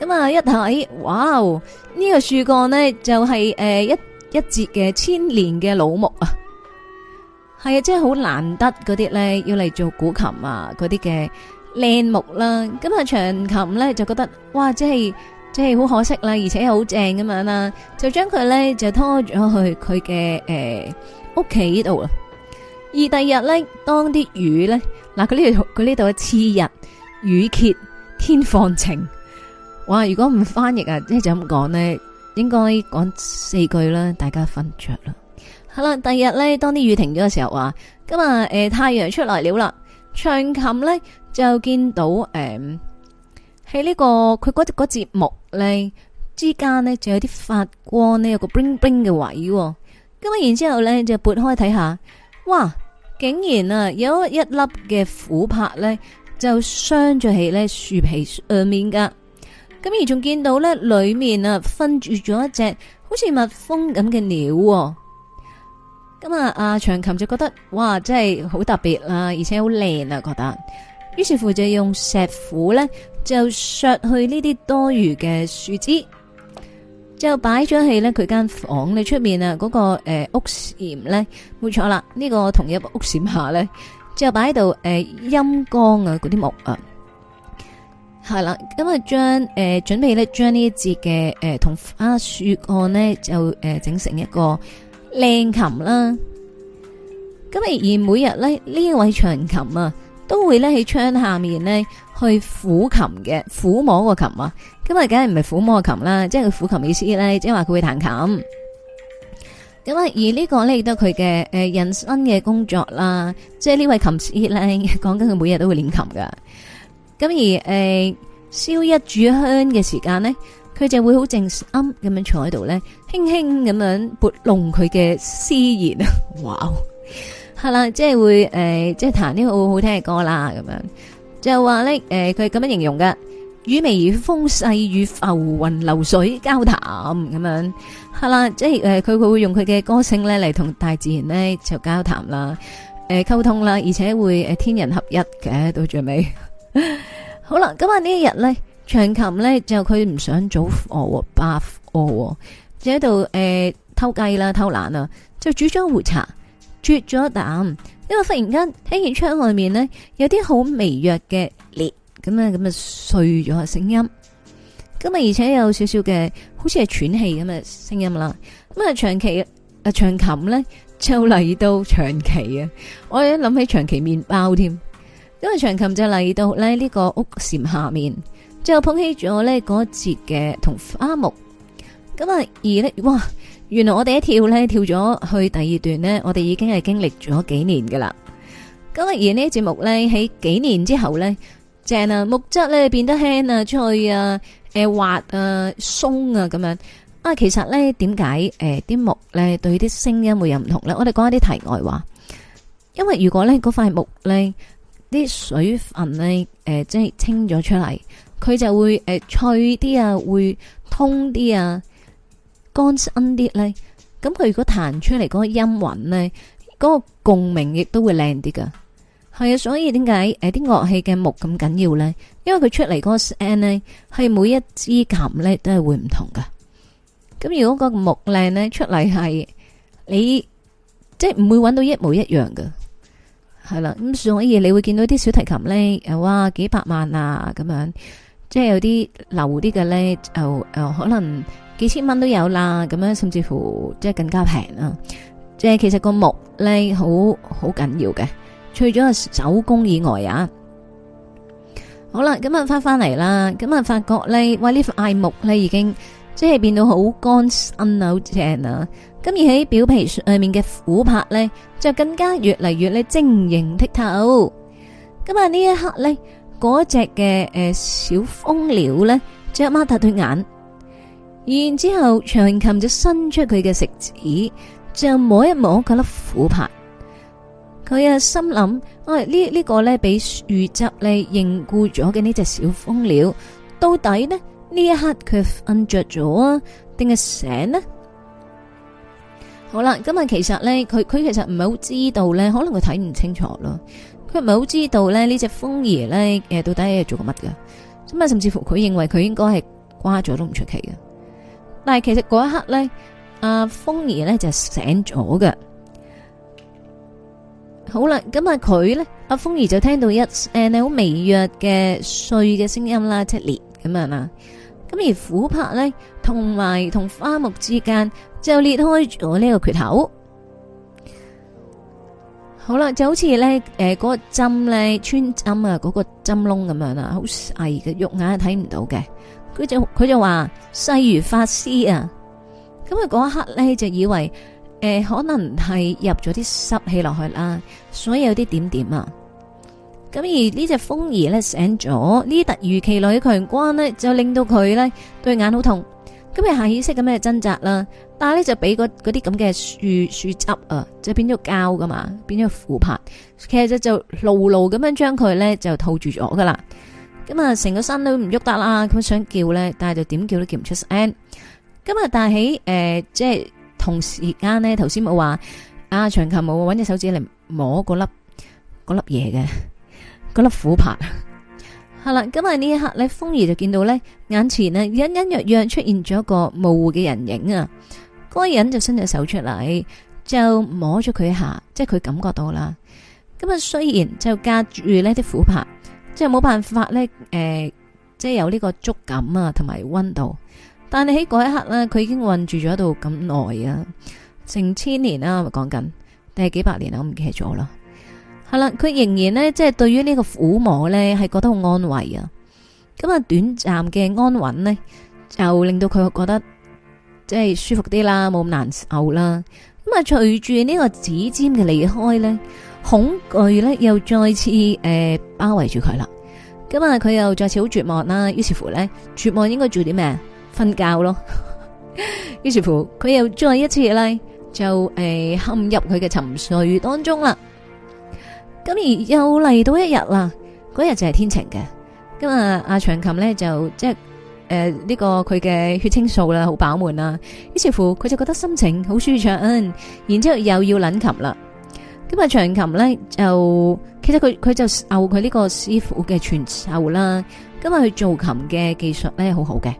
A: 咁啊一睇，哇呢、這個樹幹呢，就係誒一一節嘅千年嘅老木啊，係啊，真係好難得嗰啲呢，要嚟做古琴啊嗰啲嘅靚木啦，咁啊長琴呢，就覺得哇，即係。即係好可惜啦，而且好正咁樣啦，就將佢咧就拖咗去佢嘅誒屋企度啦。而第二日咧，當啲、呃、雨咧，嗱佢呢度佢呢度嘅次日雨歇天放晴。哇！如果唔翻譯啊，即係就咁講呢，應該講四句啦，大家瞓着啦。好啦，第二日咧，當啲雨停咗嘅時候，話今日誒、呃、太陽出嚟了啦。長琴咧就見到誒喺呢個佢嗰、嗰個節、嗰個、目。咧之間呢就有啲發光呢，有個冰冰嘅位。咁啊，然之後呢，就撥開睇下，哇，竟然啊有一粒嘅琥珀呢，就鑲咗喺呢樹皮上面噶。咁而仲見到呢裏面啊分住咗一隻好似蜜蜂咁嘅鳥，哦。咁啊，阿長琴就覺得哇，真係好特別啦，啊，而且好靚啊，覺得。於是乎就用石斧呢。就削去呢啲多餘嘅樹枝，就擺咗喺呢佢間房嘅出面啊，嗰個誒屋檐咧，冇錯啦，呢、這個同一屋檐下咧，就擺喺度誒陰光啊嗰啲木啊，係啦，咁啊將誒準備咧將呢將一節嘅誒同花樹幹呢就誒整、呃、成一個靚琴啦。咁啊而每日咧呢一位長琴啊。都會咧喺窗下面咧去撫琴嘅，撫摸個琴啊！咁咪梗係唔係撫摸個琴啦，即係佢撫琴嘅意思咧，即係話佢會彈琴。咁啊，而呢個咧亦都佢嘅誒人生嘅工作啦，即係呢位琴師咧，講緊佢每日都會練琴噶。咁而誒燒一炷香嘅時間咧，佢就會好靜心咁樣坐喺度咧，輕輕咁樣撥弄佢嘅絲弦。啊！哇～係啦，即係會誒、呃，即係彈啲好好聽嘅歌啦，咁樣就話咧，誒、呃，佢咁樣形容嘅，雨微風細，與浮雲流水交談，咁樣係啦，即係誒，佢、呃、佢會用佢嘅歌聲咧嚟同大自然咧就交談啦，誒、呃，溝通啦，而且會誒天人合一嘅到最尾。 好啦，咁呢一日咧，長琴咧就佢唔想早課，罷喎，就喺度誒偷雞啦，偷懶啊，就煮咗壺茶。啜咗一啖，因為忽然間聽見窗外面咧有啲好微弱嘅裂，咁啊咁啊碎咗嘅聲音，咁啊而且有少少嘅好似係喘氣咁嘅聲音啦，咁啊長期啊長琴咧，就嚟到長期啊，我哋家諗起長期麵包添，因為長琴就嚟到咧呢個屋檐下面，就捧起咗咧嗰節嘅桃花木，咁啊而咧哇！原來我哋一跳咧，跳咗去第二段咧，我哋已經係經歷咗幾年噶啦。咁而呢節目咧，喺幾年之後咧，正啊木質咧變得輕啊脆啊，誒滑啊鬆啊咁樣。啊，其實咧點解誒啲木咧對啲聲音會有唔同咧？我哋講一啲題外話。因為如果咧嗰塊木咧啲水分咧誒即係清咗出嚟，佢就會誒脆啲啊，會通啲啊。乾身啲咧，咁佢如果彈出嚟嗰個音韻咧，嗰個共鳴亦都會靚啲噶。係啊，所以點解誒啲樂器嘅木咁緊要咧？因為佢出嚟嗰個音咧，係每一支琴咧都係會唔同噶。咁如果個木靚咧，出嚟係你即係唔會揾到一模一樣噶。係啦，咁所以你會見到啲小提琴咧，誒，哇，幾百萬啊咁樣，即係有啲流啲嘅咧，就誒可能。幾千蚊都有啦，咁樣甚至乎即係更加平啊。即係其實個木咧，好好緊要嘅。除咗手工以外啊，好啦，咁啊翻翻嚟啦，咁啊發覺咧，哇，呢塊木咧已經即係變到好乾，暗到正啊。咁而喺表皮上面嘅琥珀咧，就更加越嚟越咧晶瑩剔透。咁啊呢一刻咧，嗰隻嘅誒小蜂鳥咧，只擘大對眼。然之後，長琴就伸出佢嘅食指，就摸一摸嗰粒琥珀。佢啊心諗，我呢呢個呢俾樹脂咧凝固咗嘅呢隻小蜂鳥，到底呢？呢一刻佢瞓着咗啊，定係醒呢？好啦，今日其實呢，佢佢其實唔係好知道呢，可能佢睇唔清楚咯。佢唔係好知道呢隻蜂兒呢誒到底係做過乜噶？咁啊，甚至乎佢認為佢應該係瓜咗都唔出奇嘅。但係其實嗰一刻咧，阿蜂兒咧就醒咗㗎。好啦，咁啊佢咧，阿蜂兒就聽到一誒好微弱嘅碎嘅聲音啦，即裂咁樣啦。咁而琥珀咧，同埋同花木之間就裂開咗呢個缺口。好啦，就好似咧誒個針咧穿針啊，嗰個針窿咁樣啦，好細嘅，肉眼係睇唔到嘅。佢就佢就話細如髮絲啊，咁佢嗰一刻咧就以為誒、呃、可能係入咗啲濕氣落去啦，所以有啲點點啊。咁而隻呢隻蜂兒咧醒咗，呢突如其來嘅強光咧就令到佢咧對眼好痛，咁佢下意識咁樣掙扎啦，但係咧就俾個嗰啲咁嘅樹樹汁啊，就變咗膠噶嘛，變咗琥珀，其實就牢牢咁樣將佢咧就套住咗噶啦。咁啊，成個身都唔喐得啦，咁想叫咧，但係就點叫都叫唔出聲。咁日但係喺誒，即係同時間咧，頭先冇話阿長琴冇搵隻手指嚟摸嗰粒嗰粒嘢嘅，嗰粒琥珀。係啦、 嗯，咁日呢一刻，呢，豐兒就見到咧，眼前呢，隱隱約約出現咗一個模糊嘅人影啊。嗰個人就伸隻手出嚟，就摸咗佢下，即係佢感覺到啦。咁、嗯、啊，雖然就隔住呢啲琥珀。即係冇辦法咧，誒、呃，即係有呢個觸感啊，同埋溫度。但係喺嗰一刻咧，佢已經困住咗喺度咁耐啊，成千年啦，咪講緊定係幾百年啊，我唔記得咗啦。係啦，佢仍然咧，即係對於呢個撫摸咧，係覺得好安慰啊。咁啊，短暫嘅安穩咧，就令到佢覺得即係舒服啲啦，冇咁難受啦。咁啊，隨住呢個指尖嘅離開咧。恐懼咧又再次誒包圍住佢啦，咁啊，佢又再次好絕望啦，於是乎咧，絕望應該做啲咩？瞓覺咯，於 是乎佢又再一次咧就誒陷入佢嘅沉睡當中啦。咁而又嚟到一日啦，嗰日就係天晴嘅，咁啊阿長琴咧就即係誒呢個佢嘅血清素啦好飽滿啦，於是乎佢就覺得心情好舒暢，然之後又要捻琴啦。咁咪長琴咧就，其實佢佢就受佢呢個師傅嘅傳授啦。咁啊，佢做琴嘅技術咧好好嘅。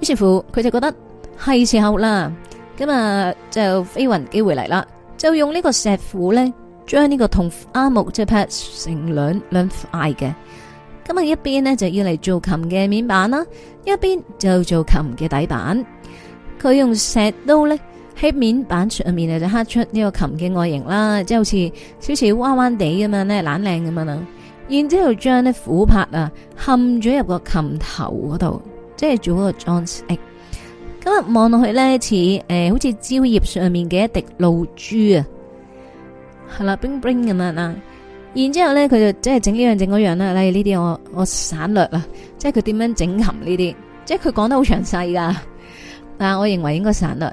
A: 於是乎，佢就覺得係時候啦，咁啊就飛雲機回嚟啦，就用呢個石斧咧，將、就是、呢個同阿木即係劈成兩兩塊嘅。咁啊，一邊呢就要嚟做琴嘅面板啦，一邊就做琴嘅底板。佢用石刀咧。喺面板上面咧就刻出呢個琴嘅外形啦，即係好似少少彎彎地咁啊，咧懶靚咁啊。然之後將啲琥珀啊嵌咗入個琴頭嗰度，即係做嗰個裝飾。噉望落去咧似誒，好似蕉葉上面嘅一滴露珠啊，係啦冰冰咁啊嗱。然之後咧佢就即係整呢樣整嗰樣啦，例如呢啲我我省略啦，即係佢點樣整琴呢啲，即係佢講得好詳細噶。但係我認為應該散略。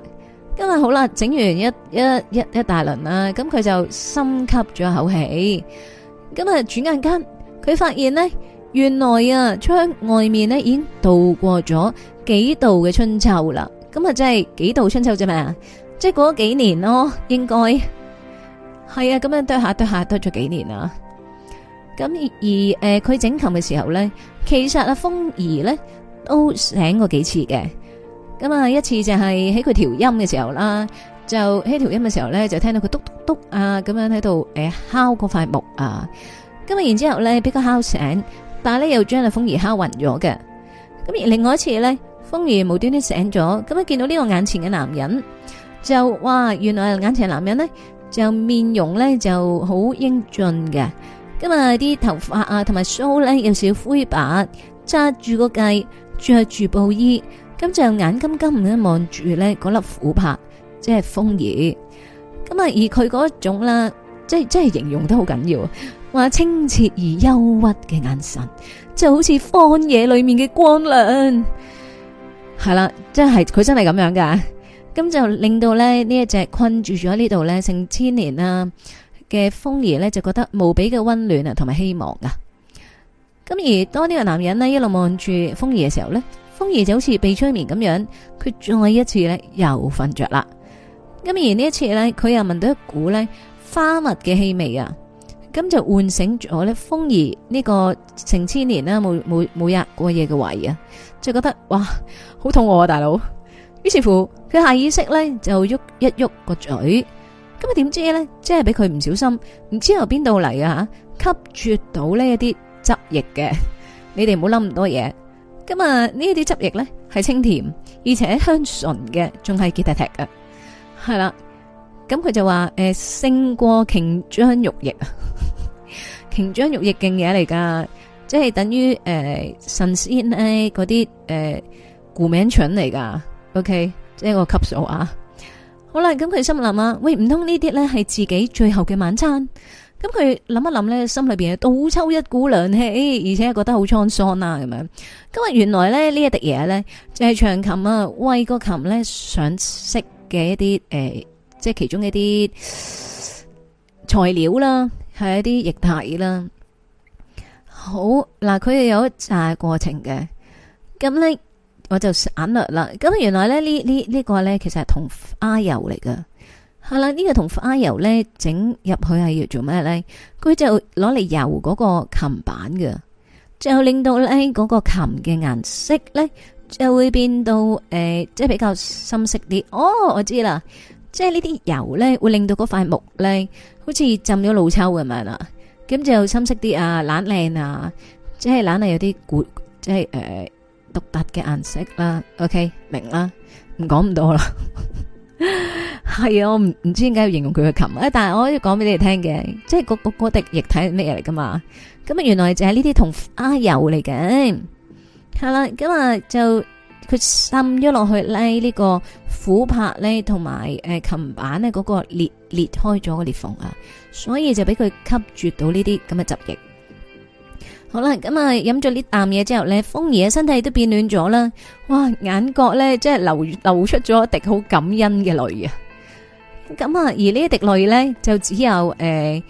A: 今日好啦，整完一一一一大輪啦，咁佢就深吸咗一口氣。今日轉眼間，佢發現咧，原來啊窗外面咧已經度過咗幾度嘅春秋啦。咁啊，真係幾度春秋啫嘛，即係嗰幾年咯，應該係啊。咁樣對下對下對咗幾年啊。咁而誒，佢整琴嘅時候咧，其實啊，風兒咧都醒過幾次嘅。咁啊！一次就係喺佢調音嘅時候啦，就喺調音嘅時候咧，就聽到佢篤篤篤啊咁樣喺度誒敲嗰塊木啊。咁啊，然之後咧俾佢敲醒，但係咧又將阿蜂兒敲暈咗嘅。咁而另外一次咧，蜂兒無端端醒咗，咁啊見到呢個眼前嘅男人，就哇，原來眼前嘅男人咧就面容咧就好英俊嘅。咁啊啲頭髮啊同埋鬚咧有少少灰白，紮住個髻，着住布衣。咁就眼金金咁望住咧，嗰粒琥珀即係蜂兒。咁啊，而佢嗰種啦，即係即係形容得好緊要，話清澈而憂鬱嘅眼神，就好似荒野裏面嘅光亮。係啦，即係佢真係咁樣噶。咁就令到咧呢一隻困住咗呢度咧成千年啦嘅蜂兒咧，就覺得無比嘅溫暖啊，同埋希望呀。咁而當呢個男人呢一路望住蜂兒嘅時候咧。風就好似被催眠咁樣，佢再一次咧又瞓着。啦咁而呢一次咧，佢又聞到一股咧花蜜嘅氣味啊，咁就喚醒咗咧蜂兒呢個成千年啦冇冇冇入過夜嘅胃啊，就覺得哇好肚餓啊大佬。於是乎，佢下意識咧就喐一喐個嘴。咁啊點知咧，即係俾佢唔小心，唔知由邊度嚟啊吓，吸住到呢一啲汁液嘅。你哋唔好諗咁多嘢。咁啊，呢啲、嗯、汁液咧係清甜，而且香醇嘅，仲係幾剔剔嘅，係啦。咁佢就話誒，勝、呃、過瓊漿玉液，瓊 漿玉液勁嘢嚟噶，即係等於誒、呃、神仙咧嗰啲誒古名腸嚟噶。OK，即係一個級數啊。好啦，咁、嗯、佢、嗯、心諗啊，喂，唔通呢啲咧係自己最後嘅晚餐？咁佢諗一諗咧，心裏邊係倒抽一股涼氣，而且覺得好滄桑啦、啊、咁樣。咁原來咧呢一滴嘢咧，就係、是、長琴啊，為個琴咧上色嘅一啲誒，即、呃、係、就是、其中一啲材料啦，係一啲液體啦。好，嗱，佢哋有一大過程嘅。咁咧，我就省略啦。咁原來咧呢、這個這個、呢呢個咧，其實係同阿油嚟嘅。係啦，呢、嗯這個同花油咧整入去係要做咩咧？佢就攞嚟油嗰個琴板嘅，就令到咧嗰、那個琴嘅顏色咧就會變到誒、呃，即係比較深色啲。哦，我知啦，即係呢啲油咧會令到嗰塊木咧好似浸咗老抽咁樣啊，咁就深色啲啊，冷靚啊，即係冷係有啲古，即係誒、呃、獨特嘅顏色啦。OK，明啦，唔講咁多啦。 係啊， 我唔唔知點解要形容佢嘅琴，但係我可以講俾你哋聽嘅，即係嗰嗰嗰啲液體係咩嘢嚟噶嘛？咁啊，原來就係、嗯嗯、呢啲同油嚟嘅，係、這、啦、個，咁啊就佢滲咗落去咧呢個琥珀咧，同埋誒琴板咧嗰、那個裂裂開咗個裂縫啊，所以就俾佢吸住到呢啲咁嘅汁液。好啦，咁啊飲咗呢啖嘢之後咧，蜂兒嘅身體都變暖咗啦。哇，眼角咧即係流流出咗一滴好感恩嘅淚啊！咁啊，而呢一滴淚咧就只有誒，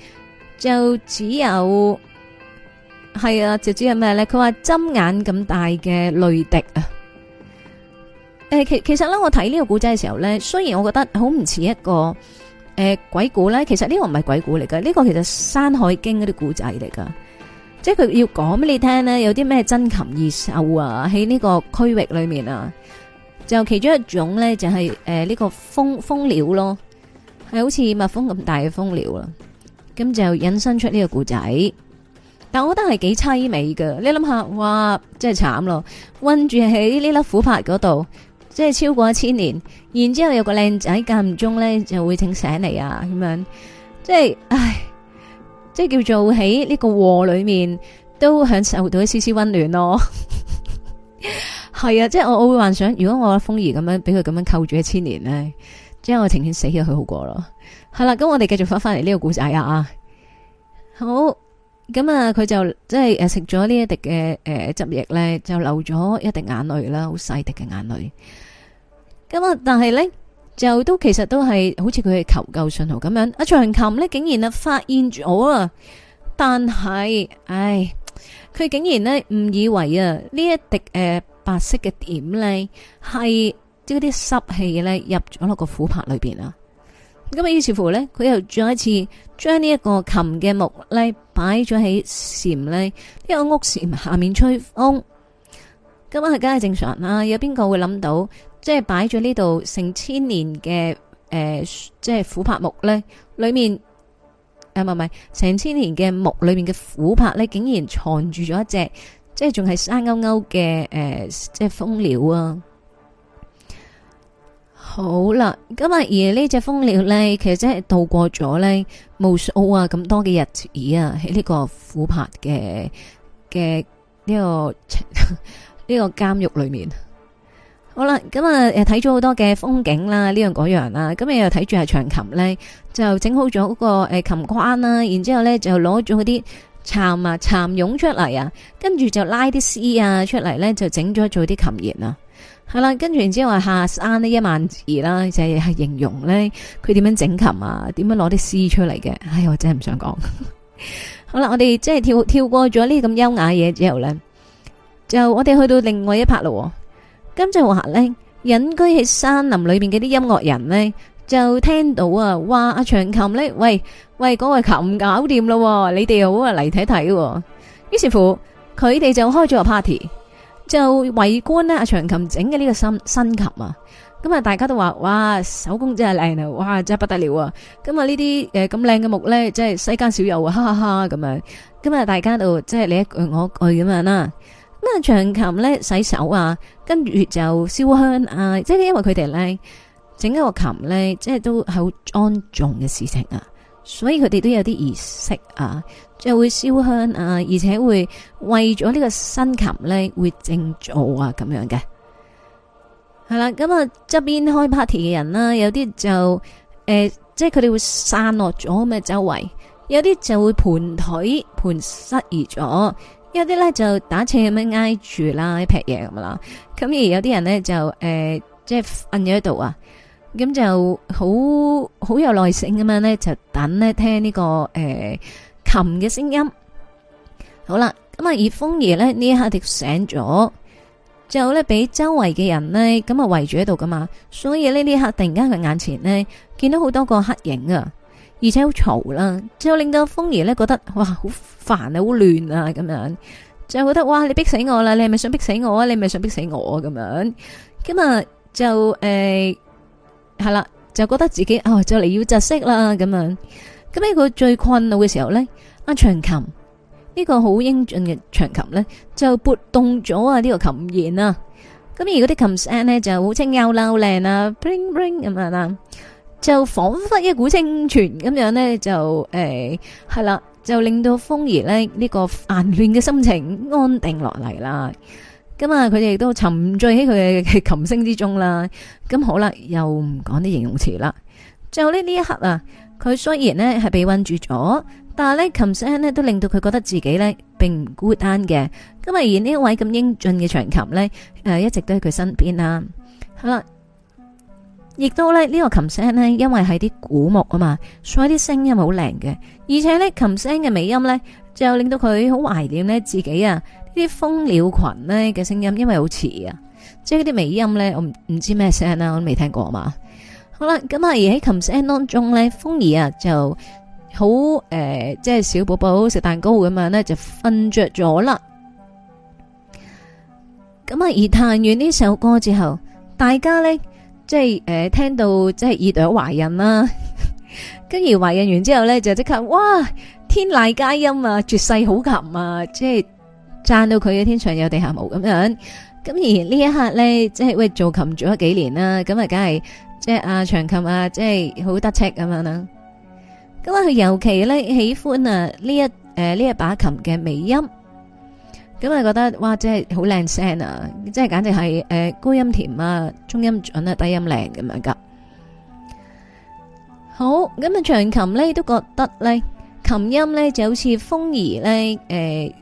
A: 就只有係、呃、啊，就只有咩咧？佢話針眼咁大嘅淚滴啊！誒、呃，其其實咧，我睇呢個古仔嘅時候咧，雖然我覺得好唔似一個誒、呃、鬼故咧，其實呢個唔係鬼故嚟噶，呢、這個其實《山海經》嗰啲古仔嚟噶。即係佢要講俾你聽咧，有啲咩珍禽異獸啊，喺呢個區域裏面啊，就其中一種咧就係誒呢個蜂蜂鳥咯，係好似蜜蜂咁大嘅蜂鳥啦，咁就引申出呢個故仔。但我覺得係幾淒美噶，你諗下，哇，真係慘咯，困住喺呢粒琥珀嗰度，即係超過一千年，然之後有個靚仔間唔中咧就會請醒嚟啊，咁樣，即係，唉。即係叫做喺呢個禍裏面都享受到一絲絲溫暖咯，係啊！即係我我會幻想，如果我阿楓儀咁樣俾佢咁樣扣住了一千年咧，即係我情願死咗佢好過咯。係 啦、啊，咁我哋繼續翻翻嚟呢個故事啊！好，咁啊，佢就即係誒食咗呢一滴嘅誒、呃、汁液咧，就流咗一滴眼淚啦，好細滴嘅眼淚。咁啊，但係咧。就都其實都係好似佢嘅求救信號咁樣，阿長琴呢竟然啊發現咗啊，但係，唉，佢竟然呢誤以為啊呢一滴誒、呃、白色嘅點呢係即啲濕氣呢入咗落個琥珀裏邊啊，咁啊於是乎呢，佢又再一次將呢一個琴嘅木呢擺咗喺禪呢，呢、呢個屋檐下面吹風，咁啊梗係正常啦，有邊個會諗到？即係擺咗呢度成千年嘅誒、呃，即係琥珀木咧，裏面誒，唔係唔係成千年嘅木裏面嘅琥珀咧，竟然藏住咗一隻，即係仲係生勾勾嘅誒，即係蜂鳥啊！好啦，咁啊而，而這隻呢隻蜂鳥咧，其實真係度過咗咧無數啊咁多嘅日子啊，喺呢個琥珀嘅嘅呢個呢 個監獄裏面。好啦，咁啊，誒，睇咗好多嘅風景啦，呢樣嗰樣啦，咁又睇住係長琴咧，就整好咗嗰個誒琴框啦，然之後咧就攞咗啲蠶啊蠶蛹出嚟啊，跟住就拉啲絲啊出嚟咧，就整咗做啲琴弦啊，係啦，跟住然之後下山呢一萬字啦，就係係形容咧佢點樣整琴啊，點樣攞啲絲出嚟嘅，唉，我真係唔想講。 好啦，我哋即係跳跳過咗呢咁優雅嘢之後咧，就我哋去到另外一 part 喇喎。咁就話咧，隱居喺山林裏面嘅啲音樂人咧，就聽到啊，哇阿長琴咧，喂喂，嗰位琴搞掂咯，你哋又好啊，嚟睇睇。於是乎，佢哋就開咗個 party，就圍觀咧阿長琴整嘅呢個新新琴啊。咁啊，大家都話哇，手工真係靚啊，哇，真係不得了啊。咁啊，呢啲誒咁靚嘅木咧，真係世間少有啊，哈哈哈咁樣。咁啊，大家都即係你一句我一句咁樣啦。咁啊，長琴咧，洗手啊，跟住就燒香啊，即係因為佢哋咧整一個琴咧，即係都係好莊重嘅事情啊，所以佢哋都有啲儀式啊，就會燒香啊，而且會為咗呢個新琴咧會正做啊，咁樣嘅，係啦，咁啊，側邊開 party 嘅人啦，有啲就誒，即係佢哋會散落咗咩周圍，有啲就會盤腿盤失儀咗。有啲咧就打斜咁樣挨住啦，劈嘢咁啦。咁而有啲人咧就誒、呃，即係瞓咗喺度啊。咁就好好有耐性咁樣咧，就等咧聽呢、這個誒、呃、琴嘅聲音。好啦，咁啊葉風爺咧呢一刻就醒咗，就咧俾周圍嘅人咧咁啊圍住喺度噶嘛。所以呢一刻突然間佢眼前咧見到好多個黑影啊！而且好嘈啦，就令到蜂兒咧覺得哇好煩啊，好亂啊咁樣，就覺得哇你逼死我啦，你係咪想逼死我啊？你係咪想逼死我啊咁樣，咁啊就誒係啦，就覺得自己哦就嚟要窒息啦咁樣，咁呢個最困惱嘅時候咧，阿長琴呢個好英俊嘅長琴咧就撥動咗啊呢個琴弦啊，咁而嗰啲琴聲咧就好清幽幽靚啊，bling bling 咁啊啦。就仿佛一股清泉咁樣呢，就誒係啦，就令到楓兒呢，呢個煩亂嘅心情安定落嚟啦。咁、嗯、啊，佢哋都沉醉喺佢嘅琴聲之中啦。咁、嗯、好啦，又唔講啲形容詞啦。最後呢呢一刻啊，佢雖然呢係被困住咗，但係呢琴聲呢都令到佢覺得自己呢並唔孤單嘅。咁啊，而呢一位咁英俊嘅長琴呢，誒、呃、一直都喺佢身邊啦。啦、嗯。嗯亦都咧呢、這個琴聲呢，因為係啲古木啊嘛，所以啲聲音好靚嘅。而且呢，琴聲嘅尾音呢，就令到佢好懷念呢自己啊呢啲蜂鳥群呢嘅聲音，因為好遲啊，即係啲尾音呢，我唔唔知咩聲啦，啊，我都未聽過啊嘛。好啦，咁啊而喺琴聲當中呢，蜂兒啊就好誒，即，呃，係，就是、小寶寶食蛋糕咁樣呢就瞓着咗啦。咁啊而彈完呢首歌之後，大家呢。即係誒，聽到即係熱到懷孕啦，跟住懷孕完之後咧，就即刻哇，天籟佳音啊，絕世好琴啊，即係讚到佢嘅天上有地下無咁樣。咁而呢一刻咧，即係喂做琴做咗幾年啦，咁啊，梗係即係阿長琴啊，即係好得戚咁樣啦。咁啊，佢尤其咧喜歡啊呢一誒呢一把琴嘅尾音。咁啊覺得哇，真係好靚聲啊！即係簡直係誒高音甜啊，中音準啊，低音靚咁樣噶。好，咁啊長琴咧都覺得咧琴音咧就好似蜂兒咧誒，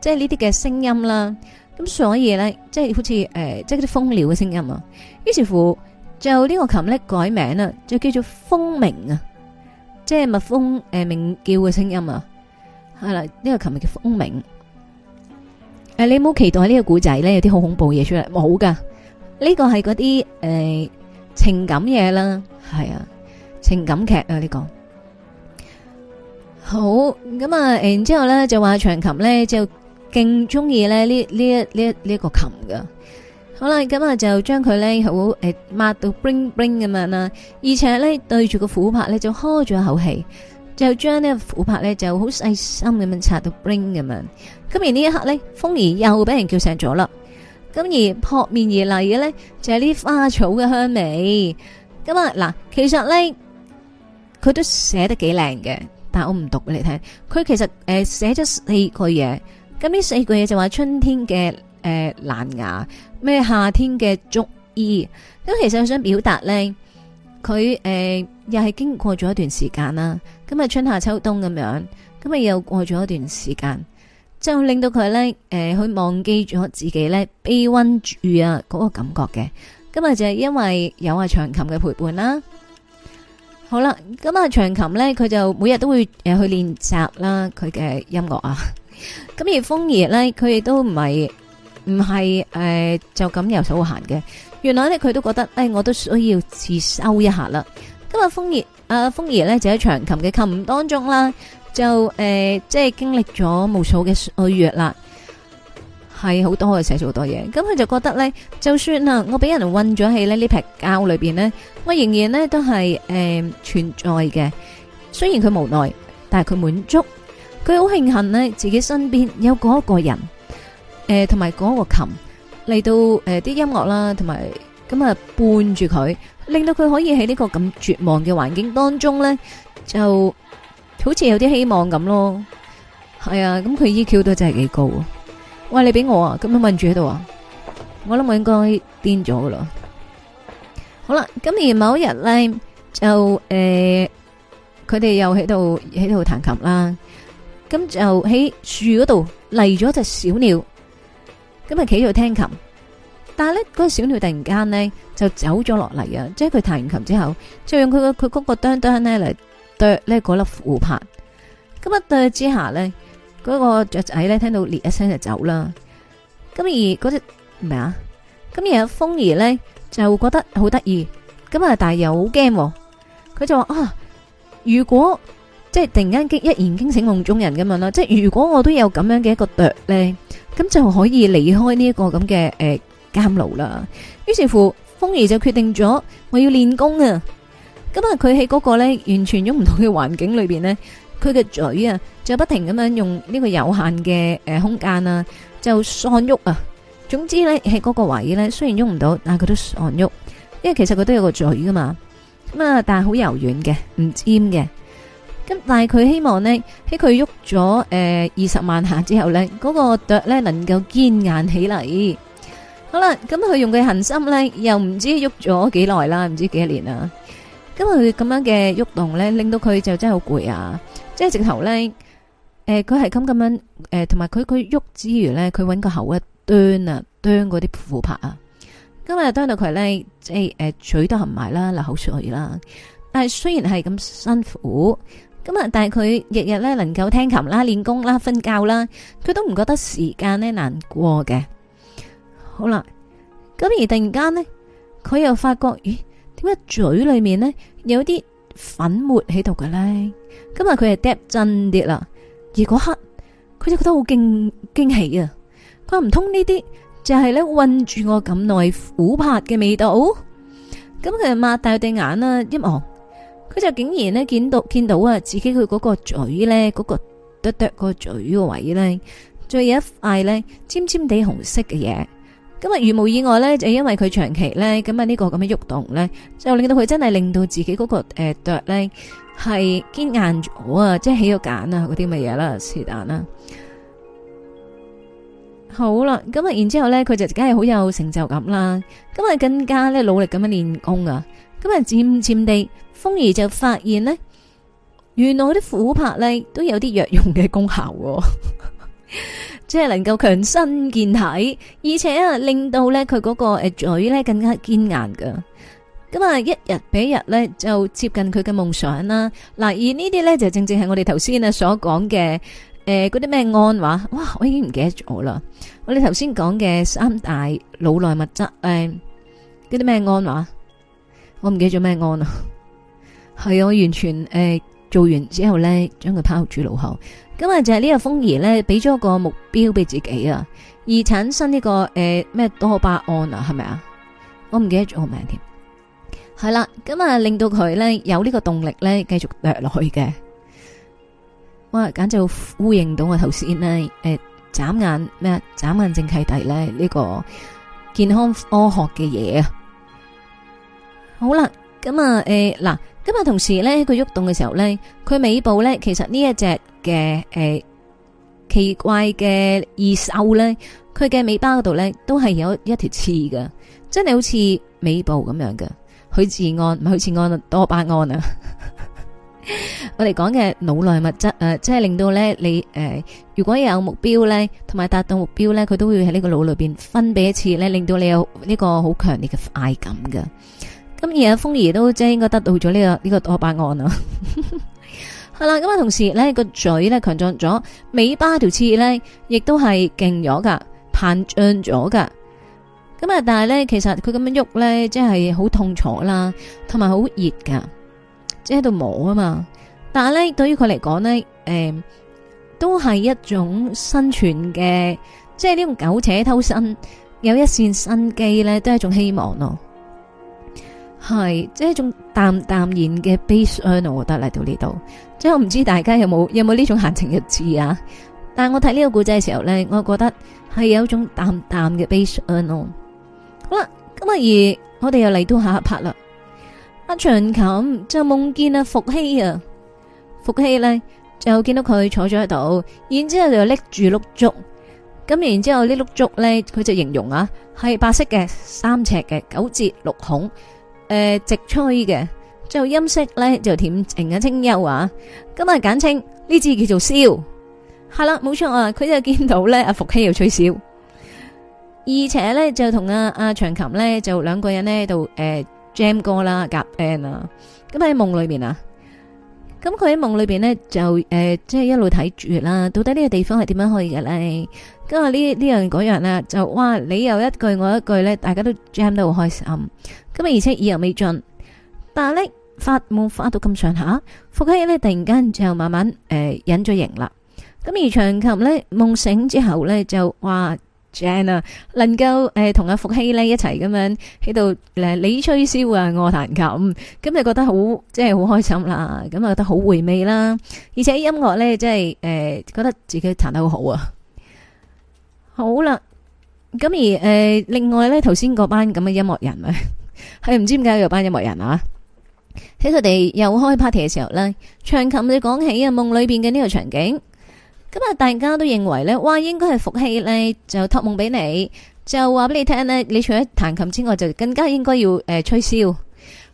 A: 即係呢啲嘅聲音啦。咁所以咧即係好似誒即係嗰啲蜂鳥嘅聲音啊。於是乎，就呢個琴咧改名啊，就叫做蜂鳴啊，即係蜜蜂誒鳴叫嘅聲音啊。係啦，呢個琴咪叫蜂鳴。誒、呃，你有冇期待，這個、故呢個古仔咧？有啲好恐怖嘢出嚟？冇噶，呢、這個係嗰啲誒情感嘢啦，係啊，情感劇啊呢、這個。好，咁啊，然之後咧就話長琴咧就勁中意咧呢呢一呢一呢一個琴噶。好啦，咁啊就將佢咧好誒、呃、抹到 bling bling 咁樣啊，而且咧對住個琥珀咧就呵咗一口氣。就將呢個琥珀咧，就好細心咁樣擦到冰咁樣。咁而呢一刻咧，蜂兒又俾人叫醒咗啦。咁而撲面而嚟嘅咧，就係啲花草嘅香味。咁啊嗱，其實咧佢都寫得幾靚嘅，但係我唔讀俾你聽。佢其實誒寫咗四句嘢，咁呢四句嘢就話春天嘅誒爛芽咩，夏天嘅竹意咁。其實我想表達咧，佢誒又係經過咗一段時間啦。今日春夏秋冬咁樣，今日又過咗一段時間，就令到佢咧，誒、呃，佢忘記咗自己咧，悲溫住啊嗰、那個感覺嘅。今、嗯、日就係、是、因為有阿、啊、長琴嘅陪伴啦。好啦，咁、嗯、阿長琴咧，佢就每日都會誒、呃、去練習啦，佢嘅音樂啊。咁、嗯、而楓葉咧，佢亦都唔係唔係誒就咁游手好閒嘅。原來咧，佢都覺得，誒，我都需要自修一下啦。今日楓葉。嗯楓啊，蜂兒咧就喺長琴嘅琴當中啦，就誒、呃，即係經歷咗無數嘅歲月啦，係好多嘅寫咗好多嘢。咁、嗯、佢就覺得咧，就算啦，我俾人韞咗喺呢呢塊膠裏邊呢，我仍然呢都係誒、呃、存在嘅。雖然佢無奈，但係佢滿足，佢好慶幸呢自己身邊有嗰一個人，誒、呃，同埋嗰個琴嚟到誒啲、呃、音樂啦，同埋。咁啊，伴住佢，令到佢可以喺呢個咁絕望嘅環境當中咧，就好似有啲希望咁咯。係啊，咁佢 EQ 都真係幾高啊！喂，你俾我啊，咁樣問住喺度啊，我諗我應該癲咗噶啦。好啦，咁而某一日咧，就誒，佢哋又喺度喺度彈琴啦。咁就喺樹嗰度嚟咗隻小鳥，咁啊企喺度聽琴。但係咧，嗰、那個小鳥突然間咧就走咗落嚟啊！即係佢彈完琴之後，就用佢個佢嗰個哚哚咧嚟啄呢嗰粒胡拍。咁一啄之下咧，嗰、那個雀仔咧聽到裂一聲就走啦。咁而嗰隻咩啊？咁而蜂兒咧就覺得好得意，咁啊但係又好驚、哦。佢就話啊，如果即係突然間一言驚醒夢中人咁樣啦，即係如果我都有咁樣嘅一個啄咧，咁就可以離開呢一個咁嘅誒。呃監牢啦，於是乎，蜂兒就決定咗我要練功啊！咁啊佢喺嗰個咧，完全喐唔到嘅環境裏邊呢，佢嘅嘴啊，就不停咁樣用呢個有限嘅誒、呃、空間啊，就喪喐啊。總之呢，喺嗰個位呢，雖然喐唔到，但係佢都喪喐，因為其實佢都有個嘴噶嘛。咁、嗯、啊，但係好柔軟嘅，唔尖嘅。咁、嗯、但係佢希望呢，喺佢喐咗誒二十萬下之後呢，嗰、那個腳呢，能夠堅硬起嚟。好啦，咁佢用嘅恒心咧，又唔知喐咗幾耐啦，唔知幾多年啦。咁佢咁樣嘅喐動咧，令到佢就真係好攰啊！即係直頭咧，誒、呃，佢係咁咁樣，誒、呃，同埋佢佢喐之餘咧，佢搵個口一端啊，端嗰啲虎拍啊。今日端浮浮到佢咧，即係誒、呃，嘴都含埋啦，流口水啦。但係雖然係咁辛苦，咁啊，但係佢日日咧能夠聽琴啦、練功啦、瞓覺啦，佢都唔覺得時間咧難過嘅。好啦，咁而突然間咧，佢又發覺咦，點解嘴裏面咧有啲粉末喺度嘅咧？今日佢係嗒真啲啦，而嗰刻佢就覺得好驚驚喜啊！佢唔通呢啲就係咧混住我咁耐琥珀嘅味道。咁佢就擘大對眼啦，一望佢就竟然咧見到見到啊，自己佢嗰個嘴咧，嗰個嘟嘟個嘴個位咧，最有一塊咧尖尖地紅色嘅嘢。咁啊，如無意外咧，就因為佢長期咧咁啊呢這個咁嘅喐動咧，就令到佢真係令到自己嗰、那個誒腳咧係堅硬咗啊，即係起咗繭啊嗰啲乜嘢啦，是但啦。好啦，咁啊，他然之後咧，佢就梗係好有成就感啦。咁啊，更加咧努力咁樣練功啊。咁啊，漸漸地，蜂兒就發現呢，原來啲琥珀咧都有啲藥用嘅功效喔。 即係能夠強身健體，而且啊令到咧佢嗰個誒嘴咧更加堅硬嘅，咁啊一日比一日咧就接近佢嘅夢想啦。嗱，而呢啲咧就正正係我哋頭先啊所講嘅誒嗰啲咩安話，哇我已經唔記得咗啦。我哋頭先講嘅三大腦內物質誒嗰啲咩安話，我唔記得咗咩安啊，係 我完全誒、呃、做完之後咧將佢拋諸腦後。咁啊，就係呢個蜂兒咧，俾咗個目標俾自己啊，而產生呢、這個誒咩、呃、多巴胺啊，係咪啊？我唔記得咗個名添。係啦，咁啊令到佢咧有呢個動力咧，繼續掠落去嘅。哇，簡直呼應到我頭先呢誒，眨眼咩？眨眼正契弟咧呢、這個健康科學嘅嘢啊。好啦，咁啊誒嗱。呃咁啊，同時咧，佢喐動嘅時候咧，佢尾部咧，其實呢一隻嘅誒奇怪嘅異獸咧，佢嘅尾巴嗰度咧，都係有一條刺嘅，真係好似尾部咁樣嘅。許志安唔係許志安多巴胺啊！ 我哋講嘅腦內物質誒、呃，即係令到咧你誒、呃，如果你有目標咧，同埋達到目標咧，佢都會喺呢個腦裏邊分泌一次咧，令到你有呢個好強烈嘅快感嘅。咁而阿峰爺都即係應該得到咗呢、呢個呢、呢個多巴胺啊。係啦。咁啊，同時咧個嘴咧強壯咗，尾巴條刺咧亦都係勁咗噶，膨脹咗噶。咁啊，但係咧，其實佢咁樣喐咧，即係好痛楚啦，同埋好熱噶，即係喺度摸啊嘛。但係咧，對於佢嚟講咧，誒，都係一種生存嘅，即係呢種苟且偷生，有一線生機咧，都係一種希望咯。係即係一種淡淡然嘅悲傷，我覺得嚟到呢度，即係我唔知大家有冇有冇呢種閒情日志啊？但係我睇呢個故仔嘅時候咧，我覺得係有一種淡淡嘅悲傷咯。好啦，咁日二我哋又嚟到下一拍 r t 啦。阿、啊、長琴就夢見啊伏羲啊，伏羲咧就見到佢坐咗喺度，然之後就拎住碌竹，咁然之後這粥粥呢碌竹咧，佢就形容啊係白色嘅三尺嘅九折六孔。誒、呃，直吹嘅，就音色咧就恬靜啊清幽啊，咁、嗯、啊簡稱呢支叫做簫，係啦冇錯啊，佢就見到咧阿伏羲又吹簫，而且咧就同阿阿長琴咧就兩個人呢度誒、呃、jam 歌啦夾 band 啊，咁喺夢裏邊啊，咁佢喺夢裏邊呢，就誒即係一路睇住啦，到底呢個地方係點樣去嘅咧，咁啊呢呢樣嗰樣啊，就哇你又一句我一句咧，大家都 jam 得好開心。咁而且意猶未盡，但係咧，發夢發到咁上下，伏羲咧突然間就慢慢誒隱咗形啦。咁、呃、而長琴咧夢醒之後咧就哇正啊，能夠誒同阿伏羲咧一齊咁樣喺度誒你吹簫啊我彈琴，咁、嗯、就、嗯、覺得好即係好開心啦。咁、嗯、啊覺得好回味啦，而且音樂咧即係誒覺得自己彈得好好啊。好啦，咁而誒、呃、另外咧頭先嗰班咁嘅音樂人啊。係唔知點解有班音樂人啊？喺佢哋又開 party 嘅時候咧，彈琴，你講起啊夢裏邊嘅呢個場景，咁啊大家都認為咧，哇應該係福氣咧，就託夢俾你，就話俾你聽咧，你除咗彈琴之外，就更加應該要誒、呃、吹簫，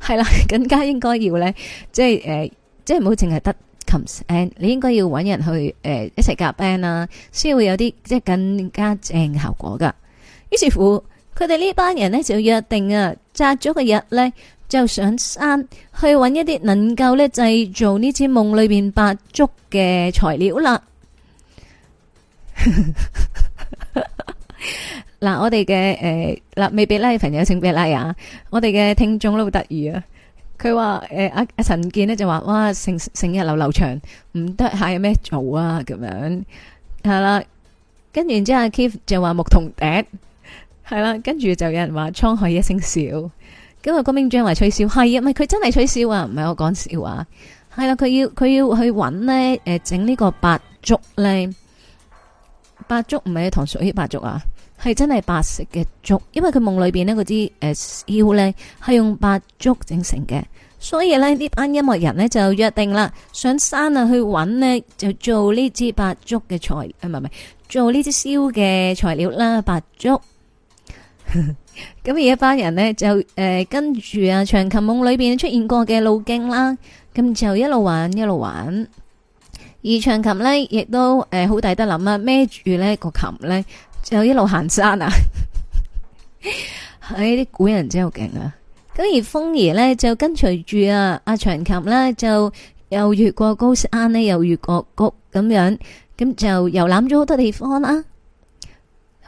A: 係啦，更加應該要咧，即係誒、呃，即係唔好淨係得琴，你應該要搵人去誒、呃、一齊夾 band 啦，先會有啲即係更加正嘅效果噶。於是乎，佢哋呢班人咧就約定啊。隔咗個日咧，就上山去揾一啲能夠咧製造呢支夢裏邊白竹嘅材料啦。嗱，我哋嘅誒，嗱未俾拉嘅朋友請俾拉呀。我哋嘅聽眾都好得意啊。佢話誒，阿阿陳健咧就話哇，成成日流流長，唔得閒有咩做啊咁樣係啦。跟住然之後，Keith 就話木桶底。係啦，跟住就有人話滄海一聲笑，今日個名將話吹笑係啊，唔係佢真係吹笑啊，唔係我講笑話，啊。係啦，啊，佢要佢要去搵呢，誒，整呢個白竹呢。白竹唔係糖水啲白粥啊，係真係白色嘅竹，因為佢夢裏邊呢嗰支誒燒呢係用白竹整成嘅，所以呢，呢班音樂人呢就約定啦，上山啊去搵呢，就做呢支白竹嘅材料。唔係唔係做呢支燒嘅材料啦，白竹。咁 而一班人呢，就誒、呃、跟住啊長琴夢裏邊出現過嘅路徑啦，咁、嗯、就一路玩一路玩，而長琴呢，亦都誒好大得諗啊，孭住呢個琴呢，就一路行山啊、 哎，喺啲古人真係勁啊！咁而蜂兒呢，就跟隨住啊阿、啊、長琴呢，就又越過高山呢，又越過谷咁樣，咁、嗯、就遊覽咗好多地方啦。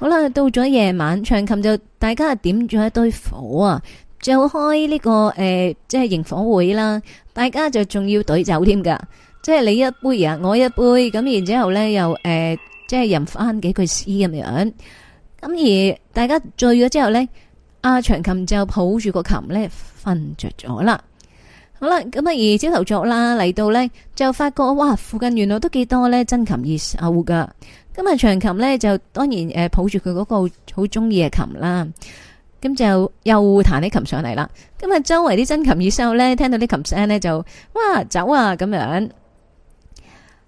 A: 好啦，到咗夜晚，長琴就大家點咗一堆火啊，就開呢、這個誒、呃，即係營火會啦。大家就仲要隊酒添噶，即係你一杯啊，我一杯，咁然之後呢又誒、呃，即係吟翻幾句詩咁樣。咁而大家醉咗之後呢，阿長琴就抱住個琴呢，瞓着咗啦。好啦，咁啊而朝頭早啦，嚟到呢，就發覺哇，附近原來都幾多呢，真琴熱手噶。今日長琴咧就當然誒，抱住佢嗰個好中意嘅琴啦，咁就又彈啲琴上嚟啦。今日周圍啲真琴樂手咧，聽到啲琴聲咧就哇走啊咁樣。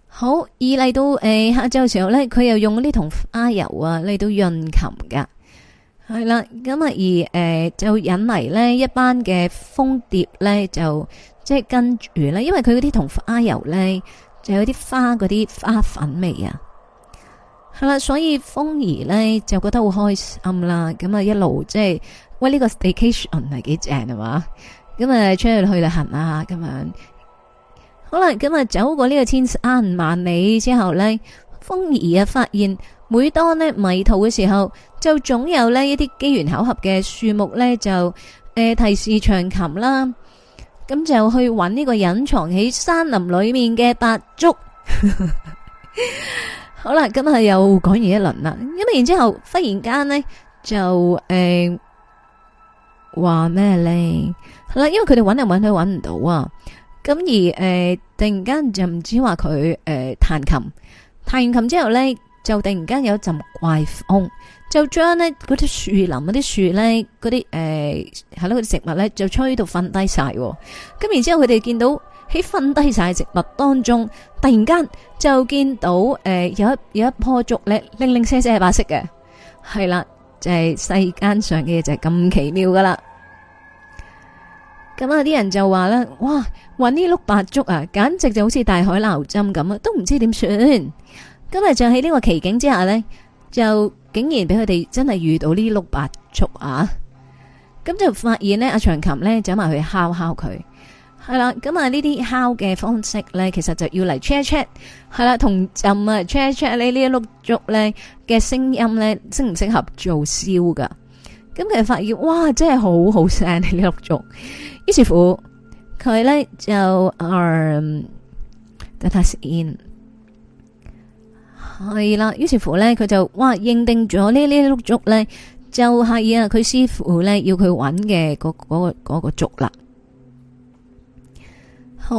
A: 好，而嚟到誒、欸、下晝嘅時候咧，佢又用啲同花油啊嚟到潤琴噶，係啦。咁啊而誒、欸、就引嚟咧一班嘅蜂蝶咧就即係、就是、跟住咧，因為佢嗰啲同花油咧就有啲花嗰啲花粉味啊。係啦，所以風兒咧就覺得好開心啦，咁啊一路即係喂，呢個 station 係幾正係嘛？咁啊出去去旅行啊咁樣，好 啦樂，咁啊走過呢個千山萬里之後呢，風兒啊發現每當呢迷途嘅時候，就總有呢一啲機緣巧合嘅樹木呢，就誒提示長琴啦，咁就去揾呢個隱藏喺山林裏面嘅白竹。 好啦，今日又講完一輪啦，咁然之後忽然間咧就誒話咩咧？好、欸、啦，因為佢哋揾嚟揾去揾唔到啊，咁而誒、呃、突然間就唔知話佢誒彈琴，彈完琴之後咧就突然間有一陣怪風，就將咧嗰啲樹林嗰啲樹咧嗰啲誒，係咯嗰啲食物咧就吹到瞓低晒，咁然之後佢哋見到。喺瞓低晒植物當中，突然間就見到誒，有一有一棵竹咧，零零舍舍係白色嘅，係啦，就係世間上嘅嘢，就係咁奇妙噶啦。咁啊，啲人就話啦，哇，搵呢碌白竹啊，簡直就好似大海撈針咁啊，都唔知點算。今日就喺呢個奇景之下咧，就竟然俾佢哋真係遇到呢碌白竹啊，咁就發現咧，阿長琴咧走埋去敲敲佢。係啦，咁啊呢啲敲嘅方式咧，其實就要嚟 check check，係啦，同浸啊 check check 呢呢一碌竹咧嘅聲音咧，適唔適合做燒噶？咁佢發現哇，真係好好聲呢碌竹。於是乎，佢咧就啊，睇睇實驗，係啦。於是乎咧，佢就哇認定咗呢呢碌竹咧，就係啊佢師傅咧要佢揾嘅嗰嗰個嗰個竹啦。好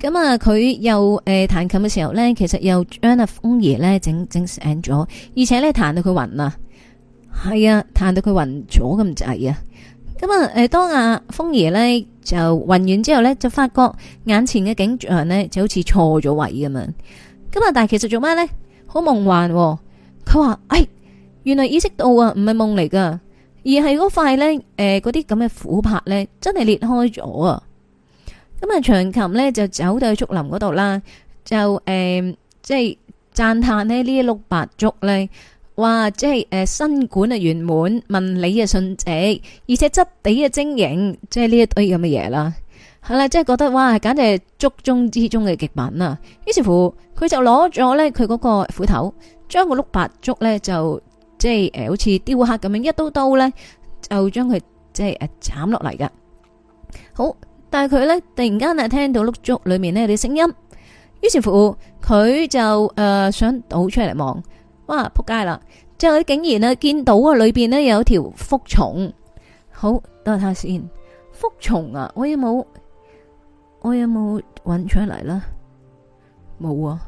A: 咁啊！佢又誒彈、呃、琴嘅時候咧，其實又將阿風爺咧整整醒咗，而且咧彈到佢暈啊，係啊，彈到佢暈咗咁滯啊！咁啊，誒，當阿風爺咧就暈完之後咧，就發覺眼前嘅景象咧就好似錯咗位咁啊！咁啊，但係其實做咩咧？好夢幻，佢話：哎，原來意識到啊，唔係夢嚟噶，而係嗰塊咧，誒、呃，嗰啲咁嘅琥珀咧，真係裂開咗啊！咁啊，長琴咧就走到去竹林嗰度啦，就誒、呃，即係讚嘆呢，呢一碌白竹咧，哇！即係誒，新管啊圓滿，紋理嘅順直，而且質地嘅晶瑩，即係呢一堆咁嘅嘢啦，係啦，即係覺得哇，簡直係竹中之中嘅極品啦，於是乎，佢就攞咗咧佢嗰個斧頭，將個碌白竹咧就即係誒，好似雕刻咁樣，一刀刀咧就將佢即係誒斬落嚟㗎。好。但係佢咧突然間咧聽到碌竹裏面呢有啲聲音，於是乎佢就誒、呃、想倒出嚟望，哇扑街啦！之後佢竟然咧見到啊裏邊呢有條蝮蟲，好等下睇下先，蝮蟲啊，我有冇我有冇搵出嚟啦？冇啊！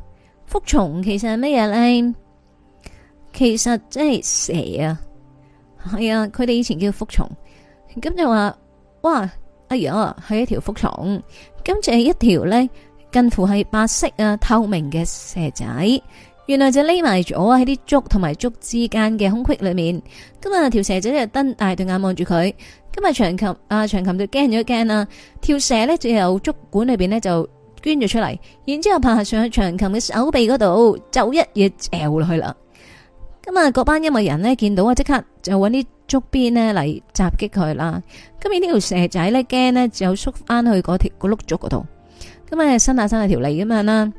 A: 蝮蟲其實係咩嘢咧？其實真係蛇啊，係啊，佢哋以前叫蝮蟲，咁就話哇。哎呀，係一條腹蟲，跟住係一條咧近乎係白色啊透明嘅蛇仔，原來就匿埋咗喺啲竹同埋竹之間嘅空隙裏面，咁啊條蛇仔就瞪大對眼望住佢，咁啊長琴啊長琴就驚咗一驚啦，條蛇咧就由竹管裏邊咧就捐咗出嚟，然之後爬上去長琴嘅手臂嗰度，就一嘢嚼落去啦。咁啊，嗰班音樂人咧見到啊，即刻就揾啲竹鞭咧嚟襲擊佢啦。咁而呢條蛇仔咧驚咧，就縮翻去嗰條個碌竹嗰度。咁啊伸下伸下條脷咁樣啦。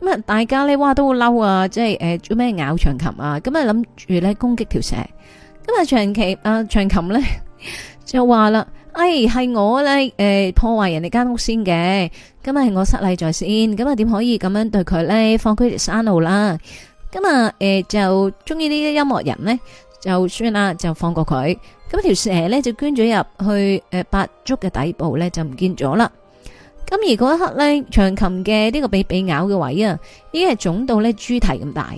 A: 咁啊大家咧哇都好嬲啊，即係誒做咩咬長琴啊？咁啊諗住咧攻擊條蛇。咁、嗯、啊長琴啊長琴咧就話啦，哎係我咧誒、呃、破壞人哋間屋先嘅，咁啊係我失禮在先，咁啊點可以咁樣對佢咧？放佢條生路啦。咁啊，誒、嗯嗯，就中意呢啲音樂人呢，就算啦，就放過佢。咁條蛇咧就捐咗入去誒、呃，八竹嘅底部咧就唔見咗啦。咁、嗯、而嗰一刻咧，長琴嘅呢個被被咬嘅位啊，已經係腫到咧豬蹄咁大。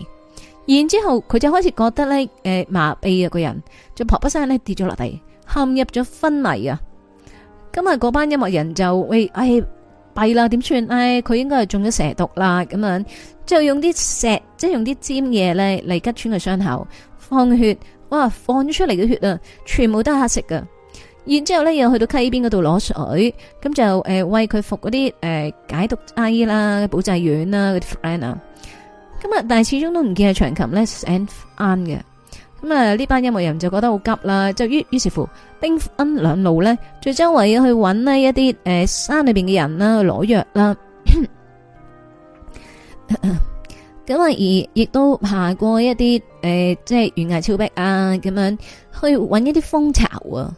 A: 然之後佢就開始覺得咧，誒、呃、麻痹啊，個人就撲撲聲咧跌咗落地，陷入咗昏迷啊。咁啊嗰班音樂人就喂，唉。喂哎弊啦，點算？唉，佢、哎、應該係中咗蛇毒啦，咁樣，就用啲石，即係用啲尖嘢咧嚟吉穿個傷口，放血。哇，放咗出嚟嘅血啊，全部都係黑色噶。然之後咧又去到溪邊嗰度攞水，咁就誒、呃、餵佢服嗰啲誒解毒劑啦、保濟丸啦嗰啲 friend 啊。咁啊，但係始終都唔見係長琴咧死啱嘅。咁啊，呢班音樂人就覺得好急啦，就于於是乎。兵分兩路呢，最周圍要去揾呢一啲誒、呃、山裏邊嘅人啦，攞藥啦。咁啊，而亦都爬過一啲誒、呃，即係懸崖峭壁啊，咁樣去揾一啲蜂巢啊。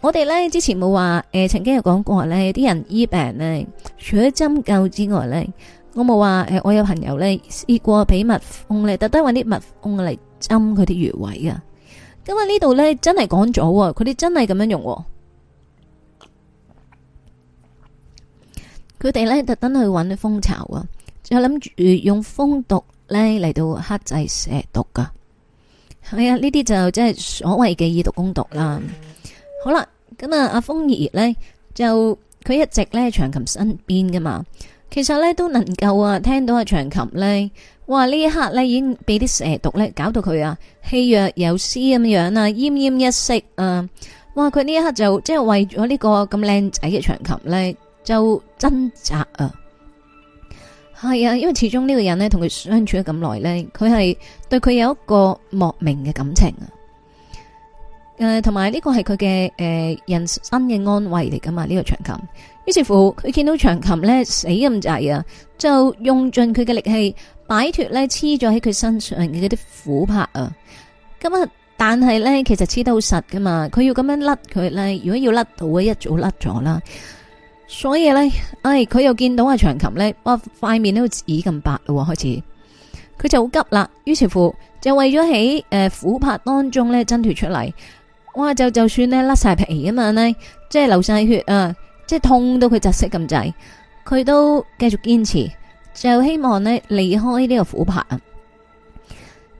A: 我哋呢之前冇話誒，曾經有講過呢啲人醫病呢，除咗針灸之外呢，我冇話誒，我有朋友呢試過俾蜜蜂嚟，特登揾啲蜜蜂嚟針佢啲穴位啊。因啊呢度呢真係講咗，佢哋真係咁樣用，佢哋呢特登去搵啲蜂巢啊，就諗住用蜂毒呢嚟到克制蛇毒噶。係啊，呢啲就即係所謂嘅以毒攻毒啦。好啦，咁啊，阿蜂兒呢，就佢一直呢長琴身邊噶嘛。其實咧都能夠啊，聽到阿長琴咧，哇！呢一刻咧已經俾啲蛇毒咧，搞到佢啊氣若游絲咁樣啊，奄奄一息啊！哇！佢呢一刻就即係為咗呢個咁靚仔嘅長琴咧，就掙扎啊！係啊，因為始終呢個人咧同佢相處咗咁耐咧，佢係對佢有一個莫名嘅感情啊！誒、呃，同埋呢個係佢嘅誒人生嘅安慰嚟噶嘛？呢、呢個長琴。於是乎，佢見到長琴咧死咁滯啊，就用盡佢嘅力氣擺脫咧黐咗喺佢身上嘅嗰啲琥珀啊。咁啊，但係咧，其實黐得好實噶嘛。佢要咁樣甩佢咧，如果要甩到嘅，一早甩咗啦。所以咧，哎，佢又見到阿長琴咧，哇，塊面都紫咁白喎。開始佢就好急啦。於是乎，就為咗喺誒琥珀當中咧掙脫出嚟，哇，就就算咧甩晒皮啊嘛，咧即係流晒血啊。即係痛到佢窒息咁滯，佢都繼續堅持，就希望咧離開呢個虎盤。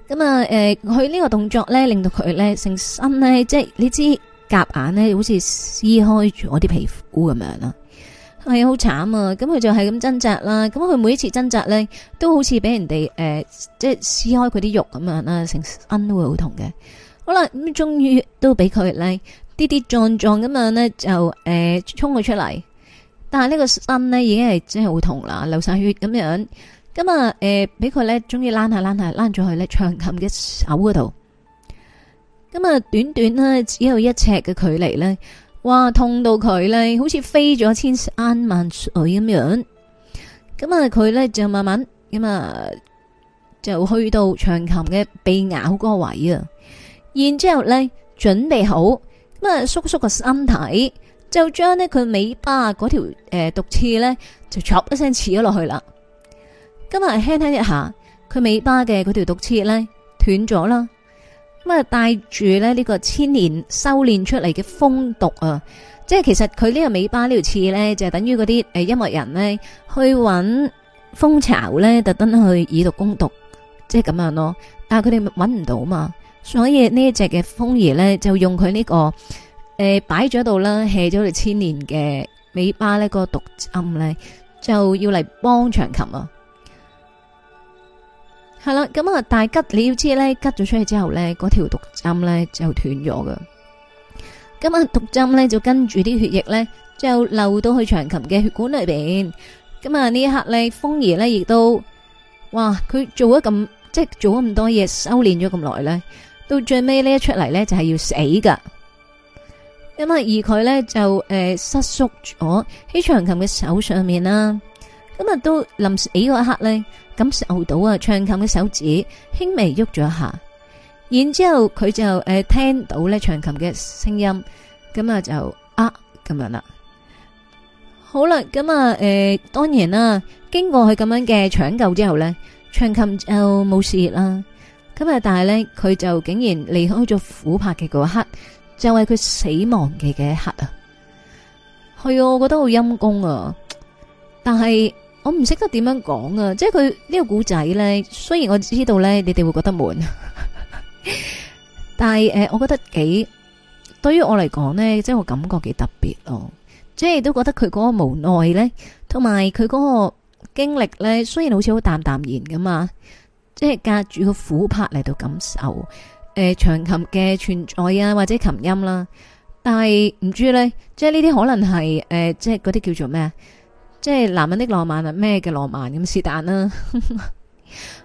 A: 咁啊，誒、呃，佢呢個動作呢令到佢成身呢，即係呢支夾眼呢，好似撕開我啲皮膚咁樣啦，係好慘啊！咁佢就係咁掙扎啦，咁佢每一次掙扎呢，都好似俾人哋誒、呃，即係撕開佢啲肉咁樣啦，成身都會好痛嘅。好啦，咁、嗯、終於都俾佢跌跌撞撞咁樣呢，就誒、呃、衝佢出嚟。但係呢個心呢，已經係真係好痛啦，流晒血咁樣。咁啊，誒俾佢呢，終於掹下掹下掹咗去呢，長琴嘅手嗰度。咁啊，短短呢，只有一尺嘅距離呢，哇痛到佢呢，好似飛咗千山萬水咁樣。咁啊，佢呢，就慢慢咁啊，就去到長琴嘅被咬嗰位啊。然之後呢，準備好。咁啊，叔叔個身體就將呢佢尾巴嗰條誒毒刺，咧就插一聲刺咗落去啦。今日輕輕一下，佢尾巴嘅嗰條毒刺咧斷咗啦。咁啊，帶住咧呢個千年修煉出嚟嘅蜂毒啊，即係其實佢呢個尾巴呢條刺咧就係等於嗰啲誒音樂人咧去搵蜂巢咧特登去以毒攻毒，即係咁樣咯。但係佢哋搵唔到嘛。所以呢一隻嘅蜂兒咧，就用佢呢個誒擺咗喺度啦，棄咗嚟千年嘅尾巴咧，個毒針咧就要嚟幫長琴啊！係啦，咁啊大吉，你要知咧，拮咗出去之後咧，嗰條毒針咧就斷咗噶。咁啊，毒針咧就跟住啲血液咧就漏到去長琴嘅血管裏邊。咁啊，呢一刻咧，蜂兒咧亦都，哇！佢做咗咁即係做咗咁多嘢，修煉咗咁耐咧。到最尾呢一出嚟、嗯、呢，就係要死噶，咁啊而佢呢，就誒失縮咗喺長琴嘅手上面啦，咁啊到臨死嗰一刻呢，感受到啊長琴嘅手指輕微喐咗一下，然之後佢就誒、呃、聽到咧長琴嘅聲音，咁、嗯、啊就呃，咁樣啦，好啦，咁啊誒當然啦、啊，經過佢咁樣嘅搶救之後呢，長琴就冇事啦。今日但係咧，佢就竟然離開咗琥珀嘅嗰刻，就係、是、佢死亡嘅嘅一刻啊！係啊，我覺得好陰功啊！但係我唔識得點樣講啊，即係佢、這個、呢個古仔咧，雖然我知道咧，你哋會覺得悶， 但係誒、呃，我覺得幾對於我嚟講呢，即係我感覺幾特別咯、啊，即係都覺得佢嗰個無奈咧，同埋佢嗰個經歷咧，雖然好似好淡淡然咁嘛。即係隔住個琥珀嚟到感受，誒、呃、長琴嘅存在啊，或者琴音啦，但係唔知咧，即係呢啲可能係誒、呃，即係嗰啲叫做咩，即係男人的浪漫啊，咩嘅浪漫咁是但啦。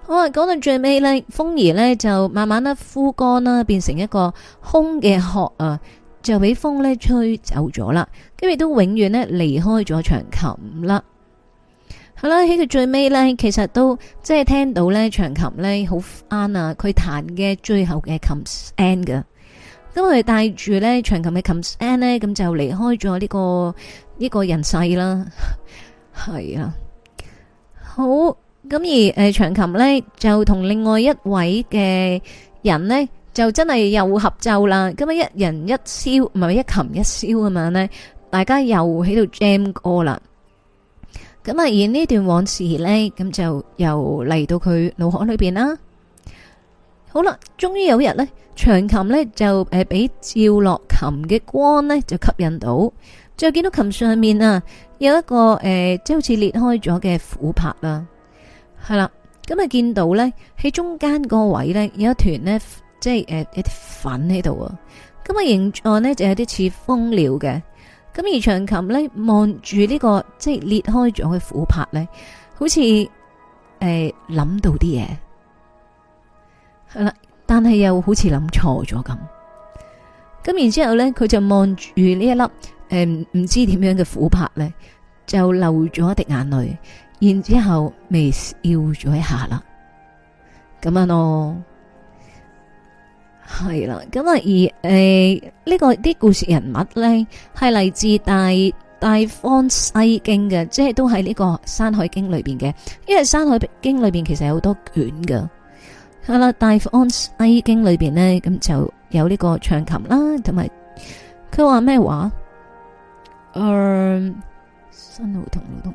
A: 好啊，講到最尾呢，蜂兒呢就慢慢呢，枯乾啦，變成一個空嘅殼啊，就俾風呢吹走咗啦，跟住都永遠呢離開咗長琴啦。好啦，喺佢最尾咧，其實都即係聽到咧長琴咧好啱啊！佢彈嘅最後嘅琴 end 㗎，咁佢帶住咧長琴嘅琴 end 咧，咁就離開咗呢個呢個人世啦。係啊，好咁而誒長琴咧就同另外一位嘅人咧，就真係又合奏啦。咁啊，一人一簫唔係一琴一簫咁樣咧，大家又喺度 jam 歌啦。咁啊，而呢段往事呢，咁就又嚟到佢腦海裏邊啦。好啦，終於有一日呢，長琴呢就誒，俾照落琴嘅光呢，就吸引到，最後見到琴上面啊有一個誒，即、呃、係好似裂開咗嘅琥珀啦，係啦。咁啊，見到呢，喺中間個位置呢，有一團呢，即係誒一啲粉喺度啊。咁、那、啊、個、形狀呢，就有啲似蜂鳥嘅。咁而長琴咧、這個，望住呢個即係裂開咗嘅琥珀咧，好似誒諗到啲嘢係啦，但係又好似諗錯咗咁。咁然之後咧，佢就望住呢一粒誒唔知點樣嘅琥珀咧，就流咗一滴眼淚，然之後微笑咗一下啦。咁樣，咯。係啦，咁啊而誒呢、呃這個啲故事人物咧係嚟自《大大方西經》嘅，即係都係呢個《山海經》裏邊嘅。因為《山海經》裏邊其實有好多卷噶，係啦，《大方西經》經裏邊咧咁就有呢個長琴啦，同埋佢話咩話？嗯、呃，新老同老同。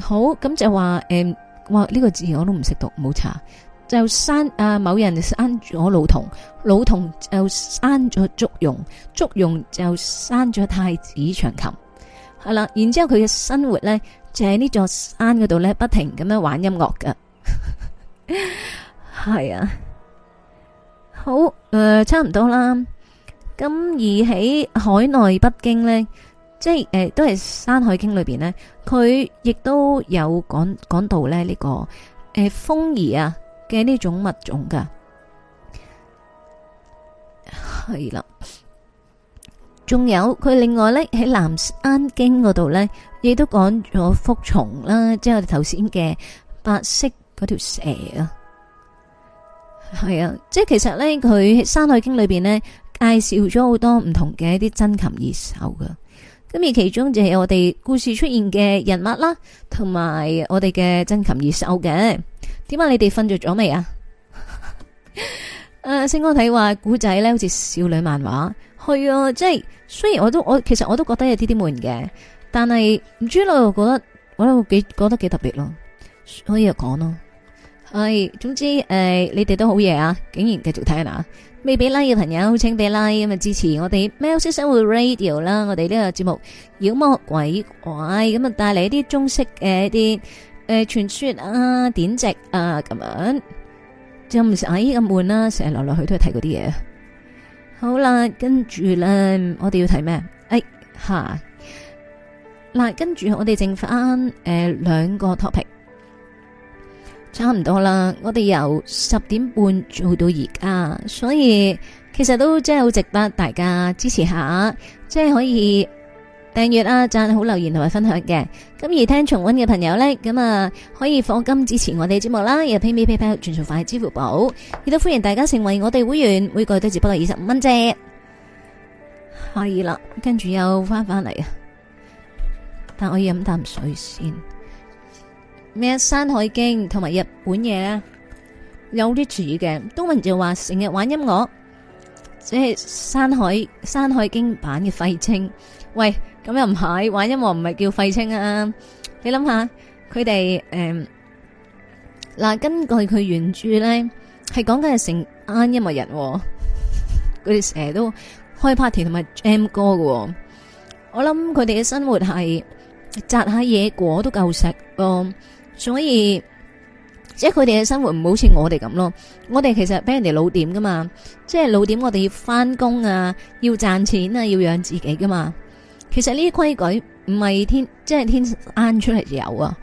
A: 好，咁就話誒，話、呃、呢、這個字我都唔識讀，冇查。就生啊、呃！某人就生咗老童，老童就生咗祝融，祝融就生咗太子長琴，係啦。然之後佢嘅生活呢，就喺、是、呢座山嗰度咧，不停咁樣玩音樂噶，係 啊。好誒、呃，差唔多啦。咁而喺海內北京呢，即係誒、呃，都係《山海經》裏邊呢，佢亦都有講講到咧、這、呢個誒蜂、呃、兒啊。嘅呢種物種噶，係啦，仲有佢另外咧喺《南山經》嗰度咧，亦都講咗蝮蟲啦，即係我哋頭先嘅白色嗰條蛇啊，係啊，即係其實咧佢《山海經》裏邊咧介紹咗好多唔同嘅一啲珍禽異獸噶，咁而其中就係我哋故事出現嘅人物啦，同埋我哋嘅珍禽異獸嘅。點解你哋瞓着咗未啊？誒，星哥睇話古仔咧，好似少女漫畫，係啊，即係雖然我都我其實我都覺得有啲啲悶嘅，但係唔知又覺得我覺得我都幾覺得幾特別咯，所以又講咯。係，總之誒、呃，你哋都好嘢啊，竟然繼續聽啊。未俾拉嘅朋友好請俾拉咁啊支持我哋喵式生活 radio 啦，我哋呢個節目妖魔鬼怪咁啊，帶嚟一啲中式嘅一啲。誒，傳說啊，典籍啊，咁樣，就唔使咁悶啦，成日落落去都係睇嗰啲嘢。好啦，跟住咧，我哋要睇咩？哎，吓，嗱，跟住我哋剩翻誒兩個 topic，差唔多啦。我哋由十點半做到而家，所以其實都真係好值得大家支持下，即係可以。訂閱啊，讚好留言同埋分享嘅。咁而聽重溫嘅朋友呢，咁啊可以放金支持我哋節目啦。又 pay pay pay pay，轉數快，支付寶亦都歡迎大家成為我哋會員，每個月都只不過二十五蚊啫。係啦，跟住又翻返嚟啊！但我要飲啖水先。咩山海經同埋日本嘢？有啲似嘅。東文就話成日玩音樂，即係山海山海經版嘅廢青。喂，咁又唔係玩音樂唔係叫廢青啊？你諗下，佢哋誒嗱，根據佢原著咧，係講緊係成班音樂人喎，佢哋成日都開 party 同埋 jam 歌噶喎。我諗佢哋嘅生活係摘下野果都夠食咯，所以即係佢哋嘅生活唔好似我哋咁咯。我哋其實俾人哋老點噶嘛，即係老點我哋要翻工啊，要賺錢啊，要養自己噶嘛。其實呢啲規矩唔係天，即係天啱出嚟就有啊，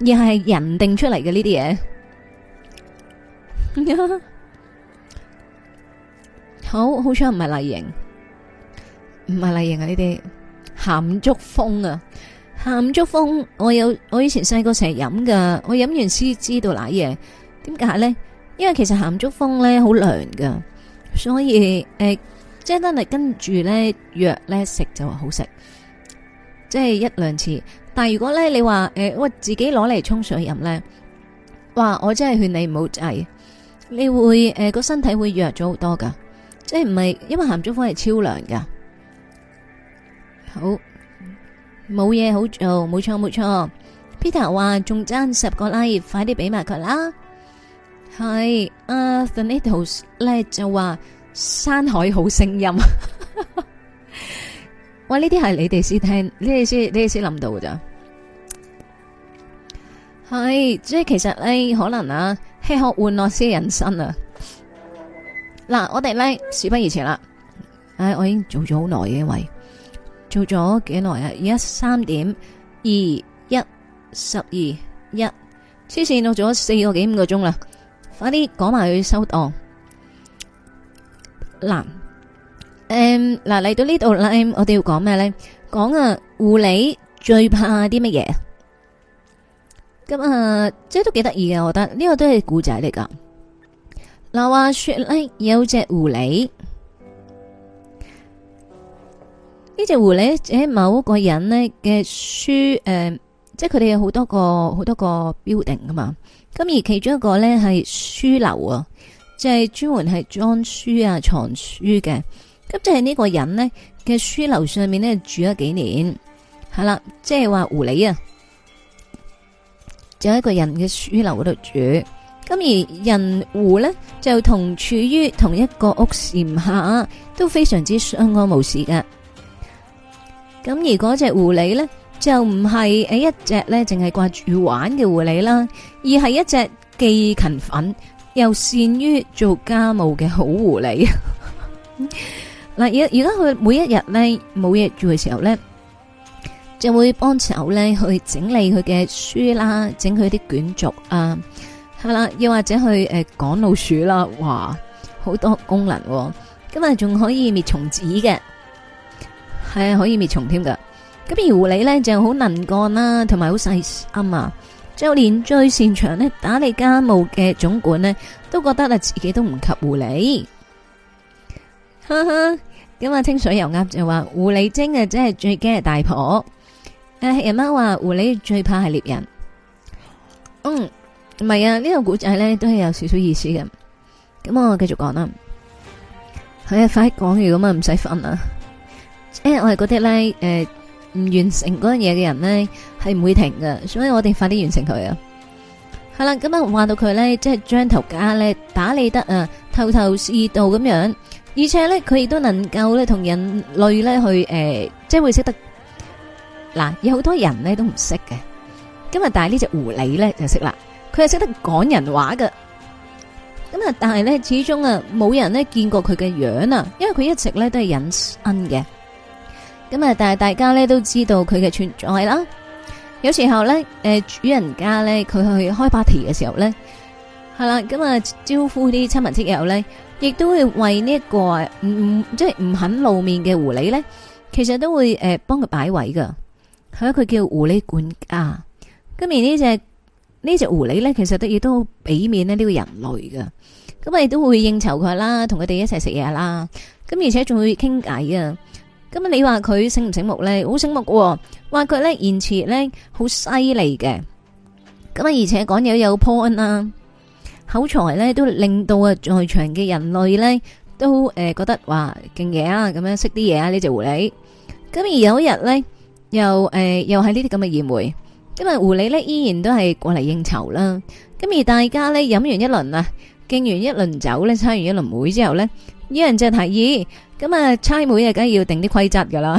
A: 而係人定出嚟嘅呢啲嘢。 好好彩唔係例型，唔係例型啊！呢啲鹹竹蜂啊，鹹竹蜂我有我以前細個成日飲噶。我飲完先知道奶嘢，點解呢？因為其實鹹竹蜂咧好涼噶，所以誒、呃，即係得嚟跟住咧，藥咧食就話好食。即係一兩次，但係如果咧你話誒，我自己攞嚟沖水飲咧，哇！我真係勸你唔好制，你會誒個身體會弱咗好多噶，即係唔係因為咸竹方係超涼噶，好冇嘢好做，冇錯冇錯。Peter 話仲爭十個 like，快啲俾埋佢啦。係啊，The Beatles 咧就話山海好聲音。哇！呢啲係你哋先聽，你哋先你哋先諗到噶咋？係，即係其實咧可能啊，吃喝玩樂，先人生啊。嗱，我哋咧事不宜遲啦。唉，我已經做咗好耐嘅一位，做咗幾耐啊？而家三點二一十二一，黐線，到咗四個幾五個鐘啦！快啲講埋去收檔。嗱。誒，嗱嚟，嗯、到呢度咧，我哋要講咩咧？講啊，狐狸最怕啲乜嘢？咁，嗯、啊，即係都幾得意嘅，我覺得呢、這個都係故仔嚟噶。嗱，話說咧，有隻狐狸，呢隻狐狸喺某一個人呢嘅書誒、呃，即係佢哋有好多個好多個 building 噶嘛。咁而其中一個咧係書樓啊，即、就、係、是、專門係裝書啊、藏書嘅。咁就係呢個人呢，嘅書樓上面呢住咗幾年，係啦，即係話狐狸啊，就喺一個人嘅書樓嗰度住。咁而人狐呢，就同處於同一個屋檐下，都非常之相安無事㗎。咁而嗰隻狐狸呢，就唔係誒一隻呢淨係掛住玩嘅狐狸啦，而係一隻既勤奮又善於做家務嘅好狐狸。嗱，而而家佢每一日咧冇嘢做嘅時候咧，就會幫手咧去整理佢嘅書啦，整佢啲卷軸啊，係咪啦，又或者去誒趕老鼠啦，哇，好多功能，咁啊仲可以滅蟲子嘅，係啊可以滅蟲添噶。咁而狐狸咧就好能幹啦，同埋好細心啊，就連最擅長咧打理家務嘅總管呢，都覺得啊自己都唔及狐狸，呵呵。咁啊，清水油鴨就話狐狸精啊，真係最驚係大婆。誒，人媽話狐狸最怕係獵人。嗯，唔係啊，呢個古仔咧都係有少少意思嘅。咁我繼續講啦，係啊，快啲講完咁啊，唔使瞓啦。誒，我係覺得咧，誒，唔完成嗰樣嘢嘅人咧係唔會停噶，所以我哋快啲完成佢啊。係啦，咁啊，話到佢咧，即係將頭家咧打理得啊，透透是道咁樣。而且咧，佢亦都能夠咧同人類咧去誒、呃，即係會識得嗱，有好多人咧都唔識嘅。咁啊，但係呢隻狐狸咧就識啦，佢係識得講人話嘅。咁啊，但係咧始終啊，冇人咧見過佢嘅樣啊，因為佢一直咧都係隱身嘅。咁啊，但係大家咧都知道佢嘅存在啦。有時候咧，誒、呃、主人家咧佢去開 party 嘅時候咧，係、嗯、啦，咁、嗯、啊招呼啲親朋戚友咧。亦都會為呢一個唔唔即係唔肯露面嘅狐狸咧，其實都會誒幫佢擺位噶，係佢叫狐狸管家咁、啊、而呢隻呢隻狐狸咧，其實都要都俾面咧呢個人類噶。咁啊，亦都會應酬佢啦，同佢哋一齊食嘢啦。咁而且仲會傾偈啊。咁啊，你話佢醒唔醒目咧？好醒目嘅，話佢咧言辭咧好犀利嘅。咁啊，而且講嘢有，有 point 啦。口才咧，都令到啊在場嘅人類咧，都誒覺得話勁嘢啊，咁樣識啲嘢啊。呢隻狐狸，咁而有一日咧，又誒又係呢啲咁嘅宴會，今日狐狸咧依然都係過嚟應酬啦。咁而大家咧飲完一輪啊，敬完一輪酒咧，猜完一輪會之後咧，有人就提議咁啊，猜枚啊，梗係要定啲規則噶啦。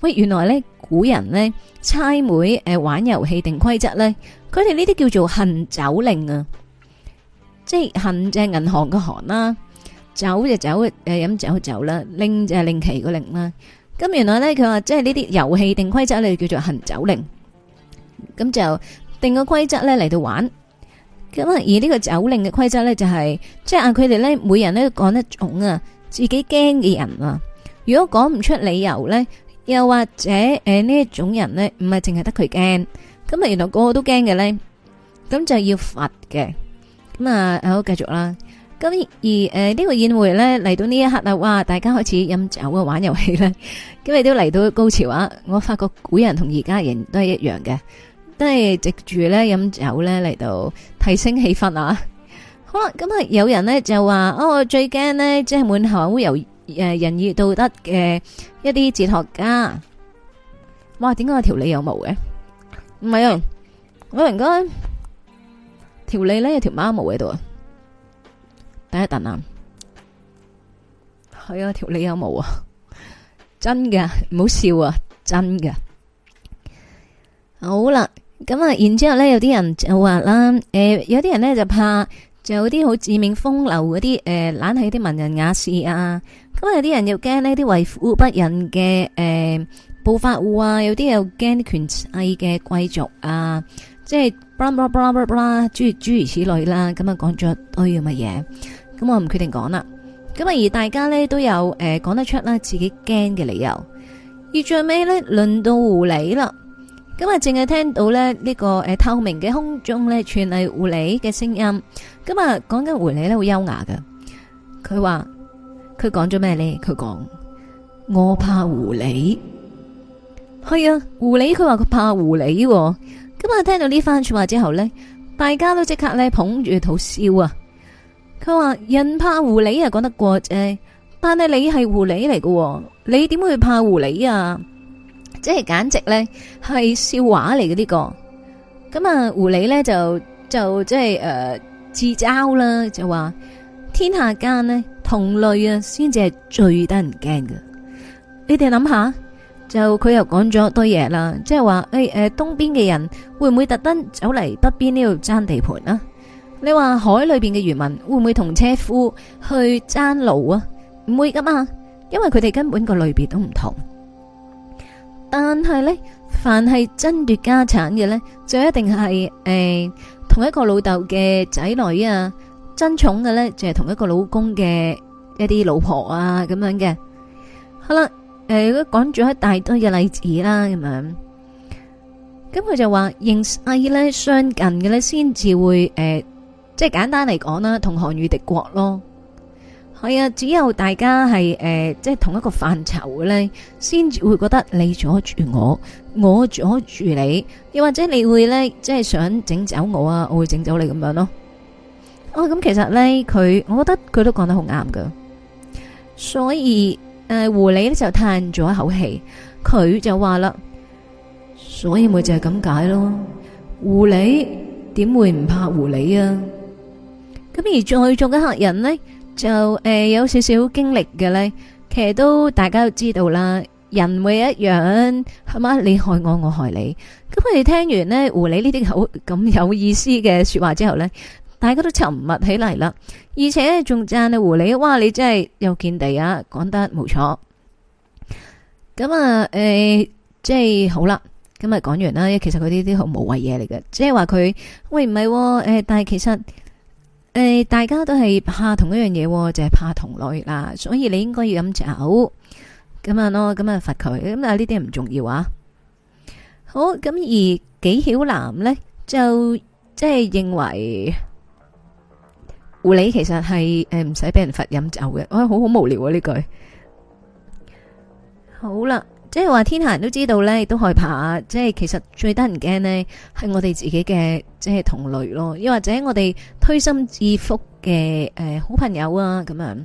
A: 喂，原來咧古人咧猜枚誒玩遊戲定規則咧，佢哋呢啲叫做行酒令啊。即係行就銀行個行啦，酒就酒誒，飲酒酒啦，令就令旗個令啦。咁原來咧，佢話即係呢啲遊戲定規則咧，叫做行酒令。咁就定個規則咧嚟到玩。咁而呢個酒令嘅規則咧，就係即係佢哋咧，每人咧講一種啊，自己驚嘅人啊。如果講唔出理由咧，又或者誒呢一種人咧，唔係淨係得佢驚，咁啊原來個個都驚嘅咧，咁就要罰嘅。咁啊、嗯，好繼續啦。咁而誒、呃這個、呢個宴會咧嚟到呢一刻啊，哇！大家開始飲酒啊，玩遊戲咧，今日都嚟到高潮啊。我發覺古人同而家人都係一樣嘅，都係藉住咧飲酒咧嚟到提升氣氛啊。好啦，咁、嗯、啊、嗯，有人咧就話哦，我最驚咧即係滿口會由誒仁義道德嘅一啲哲學家，哇！點解我條理有毛嘅？唔係啊，我唔該。條脷呢，有條貓毛喺度啊！等一等一啊，係啊，條脷有毛啊，真嘅，唔好笑啊，真嘅。好啦，咁啊，然之後咧，有啲人就話啦，誒，有啲人呢，就怕，就有啲好自命風流嗰啲，誒、呃，懶係啲文人雅士啊。咁有啲人又驚呢啲為富不仁嘅，誒、呃，暴發戶啊，有啲又驚啲權勢嘅貴族啊，即係。b 諸如此類啦，咁啊講咗一堆咁嘅嘢，咁、哎、我唔決定講啦。咁啊而大家咧都有誒講得出啦，自己驚嘅理由。而最尾咧輪到狐狸啦，咁啊淨係聽到咧呢個誒透明嘅空中咧傳嚟狐狸嘅聲音。咁啊講緊狐狸咧好優雅㗎，佢話佢講咗咩咧？佢講，我怕狐狸，係啊，狐狸佢話佢怕狐狸，哦。咁啊！聽到呢番說話之後呢，大家都即刻咧捧住肚笑啊！佢話人怕狐狸啊，講得過啫，但係你係狐狸嚟嘅，你點會怕狐狸啊？即係簡直呢係笑話嚟嘅呢個。咁啊，狐狸呢就就即係誒自嘲啦，就話天下間呢，同類啊，先至係最得人驚嘅。你哋諗下。就佢又講咗一堆嘢啦，即係話誒誒，東邊嘅人會唔會特登走嚟北邊呢度爭地盤啊？你話海裏邊嘅漁民會唔會同車夫去爭路啊？唔會噶嘛，因為佢哋根本個類別都唔同。但係呢，凡係爭奪家產嘅呢，就一定係誒同一個老豆嘅仔女啊，爭寵嘅呢，就係同一個老公嘅一啲老婆啊咁樣嘅。好啦。誒，如果講咗一大堆嘅例子啦，咁樣，咁佢就話認識咧相近嘅咧，先至會誒，即係簡單嚟講啦，同行如敵國咯，係啊，只有大家係誒、呃，即係同一個範疇嘅咧，先至會覺得你阻住我，我阻住你，又或者你會咧，即係想整走我啊，我會整走你咁樣咯。哦、啊，咁其實咧，佢，我覺得佢都講得好啱噶，所以。誒、呃，狐狸咧就嘆咗一口氣，佢就話啦，所以咪就係咁解咯。狐狸點會唔怕狐狸啊？咁而在座嘅客人呢，就誒、呃、有少少經歷嘅呢，其實都大家都知道啦。人會一樣係嘛，你害我，我害你。咁佢哋聽完呢狐狸呢啲有咁有意思嘅說話之後呢。大家都沉默起嚟啦，而且仲讚你狐狸，哇！你真係有見地啊，講得冇錯。咁啊，誒、呃，即係好啦，咁日講完啦。其實佢呢啲好無謂嘢嚟嘅，即係話佢喂唔係誒，但係其實誒、呃，大家都係怕同一樣嘢，啊，就係、是、怕同類啦，啊，所以你應該要咁走咁啊咯，咁啊罰佢咁啊呢啲唔重要啊。好，咁而紀曉嵐呢，就即係認為。狐狸其實係誒，唔使俾人罰飲酒嘅。哎，好好無聊啊！呢句好啦，即係話天下人都知道呢都害怕啊。即係其實最得人驚呢，係我哋自己嘅，即係同類咯。又或者我哋推心置腹嘅誒、呃，好朋友啊，咁樣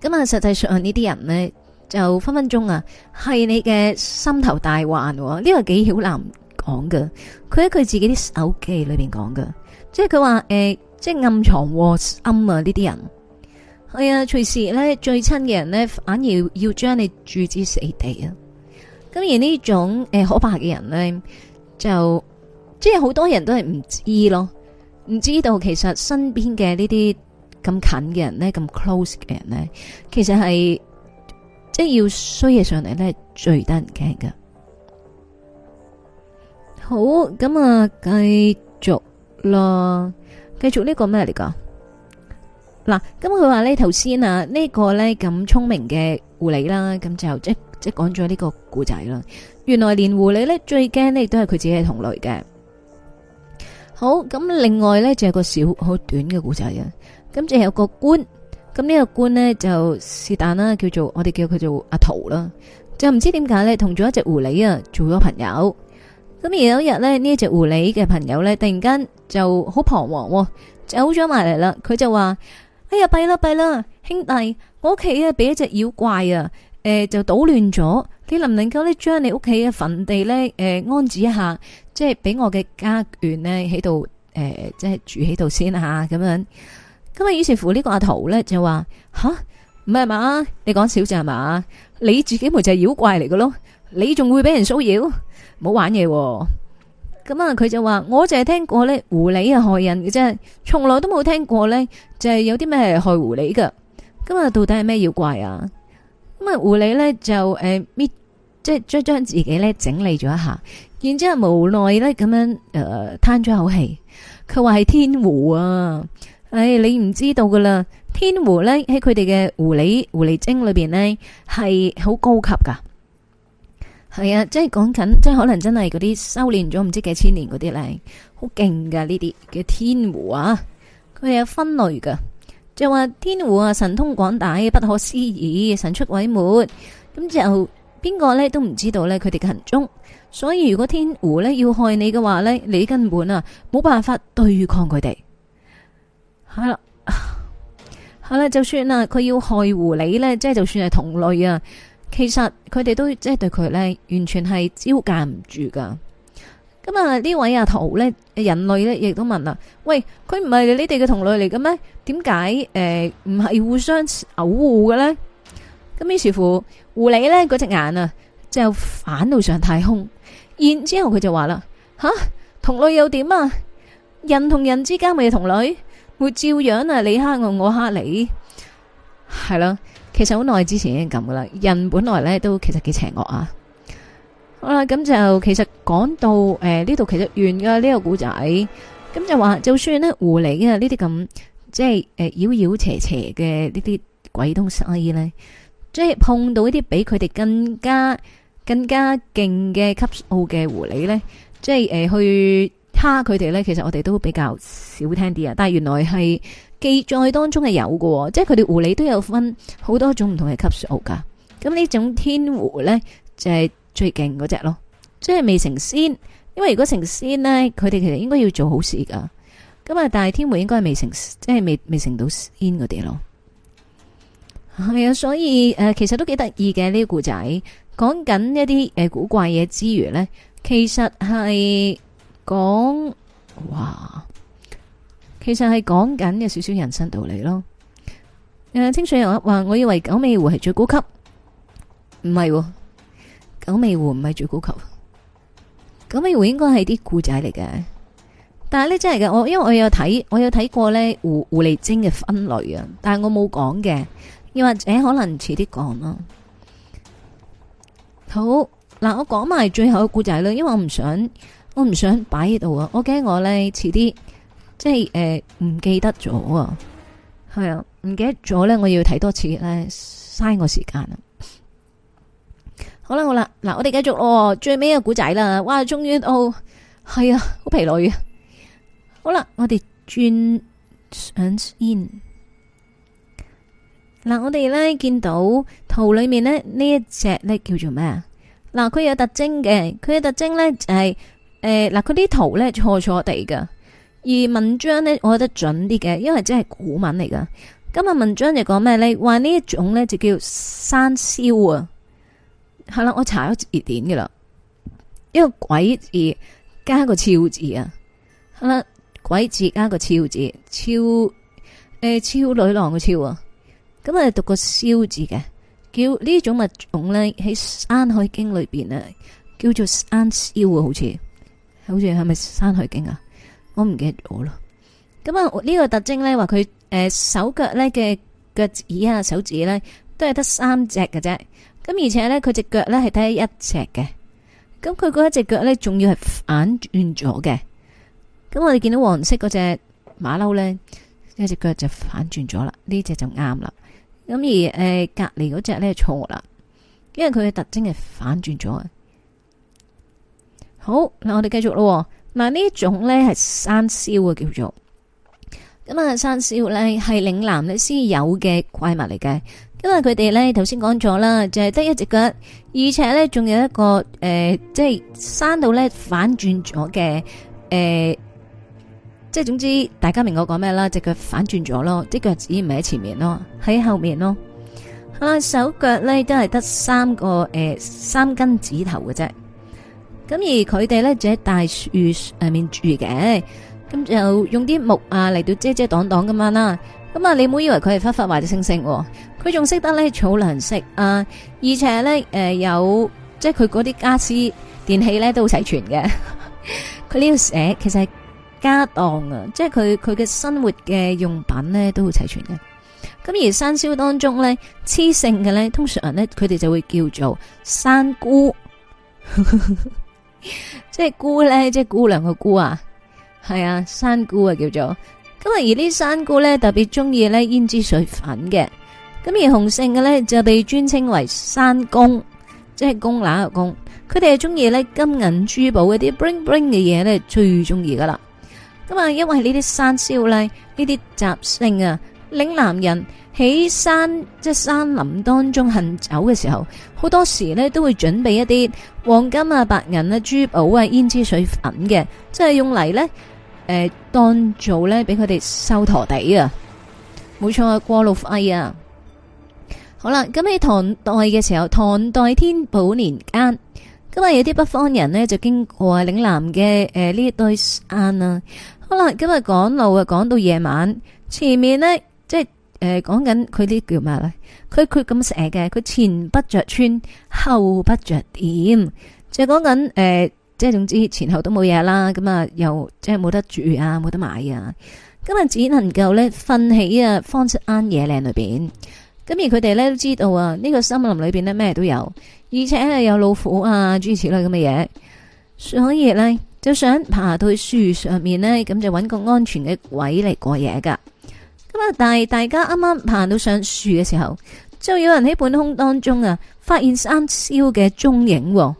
A: 咁啊。實際上呢啲人呢，就分分鐘啊，係你嘅心頭大患。呢個紀曉嵐講㗎。佢喺佢自己啲手機裏邊講㗎，即係佢話誒。欸即係暗藏禍心啊！呢啲人係啊，隨時咧最親嘅人咧，反而要將你置之死地啊！咁而種，呃、呢種誒可怕嘅人咧，就即係好多人都係唔知咯，唔知道其實身邊嘅呢啲咁近嘅人咧，咁 close 嘅人咧，其實係即係要衰嘢上嚟咧，係最得人驚噶。好，咁啊，繼續啦。繼續呢個咩嚟噶？嗱，咁佢話呢頭先啊，呢個呢，咁聰明嘅狐狸啦，咁就即即講咗呢個故仔啦。原來連狐狸呢最驚呢都係佢自己嘅同類嘅。好，咁另外呢，有一就有個小好短嘅故仔啊。咁就有個官，咁呢個官呢，就是但啦，叫做我哋叫佢做阿桃啦，就唔知點解呢，同咗一隻狐狸啊做咗朋友。咁而有一日咧，呢一隻狐狸嘅朋友咧，突然間就好彷徨、哦，走咗埋嚟啦。佢就話：哎呀，弊啦弊啦，兄弟，我屋企啊俾一隻妖怪啊，誒、呃、就搗亂咗。你能唔能夠咧將你屋企嘅墳地咧，誒、呃、安置一下，即係俾我嘅家眷咧喺度，誒、呃、即係住喺度先吓、啊、咁樣。咁啊，於是乎個呢個阿桃咧就話：吓唔係嘛？你講少咗係嘛？你自己咪就係妖怪嚟嘅咯？你仲會俾人騷擾？冇玩嘢、啊，咁啊佢就話我淨係聽過咧狐狸啊害人嘅，即係從來都冇聽過咧就係有啲咩係害狐狸噶。咁啊到底係咩妖怪啊？咁啊狐狸咧就誒搣，即係將將自己咧整理咗一下，然之後無奈咧咁樣誒嘆咗一口氣。佢話係天狐啊，唉、哎，你唔知道噶啦，天狐咧喺佢哋嘅狐狸狐狸精裏邊咧係好高級噶。係啊，即係講緊，即係可能真係嗰啲修煉咗唔知幾千年嗰啲咧，好勁噶呢啲叫天狐啊，佢係有分類噶，就話天狐啊，神通廣大，不可思議，神出鬼沒，咁之後邊個呢都唔知道呢佢哋嘅行蹤，所以如果天狐呢要害你嘅話呢，你根本啊冇辦法對抗佢哋。係啦，係啦，就算啦佢要害狐狸呢，即係就算係同類啊。其實佢哋都即係對佢呢完全係招架唔住噶。咁啊，呢位阿桃呢人類呢亦都問啦：「喂，佢唔係你哋嘅同類嚟嘅咩？點解誒唔係互相偶護嘅呢？」咁於是乎，狐狸呢嗰隻眼啊，就反到上太空。然之後佢就話啦：吓，同類又點啊？人同人之間咪係同類，會照樣啊你蝦我，我蝦你，係啦。其實好耐之前已經咁噶啦，人本來咧都其實幾邪惡啊。好啦，咁就其實講到誒呢度，其實、呃、其實完㗎。呢、呢個古仔，咁、嗯、就話就算呢狐狸啊呢啲咁即係誒、呃、妖妖邪邪嘅呢啲鬼東西咧，即係碰到一啲比佢哋更加更加勁嘅級數嘅狐狸咧，即係誒、呃、去蝦佢哋咧，其實我哋都比較少聽啲啊。但係原來係。記載當中係有嘅，即係佢哋狐狸都有分好多種唔同嘅級數噶。咁呢種天狐咧就係、是、最勁嗰隻咯，即係未成仙。因為如果成仙咧，佢哋其實應該要做好事噶。咁啊，但係天狐應該係未成，即係未未成到仙嗰啲咯。係啊，所以誒、呃，其實都幾得意嘅呢個故仔，講緊一啲誒、呃、古怪嘢之餘咧，其實係講話。其實係講緊有少少人生道理咯。誒、啊，清水又話，我以為九尾狐係最高級，唔係，九尾狐唔係最高級。九尾狐應該係啲故仔嚟嘅，但係呢真係嘅，我因為我有睇，我有睇過呢狐狐狸精嘅分類啊，但係我冇講嘅，又或者可能遲啲講咯。好，嗱，我講埋最後嘅故仔啦，因為我唔想，我唔想擺喺度啊，我驚我呢遲啲。遲即係誒，唔、呃、記得咗啊，係啊，唔、 哦、記得咗呢。我要睇多次呢，嘥我時間啊。好啦好啦，嗱，我哋繼續哦，最尾嘅古仔啦，哇，終於哦，係啊，好疲累啊。好啦，我哋轉上先。嗱，我哋呢，見到圖裏面呢，呢一隻呢叫做咩啊？嗱，佢有特徵嘅，佢嘅特徵呢，就係、是、誒，嗱、呃，佢啲圖呢，錯錯地嘅。而文章呢，我覺得準啲嘅，因為真係古文嚟噶。今日文章就講咩？你話呢一種呢就叫山魈啊。係啦，我查咗字典嘅啦，一個鬼字加個超字啊。係啦，鬼字加個超字，超誒、欸、超女郎嘅超啊。今日讀個魈字嘅，叫呢種物種呢，喺《山海經》裏邊呢，叫做山魈啊，好似好似係咪《山海經》啊？我唔記得咗啦。咁啊，呢個特徵呢，話佢誒手腳呢嘅腳趾啊手指呢都係得三隻㗎啫。咁而且呢，佢隻腳呢係得一隻嘅。咁佢嗰一隻腳呢仲要係反轉咗嘅。咁我哋見到黃色嗰隻馬騮呢，一隻腳就反轉咗啦。呢隻就啱啦。咁而誒、呃、隔籬嗰隻呢，錯啦，因為佢嘅特徵係反轉咗。好，嗱我哋繼續咯。嗱、啊、呢種咧係山魈，啊，叫做咁啊山魈咧係嶺南咧先有嘅怪物嚟嘅，因為佢哋咧頭先講咗啦，就係、是、得一隻腳，而且咧仲有一個誒、呃，即係山度咧反轉咗嘅誒，即係總之大家明我講咩啦，隻腳反轉咗咯，啲腳趾唔喺前面咯，喺後面咯，啊手腳咧都係得三個誒、呃、三根指頭嘅啫。咁而佢哋咧就喺大樹上面住嘅，咁、嗯、就用啲木啊嚟到遮遮擋擋咁樣啦。咁啊，你唔好以為佢係忽發或者星星，佢仲識得咧草糧食啊，而且咧誒、呃、有即係佢嗰啲家私電器咧都好齊全嘅。佢呢度寫其實係家當啊，即係佢佢嘅生活嘅用品咧都好齊全嘅。咁而山魈當中咧，雌性嘅咧通常咧佢哋就會叫做山姑。 即係姑咧，即係姑娘個姑啊，係啊，山姑啊叫做。咁啊，而呢山姑咧特別中意咧胭脂水粉嘅。咁而雄性嘅咧就被尊稱為山公，即係公乸個公。佢哋係中意咧金銀珠寶嗰啲 bling bling 嘅嘢咧最中意噶啦。咁啊，因為呢啲山魈咧呢啲雜性啊。嶺南人喺山即係山林當中行走嘅時候，好多時呢都會準備一啲黃金啊、白銀啊、珠寶啊、胭脂水粉嘅，即係用嚟呢誒，當做呢俾佢哋收陀地啊。冇錯啊，過路費啊。好啦，咁喺唐代嘅時候，唐代天寶年間，今日有啲北方人呢就經過嶺南嘅誒呢一堆山啊。好啦，今日趕路啊，趕到夜晚，前面呢。誒，講緊佢啲叫咩咧？佢佢咁寫嘅，佢前不着村，後不着店，就講緊誒，即、呃、係總之前後都冇嘢啦。咁啊，又即係冇得住啊，冇得買啊，咁啊，只能夠咧瞓喺啊荒山野嶺裏邊。咁而佢哋咧都知道啊，呢、這個森林裏邊咧咩都有，而且係有老虎啊諸如此類咁嘅嘢，所以咧就想爬到去樹上面咧，咁、嗯、就搵個安全嘅位嚟過夜噶。咁啊！但係大家啱啱爬到上樹嘅時候，就有人喺半空當中啊，發現山魈嘅蹤影，哦。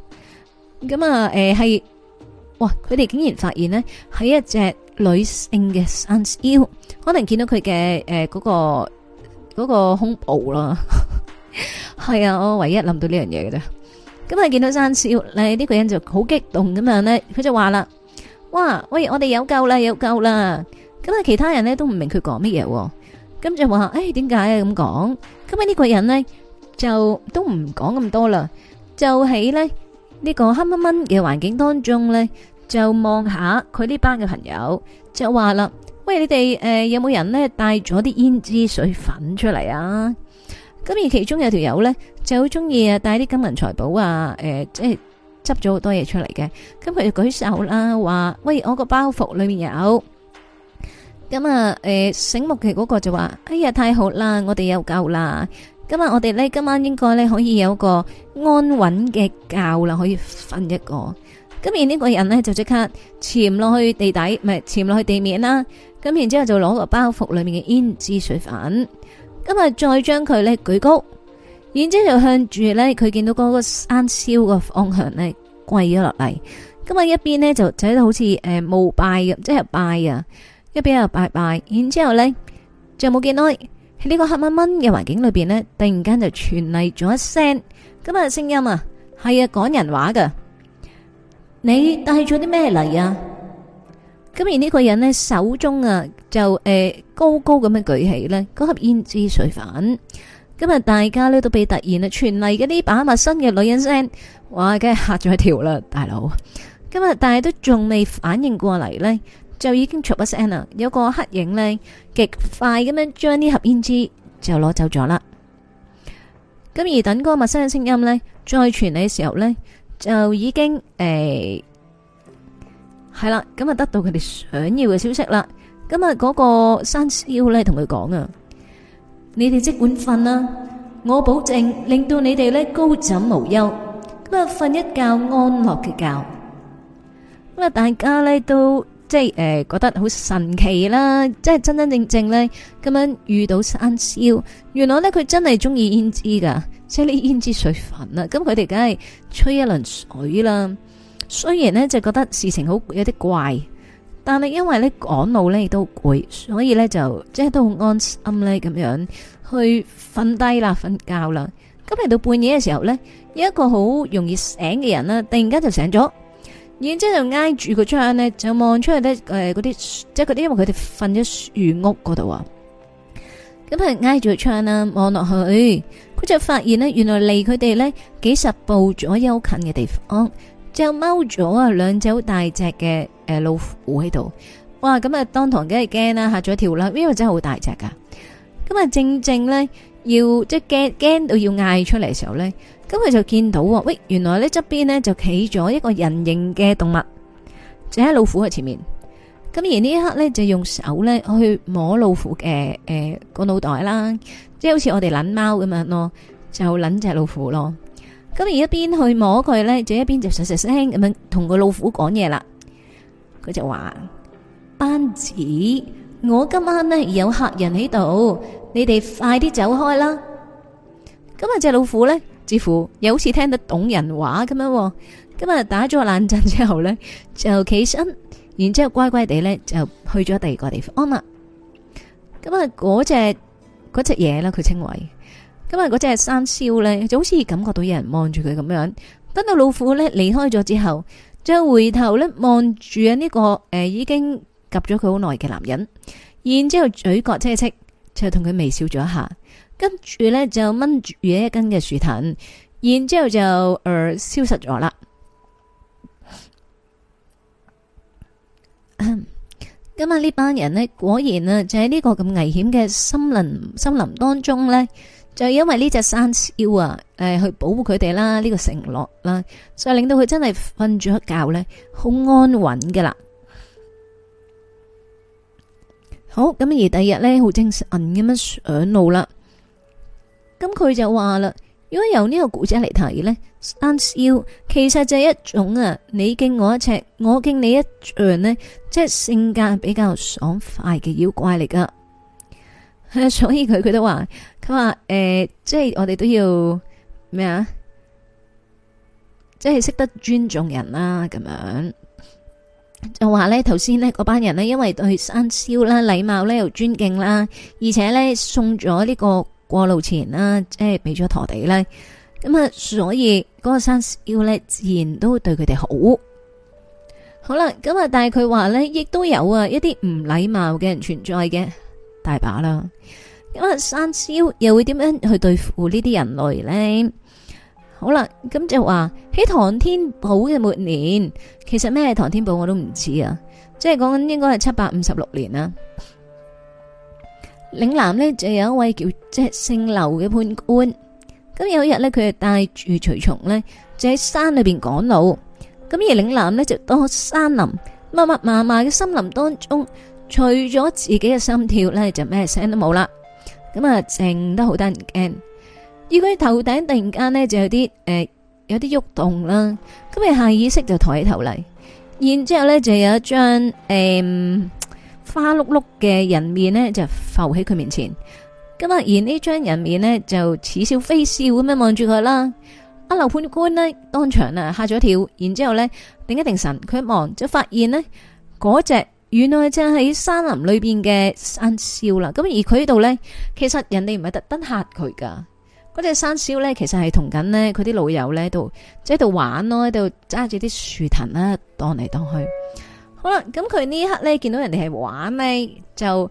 A: 咁、嗯、啊，誒、呃、係，哇！佢哋竟然發現呢係一隻女性嘅山魈，可能見到佢嘅誒嗰個嗰、那個胸部啦，係啊，我唯一諗到呢樣嘢嘅啫。咁、嗯、啊，見到山魈咧，呢、這個人就好激動咁樣咧，佢就話啦：，哇！喂，我哋有救啦，有救啦！咁啊！其他人咧都唔明佢講乜嘢，咁就話：誒、哎，點解啊咁講？咁啊呢個人咧就都唔講咁多啦，就喺咧呢、這個黑蚊蚊嘅環境當中咧，就望下佢呢班嘅朋友，就話啦：，喂，你哋誒、呃、有冇人咧帶咗啲胭脂水粉出嚟啊？咁而其中有條友咧就好中意啊，帶啲金銀財寶啊，誒，即係執咗好多嘢出嚟嘅。咁佢就舉手啦，話：，喂，我個包袱裏面有。咁啊，誒、欸，醒目嘅嗰個就話：哎呀，太好啦，我哋有救啦！咁啊我哋呢，今晚應該呢可以有個安穩嘅覺啦，可以瞓一個。咁然呢個人呢，就即刻潛落去地底，唔係潛落去地面啦。咁然之後就攞個包袱裏面嘅胭脂水粉，咁啊再將佢呢舉高，然之後就向住呢，佢見到嗰個山魈嘅方向呢，跪咗落嚟。咁啊一邊呢，就睇到好似誒，膜拜咁，即係拜啊！一邊又拜拜，然之後呢，就冇見開喺呢個黑蚊蚊嘅環境裏邊呢，突然間就傳嚟咗一聲，今日聲音啊係啊講人話噶，你帶咗啲咩嚟啊？咁而呢個人呢，手中啊就誒、呃、高高咁樣舉起呢，嗰盒胭脂水粉，今日大家呢都被突然啊傳嚟嘅呢把陌生嘅女人聲，哇梗係嚇咗一跳啦，大佬，今日但係都仲未反應過嚟呢。就已經出咗聲啦，有個黑影咧，極快咁樣將呢盒胭脂就攞走咗啦。咁而等嗰個陌生嘅聲音咧再傳嚟嘅時候咧，就已經誒係啦。咁啊得到佢哋想要嘅消息啦。咁啊嗰個山妖咧同佢講啊：你哋即管瞓啦，我保證令到你哋咧高枕無憂，咁啊瞓一覺安樂嘅覺。咁啊，大家咧都。即係誒、呃，覺得好神奇啦！即係真真正正咧咁樣遇到山魈，原來咧佢真係中意胭脂噶，即係啲胭脂水粉啦、啊。咁佢哋梗係吹一輪水啦。雖然咧就覺得事情好有啲怪，但係因為咧趕路咧亦都攰，所以咧就即係都好安心咧咁樣去瞓低啦，瞓覺啦。咁嚟到半夜嘅時候咧，有一個好容易醒嘅人啦，突然間就醒咗。然之後就挨住個窗咧，就望出去咧，誒、呃，嗰啲即係嗰啲，因為佢哋瞓咗樹屋嗰度啊。咁佢挨住個窗啦，望落去，佢就發現咧，原來離佢哋咧幾十步左右近嘅地方，就踎咗啊兩隻好大隻嘅誒、呃、老虎喺度。哇！咁啊，當堂梗係驚啦，吓咗一跳啦，因為真係好大隻噶。咁啊，正正咧要即係驚驚到要嗌出嚟嘅時候咧。咁佢就見到，喂，原來呢側邊呢就企咗一個人形嘅動物，就喺老虎嘅前面。咁而呢一刻呢，就用手呢去摸老虎嘅誒、呃、個腦袋啦，即係好似我哋撚貓咁樣咯，就撚隻老虎咯。咁而一邊去摸佢呢，就一邊就實實聲咁樣同個老虎講嘢啦。佢就話：班子，我今晚呢有客人喺度，你哋快啲走開啦。咁啊隻老虎呢，似乎又好似聽得懂人話咁樣，今日打咗個冷震之後呢，就起身，然之後乖乖地呢，就去咗第二個地方。哦、嗯、嘛，咁日嗰隻嗰隻嘢啦，佢、那個、稱為今日嗰隻山魈呢，就好似感覺到有人望住佢咁樣。等到老虎呢離開咗之後，再回頭呢、這個，望住啊呢個誒已經及咗佢好耐嘅男人，然之後嘴角戚戚，就同佢微笑咗一下。跟住咧就掹住住一根嘅樹藤，然之後就誒消失咗啦。咁啊，呢班人咧果然啊，就喺呢個咁危險嘅森林森林當中咧，就因為呢隻山魈啊，誒去保護佢哋啦，呢個承諾啦，所以令到佢真係瞓咗一覺咧，好安穩噶啦。好咁，而第二日咧好精神咁樣上路啦。咁佢就話啦，如果由個呢個古仔嚟睇呢，生肖其實就係一種啊，你敬我一尺，我敬你一丈呢，即係性格比較爽快嘅妖怪嚟噶、啊。所以佢佢都話，佢話誒，即、呃、係、就是、我哋都要咩啊？即係識得尊重人啦、啊，咁樣就話呢，頭先呢嗰班人呢，因為對生肖啦、禮貌呢又尊敬啦，而且呢，送咗呢、這個。過路前啦，即係俾咗陀地啦，咁啊，所以嗰個山魈咧，自然都對佢哋好。好啦，咁啊，但係佢話咧，亦都有啊一啲唔禮貌嘅人存在嘅，大把啦。咁啊，山魈又會點樣去對付呢啲人類咧？好啦，咁就話喺唐天寶嘅末年，其實咩唐天寶我都唔知啊，即係講緊應該係七百五十六年啦。嶺南咧就有一位叫即姓劉嘅判官，咁有一日咧，佢就帶住隨從咧，就喺山裏邊趕路。咁而嶺南咧就多山林，密密麻麻嘅森林當中，除咗自己嘅心跳咧，就咩聲都冇啦。咁啊，靜得好得人驚。而佢頭頂突然間咧就有啲誒，有啲喐動啦。咁佢，下意識就抬起頭嚟，然之後咧就有一張誒。花碌碌嘅人面呢就浮喺佢面前，咁啊，而呢張人面呢，就似笑非笑咁樣望住佢啦。阿劉判官呢當場啊嚇咗一跳，然之後呢定一定神，佢一望就發現呢嗰隻原來就係喺山林裏邊嘅山魈啦。咁而佢喺度呢，其實人哋唔係特登嚇佢噶，嗰隻山魈呢，其實係同緊呢佢啲老友呢度即喺度玩咯，喺度揸住啲樹藤啦蕩嚟蕩去。好啦，咁佢呢刻咧，見到人哋係玩，咧，就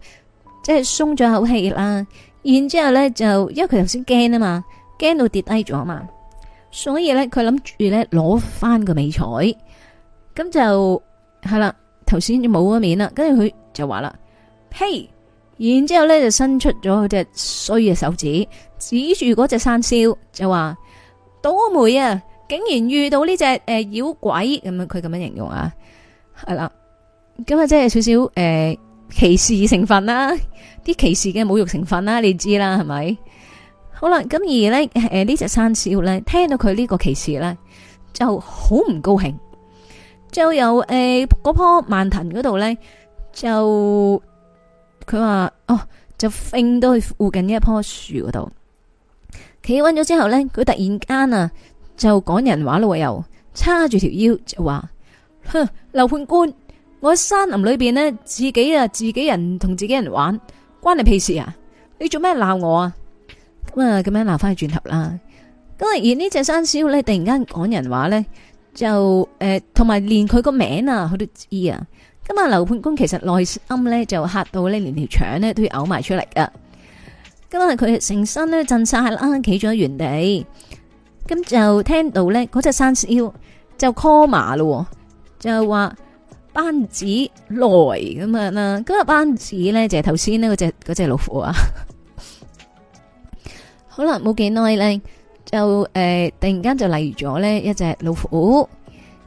A: 即係鬆咗口氣啦。然之後咧就，因為佢頭先驚啊嘛，驚到跌低咗啊嘛，所以咧佢諗住咧攞翻個美彩，咁就係啦。頭先就冇咗面啦，跟住佢就話啦，嘿，然之後咧就伸出咗隻衰嘅手指指住嗰隻山魈，就話倒霉啊！竟然遇到呢隻誒、呃、妖鬼咁樣，佢咁樣形容啊，係啦。咁啊，即係少少誒、呃、歧視成分啦，啲歧視嘅侮辱成分啦，你知啦，係咪？好啦，咁而呢誒呢、呃、隻山魈咧，聽到佢呢個歧視咧，就好唔高興，就由誒嗰棵蔓藤嗰度咧，就佢話哦，就飛到去附近呢一棵樹嗰度企穩咗之後咧，佢突然間啊就講人話啦，又叉住條腰就話哼，劉判官。我喺山林裏邊呢自己啊，自己人同自己人玩，關你屁事啊！你做咩鬧我啊？咁啊，咁樣鬧翻去轉頭啦。咁啊，而隻呢隻山魈咧，突然間講人話咧，就誒，同、呃、埋連佢個名啊，佢都知啊。咁啊，劉判官其實內心咧就嚇到咧，連條腸咧都要嘔埋出嚟噶。咁啊，佢成身咧震晒啦，企咗原地。咁就聽到咧，嗰隻山魈就 call 馬啦，就話。班子來咁樣啦，咁啊班子咧，就係頭先呢嗰隻嗰隻老虎啊 好、呃老虎老虎，好啦，冇幾耐，咧就誒突然間就嚟咗呢一隻老虎，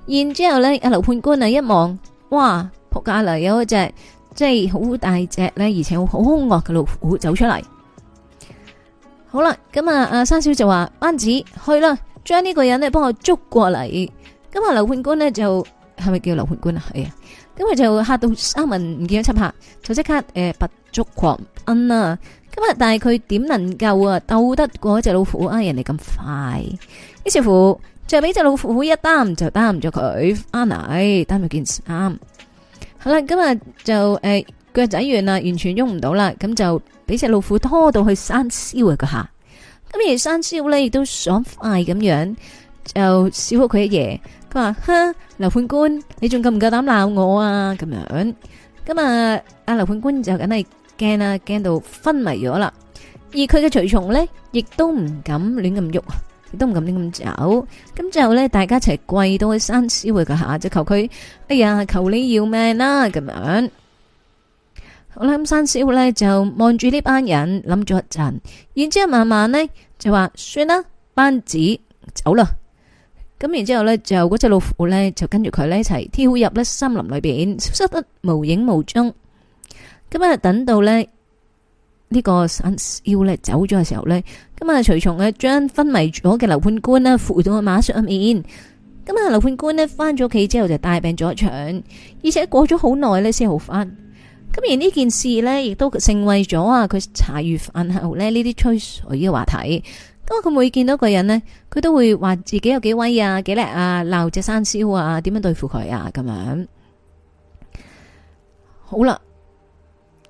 A: 然之後咧，阿劉判官啊一望，哇撲街嚟，有一隻即係好大隻咧，而且好兇惡嘅老虎走出嚟。好啦，咁啊阿三少就話，班子去啦，將呢個人咧幫我捉過嚟。咁啊劉判官呢，就。係咪叫劉判官啊？係啊，咁佢就嚇到三魂唔見咗七魄，就即刻誒、呃、拔足狂奔啦。今、嗯、日、啊、但係佢點能夠啊鬥得過隻老虎啊、哎？人哋咁快，於是乎就俾隻老虎一擔就擔唔咗佢，Anna 擔唔件衫。好啦，今日就誒腳仔完啦，完全喐唔到啦，咁就俾隻老虎拖到去山魈啊個下。咁而山魈咧亦都爽快咁樣就燒好佢一夜。話哼，劉判官，你仲夠唔夠膽鬧我啊？咁樣，咁啊，阿劉判官就梗係驚啊，驚到昏迷咗啦。而佢嘅隨從呢，亦都唔敢亂咁喐，亦都唔敢亂咁走。咁之後呢，大家一齊跪到去山魈，佢腳下就求佢，哎呀，求你要命啦、啊，咁樣。好啦，咁山魈呢，就望住呢班人諗咗一陣，然之後慢慢呢，就話算啦，班子走啦。咁然之後呢就嗰隻老虎呢，就跟住佢呢一齊跳入呢森林裏邊，消失得無影無蹤。咁啊，等到呢呢個山魈呢走咗嘅時候呢，咁啊，隨從呢將昏迷咗嘅劉判官呢扶到個馬上面。咁啊，劉判官呢翻咗屋企之後就大病咗一場，而且過咗好耐呢先好翻。咁而呢件事呢，亦都成為咗啊，佢茶餘飯後呢呢啲吹水嘅話題。因為佢每見到一個人呢，佢都會話自己有幾威啊、幾叻啊，鬧隻山魈啊，點樣對付佢啊咁樣。好啦，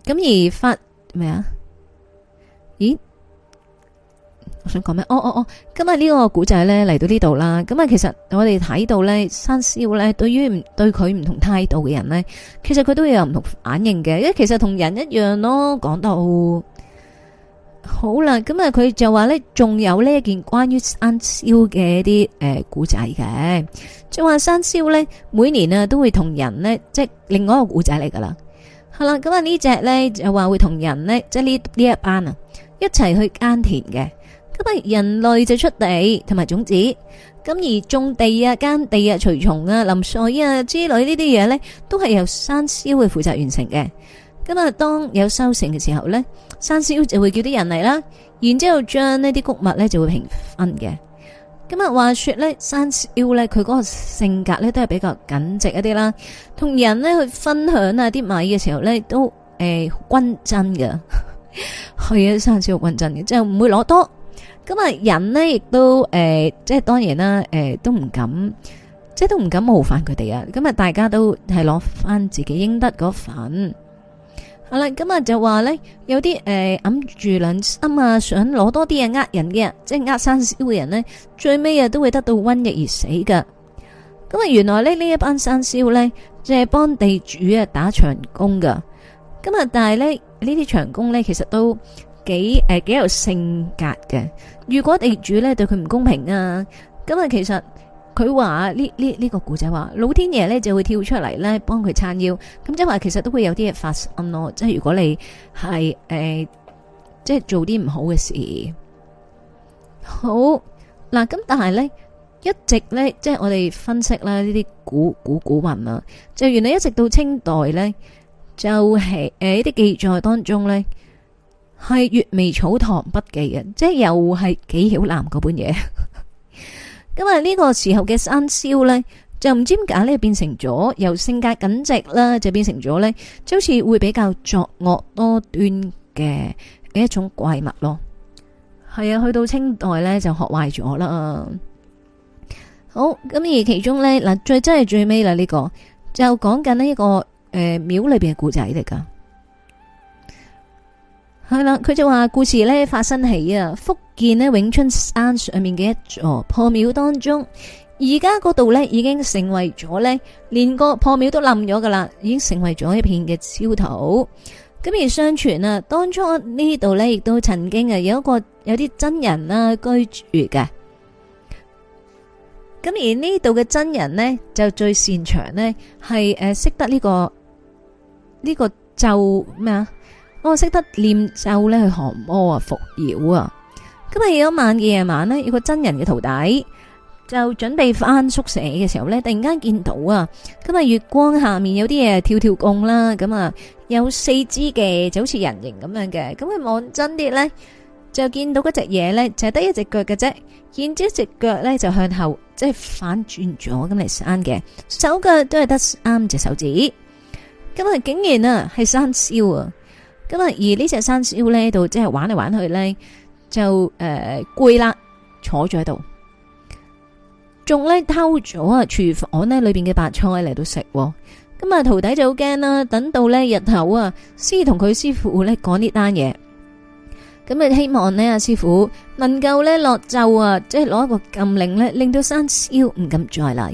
A: 咁而發咩啊？咦，我想講咩？哦哦哦，今日呢個古仔呢嚟到呢度啦。咁啊，其實我哋睇到呢，山魈呢對於對佢唔同態度嘅人呢，其實佢都會有唔同反應嘅。因為其實同人一樣咯，講到。好啦，咁啊，佢就話呢仲有呢一件關於山魈嘅一啲誒古仔嘅，就話山魈呢每年啊都會同人呢，即係另外一個古仔嚟噶啦。好啦，咁啊呢隻呢，就話會同人呢，即係呢呢一班啊一齊去耕田嘅。咁啊人類就出地同埋種子，咁而種地啊、耕地啊、除蟲啊、淋水啊之類呢啲嘢呢，都係由山魈去負責完成嘅。咁啊，當有收成嘅時候咧，山魈就會叫啲人嚟啦，然之後將呢啲穀物咧就會平分嘅。咁啊，話說咧，山魈咧佢嗰個性格咧都係比較耿直一啲啦，同人咧去分享啊啲米嘅時候咧都誒、欸、均真嘅，係 啊，山魈均真嘅、欸，即係唔會攞多。咁啊，人呢亦都誒，即係當然啦，誒、欸、都唔敢，即係都唔敢冒犯佢哋啊。咁啊，大家都係攞返自己應得嗰份。好啦，咁啊、嗯、就話咧，有啲誒，揞住良心啊，想攞多啲嘢呃人嘅，即係呃山魈嘅人呢，最尾啊都會得到瘟疫而死噶。咁、嗯、啊，原來呢，呢一班山魈呢，就係幫地主啊打長工噶。咁、嗯、啊，但係咧呢啲長工呢，其實都幾誒、呃、幾有性格嘅。如果地主呢對佢唔公平啊，咁、嗯、啊，其實。佢話呢呢呢個古仔話，老天爺呢就會跳出嚟呢幫佢撐腰，咁即係話其實都會有啲嘢發生咯，即係如果你係誒、呃，即係做啲唔好嘅事，好嗱咁，但係呢一直呢，即係我哋分析啦呢啲古古古文啦，就原來一直到清代呢，就係誒呢啲記載當中呢，係《閱微草堂筆記》嘅,即係又係紀曉嵐嗰本嘢。咁啊呢個時候嘅山魈呢，就唔知點解咧，變成咗由性格耿直啦，就變成咗呢，就好似會比較作惡多端嘅一種怪物咯。係啊，去到清代呢，就學壞咗啦。好，咁而其中呢，嗱，最真係最尾啦呢個，就講緊呢一個誒廟、呃、裏邊嘅故仔嚟噶。係啦，佢就話故事呢，發生喺啊福建呢永春山上面嘅一座破廟當中，而家嗰度呢，已經成為咗呢，連個破廟都冧咗噶啦，已經成為咗一片嘅焦土。咁而相傳啊，當初呢度呢，亦都曾經啊有一個有啲真人啦居住嘅。咁而呢度嘅真人呢，就最擅長呢、這個，係誒識得呢個呢個就咩啊？我識、哦、得念咒咧，去降魔啊，伏妖啊。今日有一晚嘅夜晚咧，有個真人嘅徒弟就準備返宿舍嘅時候咧，突然間見到啊，今日月光下面有啲嘢跳跳共啦、啊，咁、嗯、啊有四肢嘅就好似人形咁樣嘅。咁佢望真啲咧，就見到嗰隻嘢咧就係得一隻腳嘅啫，然之後隻腳咧就向後即係、就是、反轉咗咁嚟生嘅手腳都係得啱隻三隻手指。今、嗯、日竟然啊係山魈啊！咁啊，而呢隻山魈呢，度即係玩嚟玩去呢，就誒攰啦，坐咗喺度，仲呢，偷咗啊廚房呢裏邊嘅白菜嚟到食。咁啊，徒弟就好驚啦。等到呢日頭啊，師徒同佢師父咧講呢單嘢，咁啊希望呢阿師傅能夠呢落咒啊，即係攞一個禁令呢，令到山魈唔敢再嚟。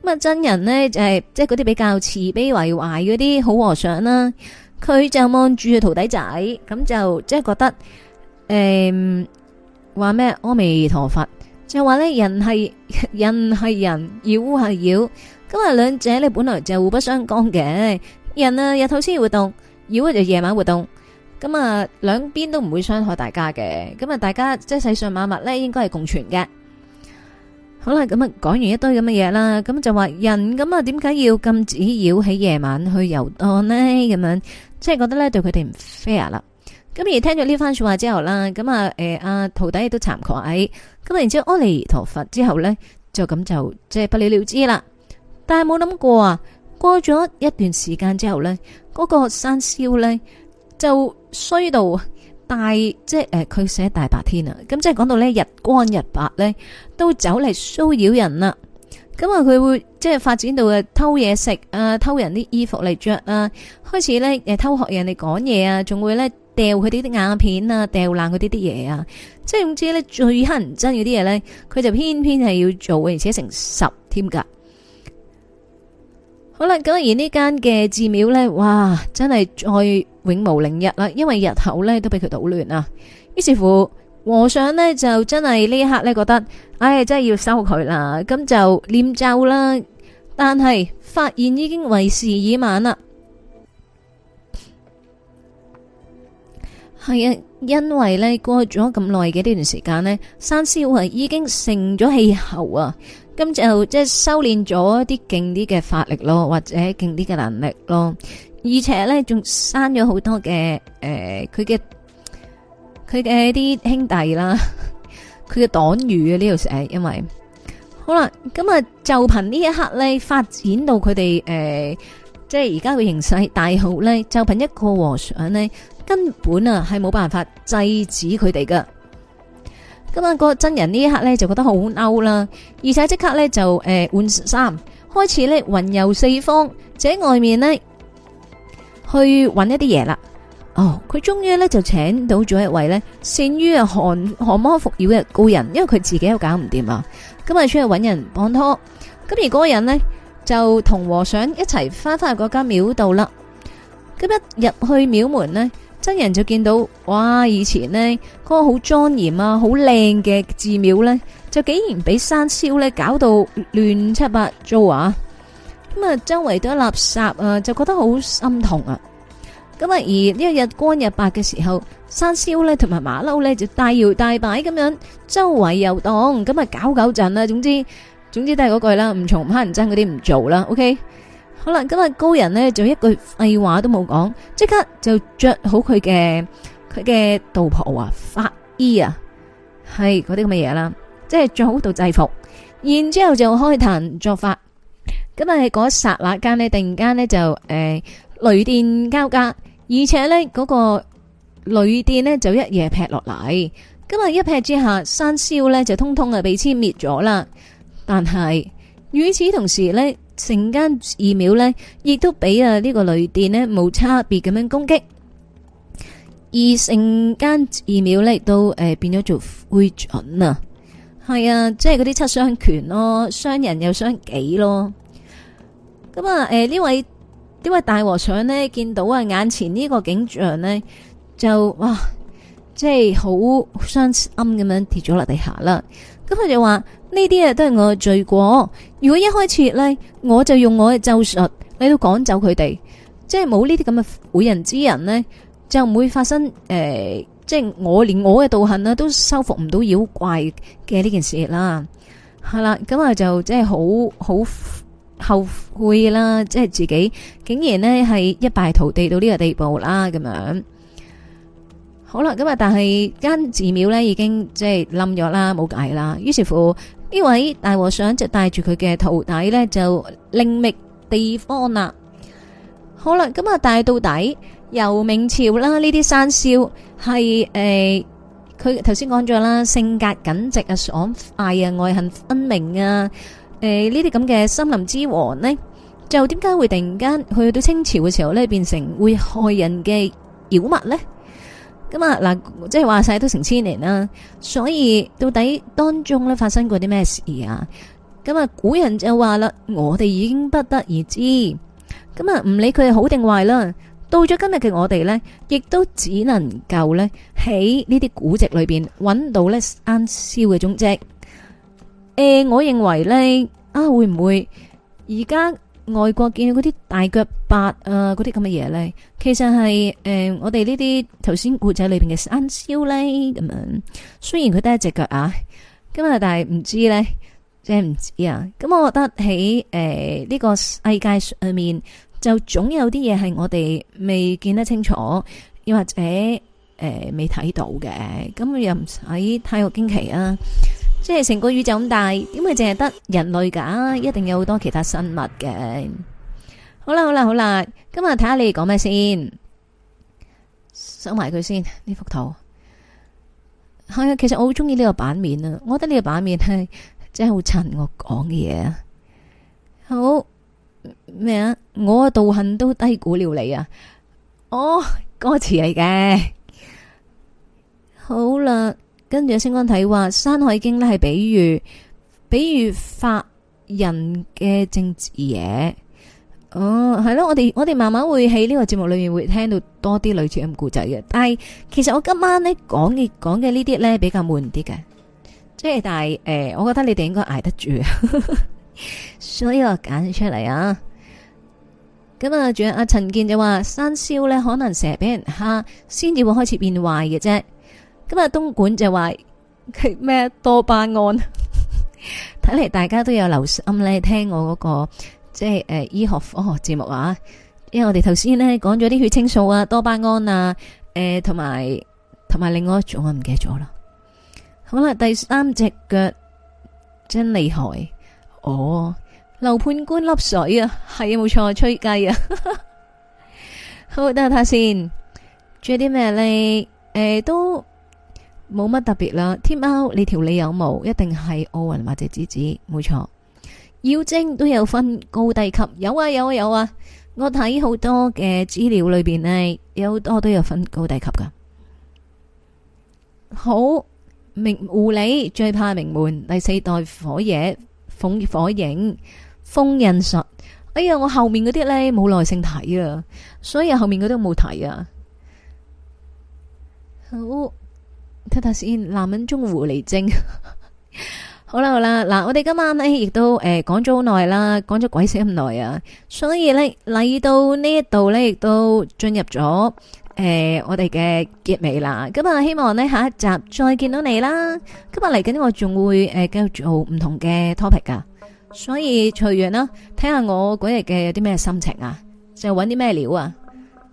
A: 咁啊，真人呢，就係即係嗰啲比較慈悲為懷嗰啲好和尚啦。佢就望住個徒弟仔，咁就即係、就是、覺得，誒、嗯，話咩？阿彌陀佛，就話咧，人係人係人，妖係妖，咁啊，兩者咧本來就互不相干嘅。人啊，日頭先活動，妖就夜晚活動，咁啊，兩邊都唔會傷害大家嘅。咁啊，大家即係、就是、世上萬物咧，應該係共存嘅。好啦，咁啊，講完一堆咁嘅嘢啦，咁就話人咁啊，點解要禁止要喺夜晚去遊蕩呢？咁樣即係覺得咧對佢哋唔 fair 啦。咁而聽咗呢番說話之後啦，咁啊，誒，阿徒弟都慚愧，咁啊，然之後阿彌陀佛之後呢就咁就即係不了了之啦。但係冇諗過啊，過咗一段時間之後呢嗰、嗰個山魈呢就衰到。大即係，誒，佢寫大白天啊，咁即係講到呢，日光日白呢，都走嚟騷擾人啦。咁啊，佢會即係發展到啊偷嘢食啊，偷人啲衣服嚟着啊，開始呢，誒偷學人哋講嘢啊，仲會呢掉佢啲啲瓦片啊，掉爛佢啲啲嘢啊，即係總之呢，最乞人憎嗰啲嘢呢，佢就偏偏係要做，而且成十添噶。好啦，咁而呢間嘅寺廟呢，哇，真係再～永無寧日啦，因為日後咧都俾佢搗亂啊。於是乎，和尚咧就真係呢一刻咧覺得，唉，真係要收佢啦。咁就念咒啦，但係發現已經為時已晚啦。係啊，因為咧過咗咁耐嘅呢段時間咧，山師云已經成咗氣候啊。咁就即係修煉咗一啲勁啲嘅法力咯，或者勁啲嘅能力咯。而且咧，仲生咗好多嘅，誒、呃，佢嘅佢嘅啲兄弟啦，佢嘅黨羽嘅呢條蛇，因為好啦，咁啊，就憑呢一刻咧發展到佢哋，誒、呃，即係而家嘅形勢大好咧，就憑一個和尚呢，根本啊係冇辦法制止佢哋噶。咁啊，個真人呢一刻咧就覺得好嬲啦，而且即刻咧就誒換衫，開始咧雲遊四方，喺外面呢。去揾一啲嘢啦，哦，佢終於呢就請到咗一位呢，善於啊降、降魔伏妖嘅高人，因為佢自己又搞唔掂啊，今日出去揾人幫拖。咁而嗰個人呢，就同和、和尚一齊翻返去嗰間廟度啦。咁一入去廟門呢，真人就見到，哇！以前呢嗰、那個好莊嚴啊、好靚嘅寺廟呢，就竟然俾山魈呢搞到亂七八糟啊！咁啊，周圍都垃圾啊，就覺得好心痛啊！咁啊，而呢一日光日白嘅時候，山魈咧同埋馬騮咧就大搖大擺咁樣周圍遊蕩，咁、嗯、啊搞搞震啦。總之，總之都係嗰句啦，唔從唔乞人憎嗰啲唔做啦。OK，好啦，咁、嗯、啊高人呢就一句廢話都冇講，即刻就着好佢嘅佢嘅道袍啊、法衣啊，係嗰啲咁嘅嘢啦，即係着好道制服，然之後就開壇作法。咁啊！嗰剎那間呢，突然間呢就誒、呃、雷電交加，而且呢嗰個雷電呢就一夜劈落嚟。今日一劈之下，山魈呢就通通啊被殲滅咗啦。但係與此同時呢，成間寺廟呢亦都俾啊呢個雷電呢冇差別咁樣攻擊，而間二成間寺廟呢都誒變咗做灰燼啊！係啊，即係嗰啲七傷拳咯，傷人又傷己咯。咁啊！誒，呢、呃、位呢位大和尚呢，見到啊眼前呢個景象呢，就哇，即係好傷心咁樣跌咗落地下啦。咁、嗯、佢就話：呢啲啊都係我嘅罪過。如果一開始呢，我就用我嘅咒術嚟到趕走佢哋，即係冇呢啲咁嘅毀人之人呢，就唔會發生誒、呃，即係我連我嘅道行呢都收服唔到妖怪嘅呢件事啦。係、嗯、啦，咁啊就即係好好，後悔啦，即係自己竟然咧係一敗塗地到呢個地步啦，咁樣。好啦，咁啊，但係間寺廟咧已經即係冧咗啦，冇計啦。於是乎，呢位大和尚就帶住佢嘅徒弟咧，就另覓地方啦。好啦，咁啊，但係到底由明朝啦，呢啲山魈係誒，佢頭先講咗啦，性格耿直啊，爽快啊，愛恨分明啊。誒，呢啲咁嘅森林之王呢，就點解會突然間去到清朝嘅時候呢，變成會害人嘅妖物呢？咁、嗯、啊、嗱、嗯，即係話晒都成千年啦，所以到底當中呢，發生過啲咩事啊？咁、嗯、啊，古人就話啦，我哋已經不得而知。咁、嗯、啊，唔理佢係好定壞啦，到咗今日嘅我哋呢，亦都只能夠呢，喺呢啲古籍裏邊揾到呢山魈嘅蹤跡。誒、呃，我認為咧，啊，會唔會而家外國見到嗰啲大腳八啊，嗰啲咁嘅嘢咧，其實係誒、呃、我哋呢啲頭先古仔裏邊嘅山魈咧，咁樣雖然佢得一隻腳啊，咁啊但係唔知咧，即係唔知啊。咁我覺得喺誒呢個世界上面，就總有啲嘢係我哋未見得清楚，又或者誒、呃、未睇到嘅。咁又唔使太過驚奇啊！即係成個宇宙咁大，點會淨係得人類噶？一定有好多其他生物嘅。好啦，好啦，好啦，今日睇下你哋講咩先收，收埋佢先。呢幅圖係啊，其實我好中意呢個版面啊，我覺得呢個版面係真係好襯我講嘅嘢啊。好咩啊？我嘅道行都低估了你啊！哦，歌詞嚟嘅。好啦。跟住星光睇話《山海經》呢係比喻，比喻法人嘅政治嘢。哦，係咯，我哋我哋慢慢會喺呢個節目裏面會聽到多啲類似咁故仔嘅。但係其實我今晚呢講嘅講嘅呢啲呢，比較悶啲嘅，即係但係誒、呃，我覺得你哋應該捱得住呵呵，所以我揀咗出嚟啊。咁、嗯、啊，仲有阿陳健就話，山魈呢可能成日俾人蝦，先至會開始變壞嘅啫。今日東莞就話佢咩多巴胺，睇嚟， 大家都有留心咧，聽我嗰、那個即係誒、呃、醫學科學節目啊，因為我哋頭先咧講咗啲血清素啊、多巴胺啊，誒同埋同埋另外一種我唔記得咗啦。好啦，第三隻腳真厲害，哦，樓判官粒水啊，係冇錯，吹雞啊， 好，等下睇下先，仲有啲咩咧？誒、欸、都。冇乜特別啦，天喵你條脷有毛，一定係奧運或者子子，冇錯。妖精都有分高低級，有啊有啊有啊，我睇好多嘅資料裏邊呢，有好多都有分高低級噶。好，名狐狸最怕名門第四代火野鳳火影封印術，哎呀我後面嗰啲呢冇耐性睇啊，所以後面嗰啲都冇睇啊。好。睇睇先，男人中狐狸精。好啦好啦，嗱，我哋今晚咧亦都誒講咗好耐啦，講咗鬼死咁耐啊，所以咧嚟到呢一度咧亦都進入咗誒我哋嘅結尾啦。咁啊，希望咧下一集再見到你啦。今日嚟緊我仲會誒繼續做唔同嘅 topic 噶，所以隨緣啦，睇下我嗰日嘅有啲咩心情啊，就揾啲咩料啊。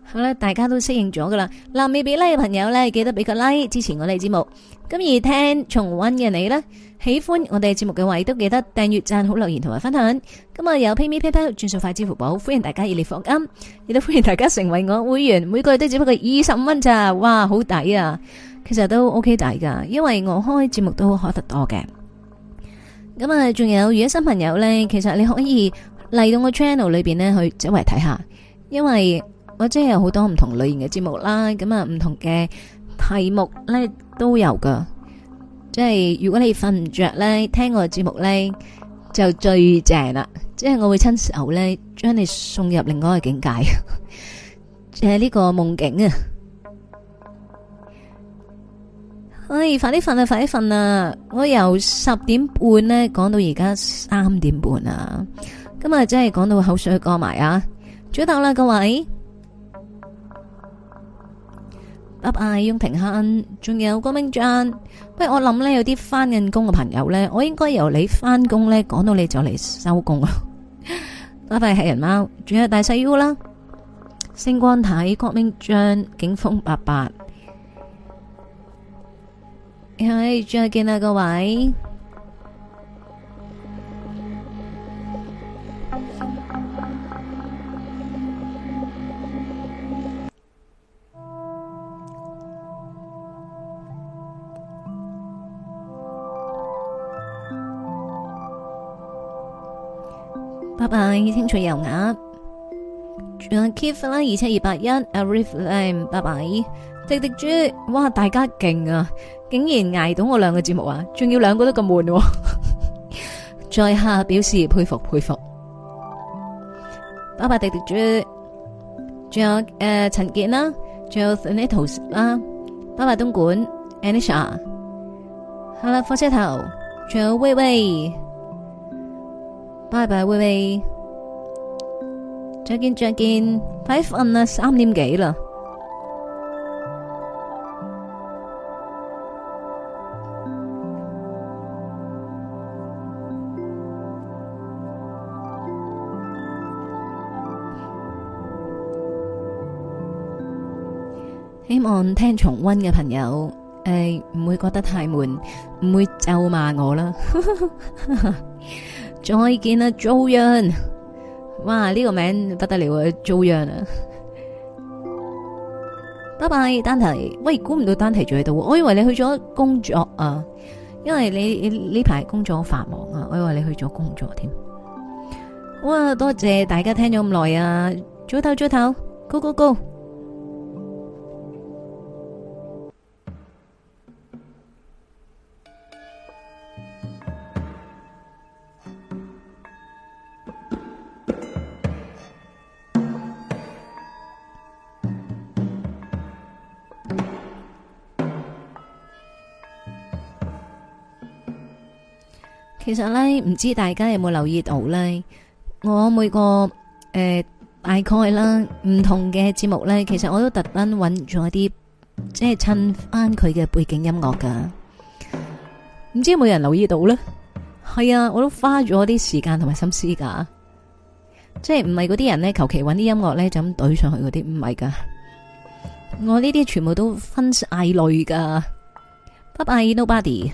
A: 好啦，大家都適應咗噶啦。嗱，未俾 like 嘅朋友呢，記得俾個 like 支持我哋節目。咁而聽重温嘅你呢，喜歡我哋節目嘅話，亦都記得訂閱、讚好、留言同埋分享。今日有 PayMe PayPal 轉數快支付寶，歡迎大家熱烈放金，亦都歡迎大家成為我會員。每個月都只不過二十五蚊咋，哇，好抵啊！其實都 OK 抵噶，因為我開節目都可得多嘅。咁啊，仲有如果新朋友呢，其實你可以嚟到我 channel 裏邊呢，去周圍睇下，因為。我真係有好多唔同類型嘅節目啦，咁啊唔同嘅題目咧都有噶。即係如果你瞓唔着咧，聽我嘅節目咧就最正啦。即係我會親手咧將你送入另外一個境界，誒呢個夢境啊！哎，快啲瞓呀，快啲瞓呀！我由十點半咧講到而家三點半啊，今日真係講到口水過埋啊，早唞啦各位。拜拜，雍庭慳，仲有郭明章。不過我諗呢，有啲翻緊工嘅朋友呢，我應該由你翻工呢講到你就嚟收工。多謝黑人貓，仲有大細 U 啦。星光睇郭明章，景峰伯伯，以後再見啦，各位。拜拜，清翠油鴨，仲有 keep 啦，二七二八一，Ary Flame，拜拜，迪迪豬，哇，大家勁啊，竟然挨到我兩個節目啊，仲要兩個都咁悶喎，在下表示佩服佩服，拜拜迪迪豬，仲有誒陳杰啦，仲有 Anito 啦，拜拜東莞，Anisha，Hello 火車頭，仲有威威。拜拜，威威，再見再見，快瞓啦，三點幾啦。希望聽重溫嘅朋友，誒，唔會覺得太悶，唔會咒罵我啦。再見啦，Joanne！哇，呢、個名不得了啊，Joanne 啊！拜拜，丹提。喂，估唔到丹提仲喺度，我以為你去咗工作啊，因為你呢排工作繁忙啊，我以為你去咗工作添、啊。哇，多謝大家聽咗咁耐啊！早唞早唞，go go go！其實咧，唔知大家有冇留意到咧？我每個誒、呃、大概啦，唔同嘅節目咧，其實我都特登揾咗啲，即係襯翻佢嘅背景音樂噶。唔知有冇人留意到咧？係啊，我都花咗啲時間同埋心思噶。即係唔係嗰啲人咧，求其揾啲音樂咧就咁懟上去嗰啲，唔係噶。我呢啲全部都分晒類噶。拜拜，Nobody。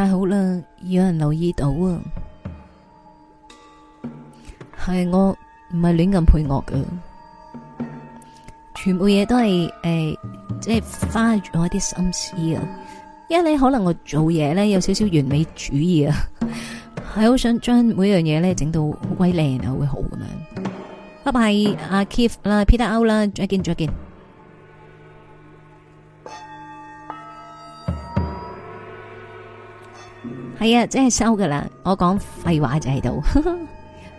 A: 太好啦，有人留意到啊！係我唔係亂咁配樂嘅，全部嘢都係誒、欸，即係花咗一啲心思啊！因為你可能我做嘢咧有少少完美主義啊，係好想將每一樣嘢咧整到好鬼靚啊，會好咁樣。拜拜，阿、啊、Keith 啦、啊、Peter O 啦，再見再見。係啊，即係收噶啦！我講廢話就喺度。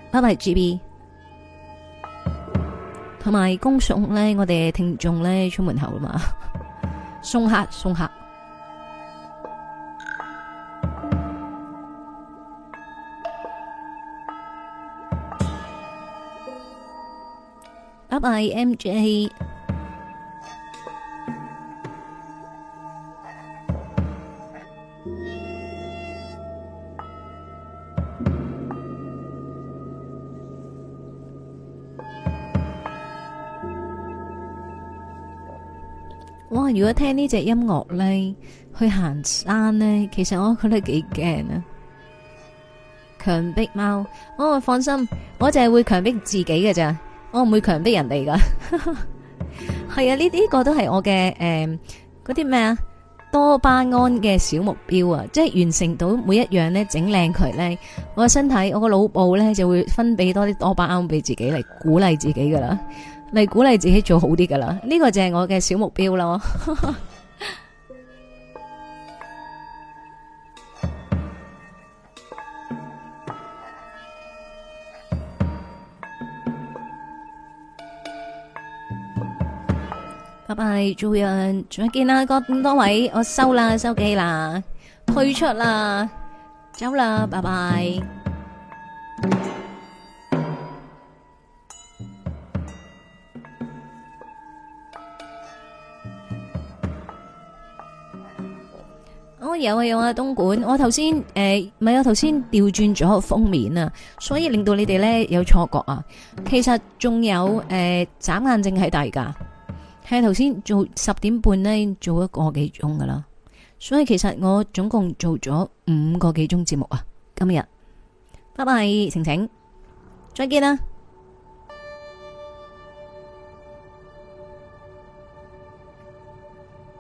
A: 拜拜，GB。同埋恭送咧，我哋嘅聽眾咧出門口啦嘛，送客送客。拜拜，MJ。哇！如果聽呢隻音樂咧，去行山咧，其實我覺得幾驚啊！強迫貓，我放心，我就係會強迫自己㗎咋，我唔會強迫人哋噶。係啊，呢呢個都係我嘅誒，嗰啲咩啊多巴胺嘅小目標啊，即係完成到每一樣咧整靚佢咧，我個身體，我個腦部咧就會分泌多啲多巴胺俾自己嚟鼓勵自己噶啦。咪鼓勵自己做好啲噶啦，呢個就係我嘅小目標囉。拜拜，做人再見啦，各位咁多位，我收啦，收機啦，退出啦，走啦，拜拜。哦、有啊有啊，東莞，我頭先誒咪我頭先調轉咗封面啊，所以令到你哋呢有錯覺啊。其實仲有誒、欸，眨眼症係大噶，係頭先做十點半呢做一個幾鐘噶啦，所以其實我總共做咗五個幾鐘節目啊。今日拜拜，晴晴，再見啦。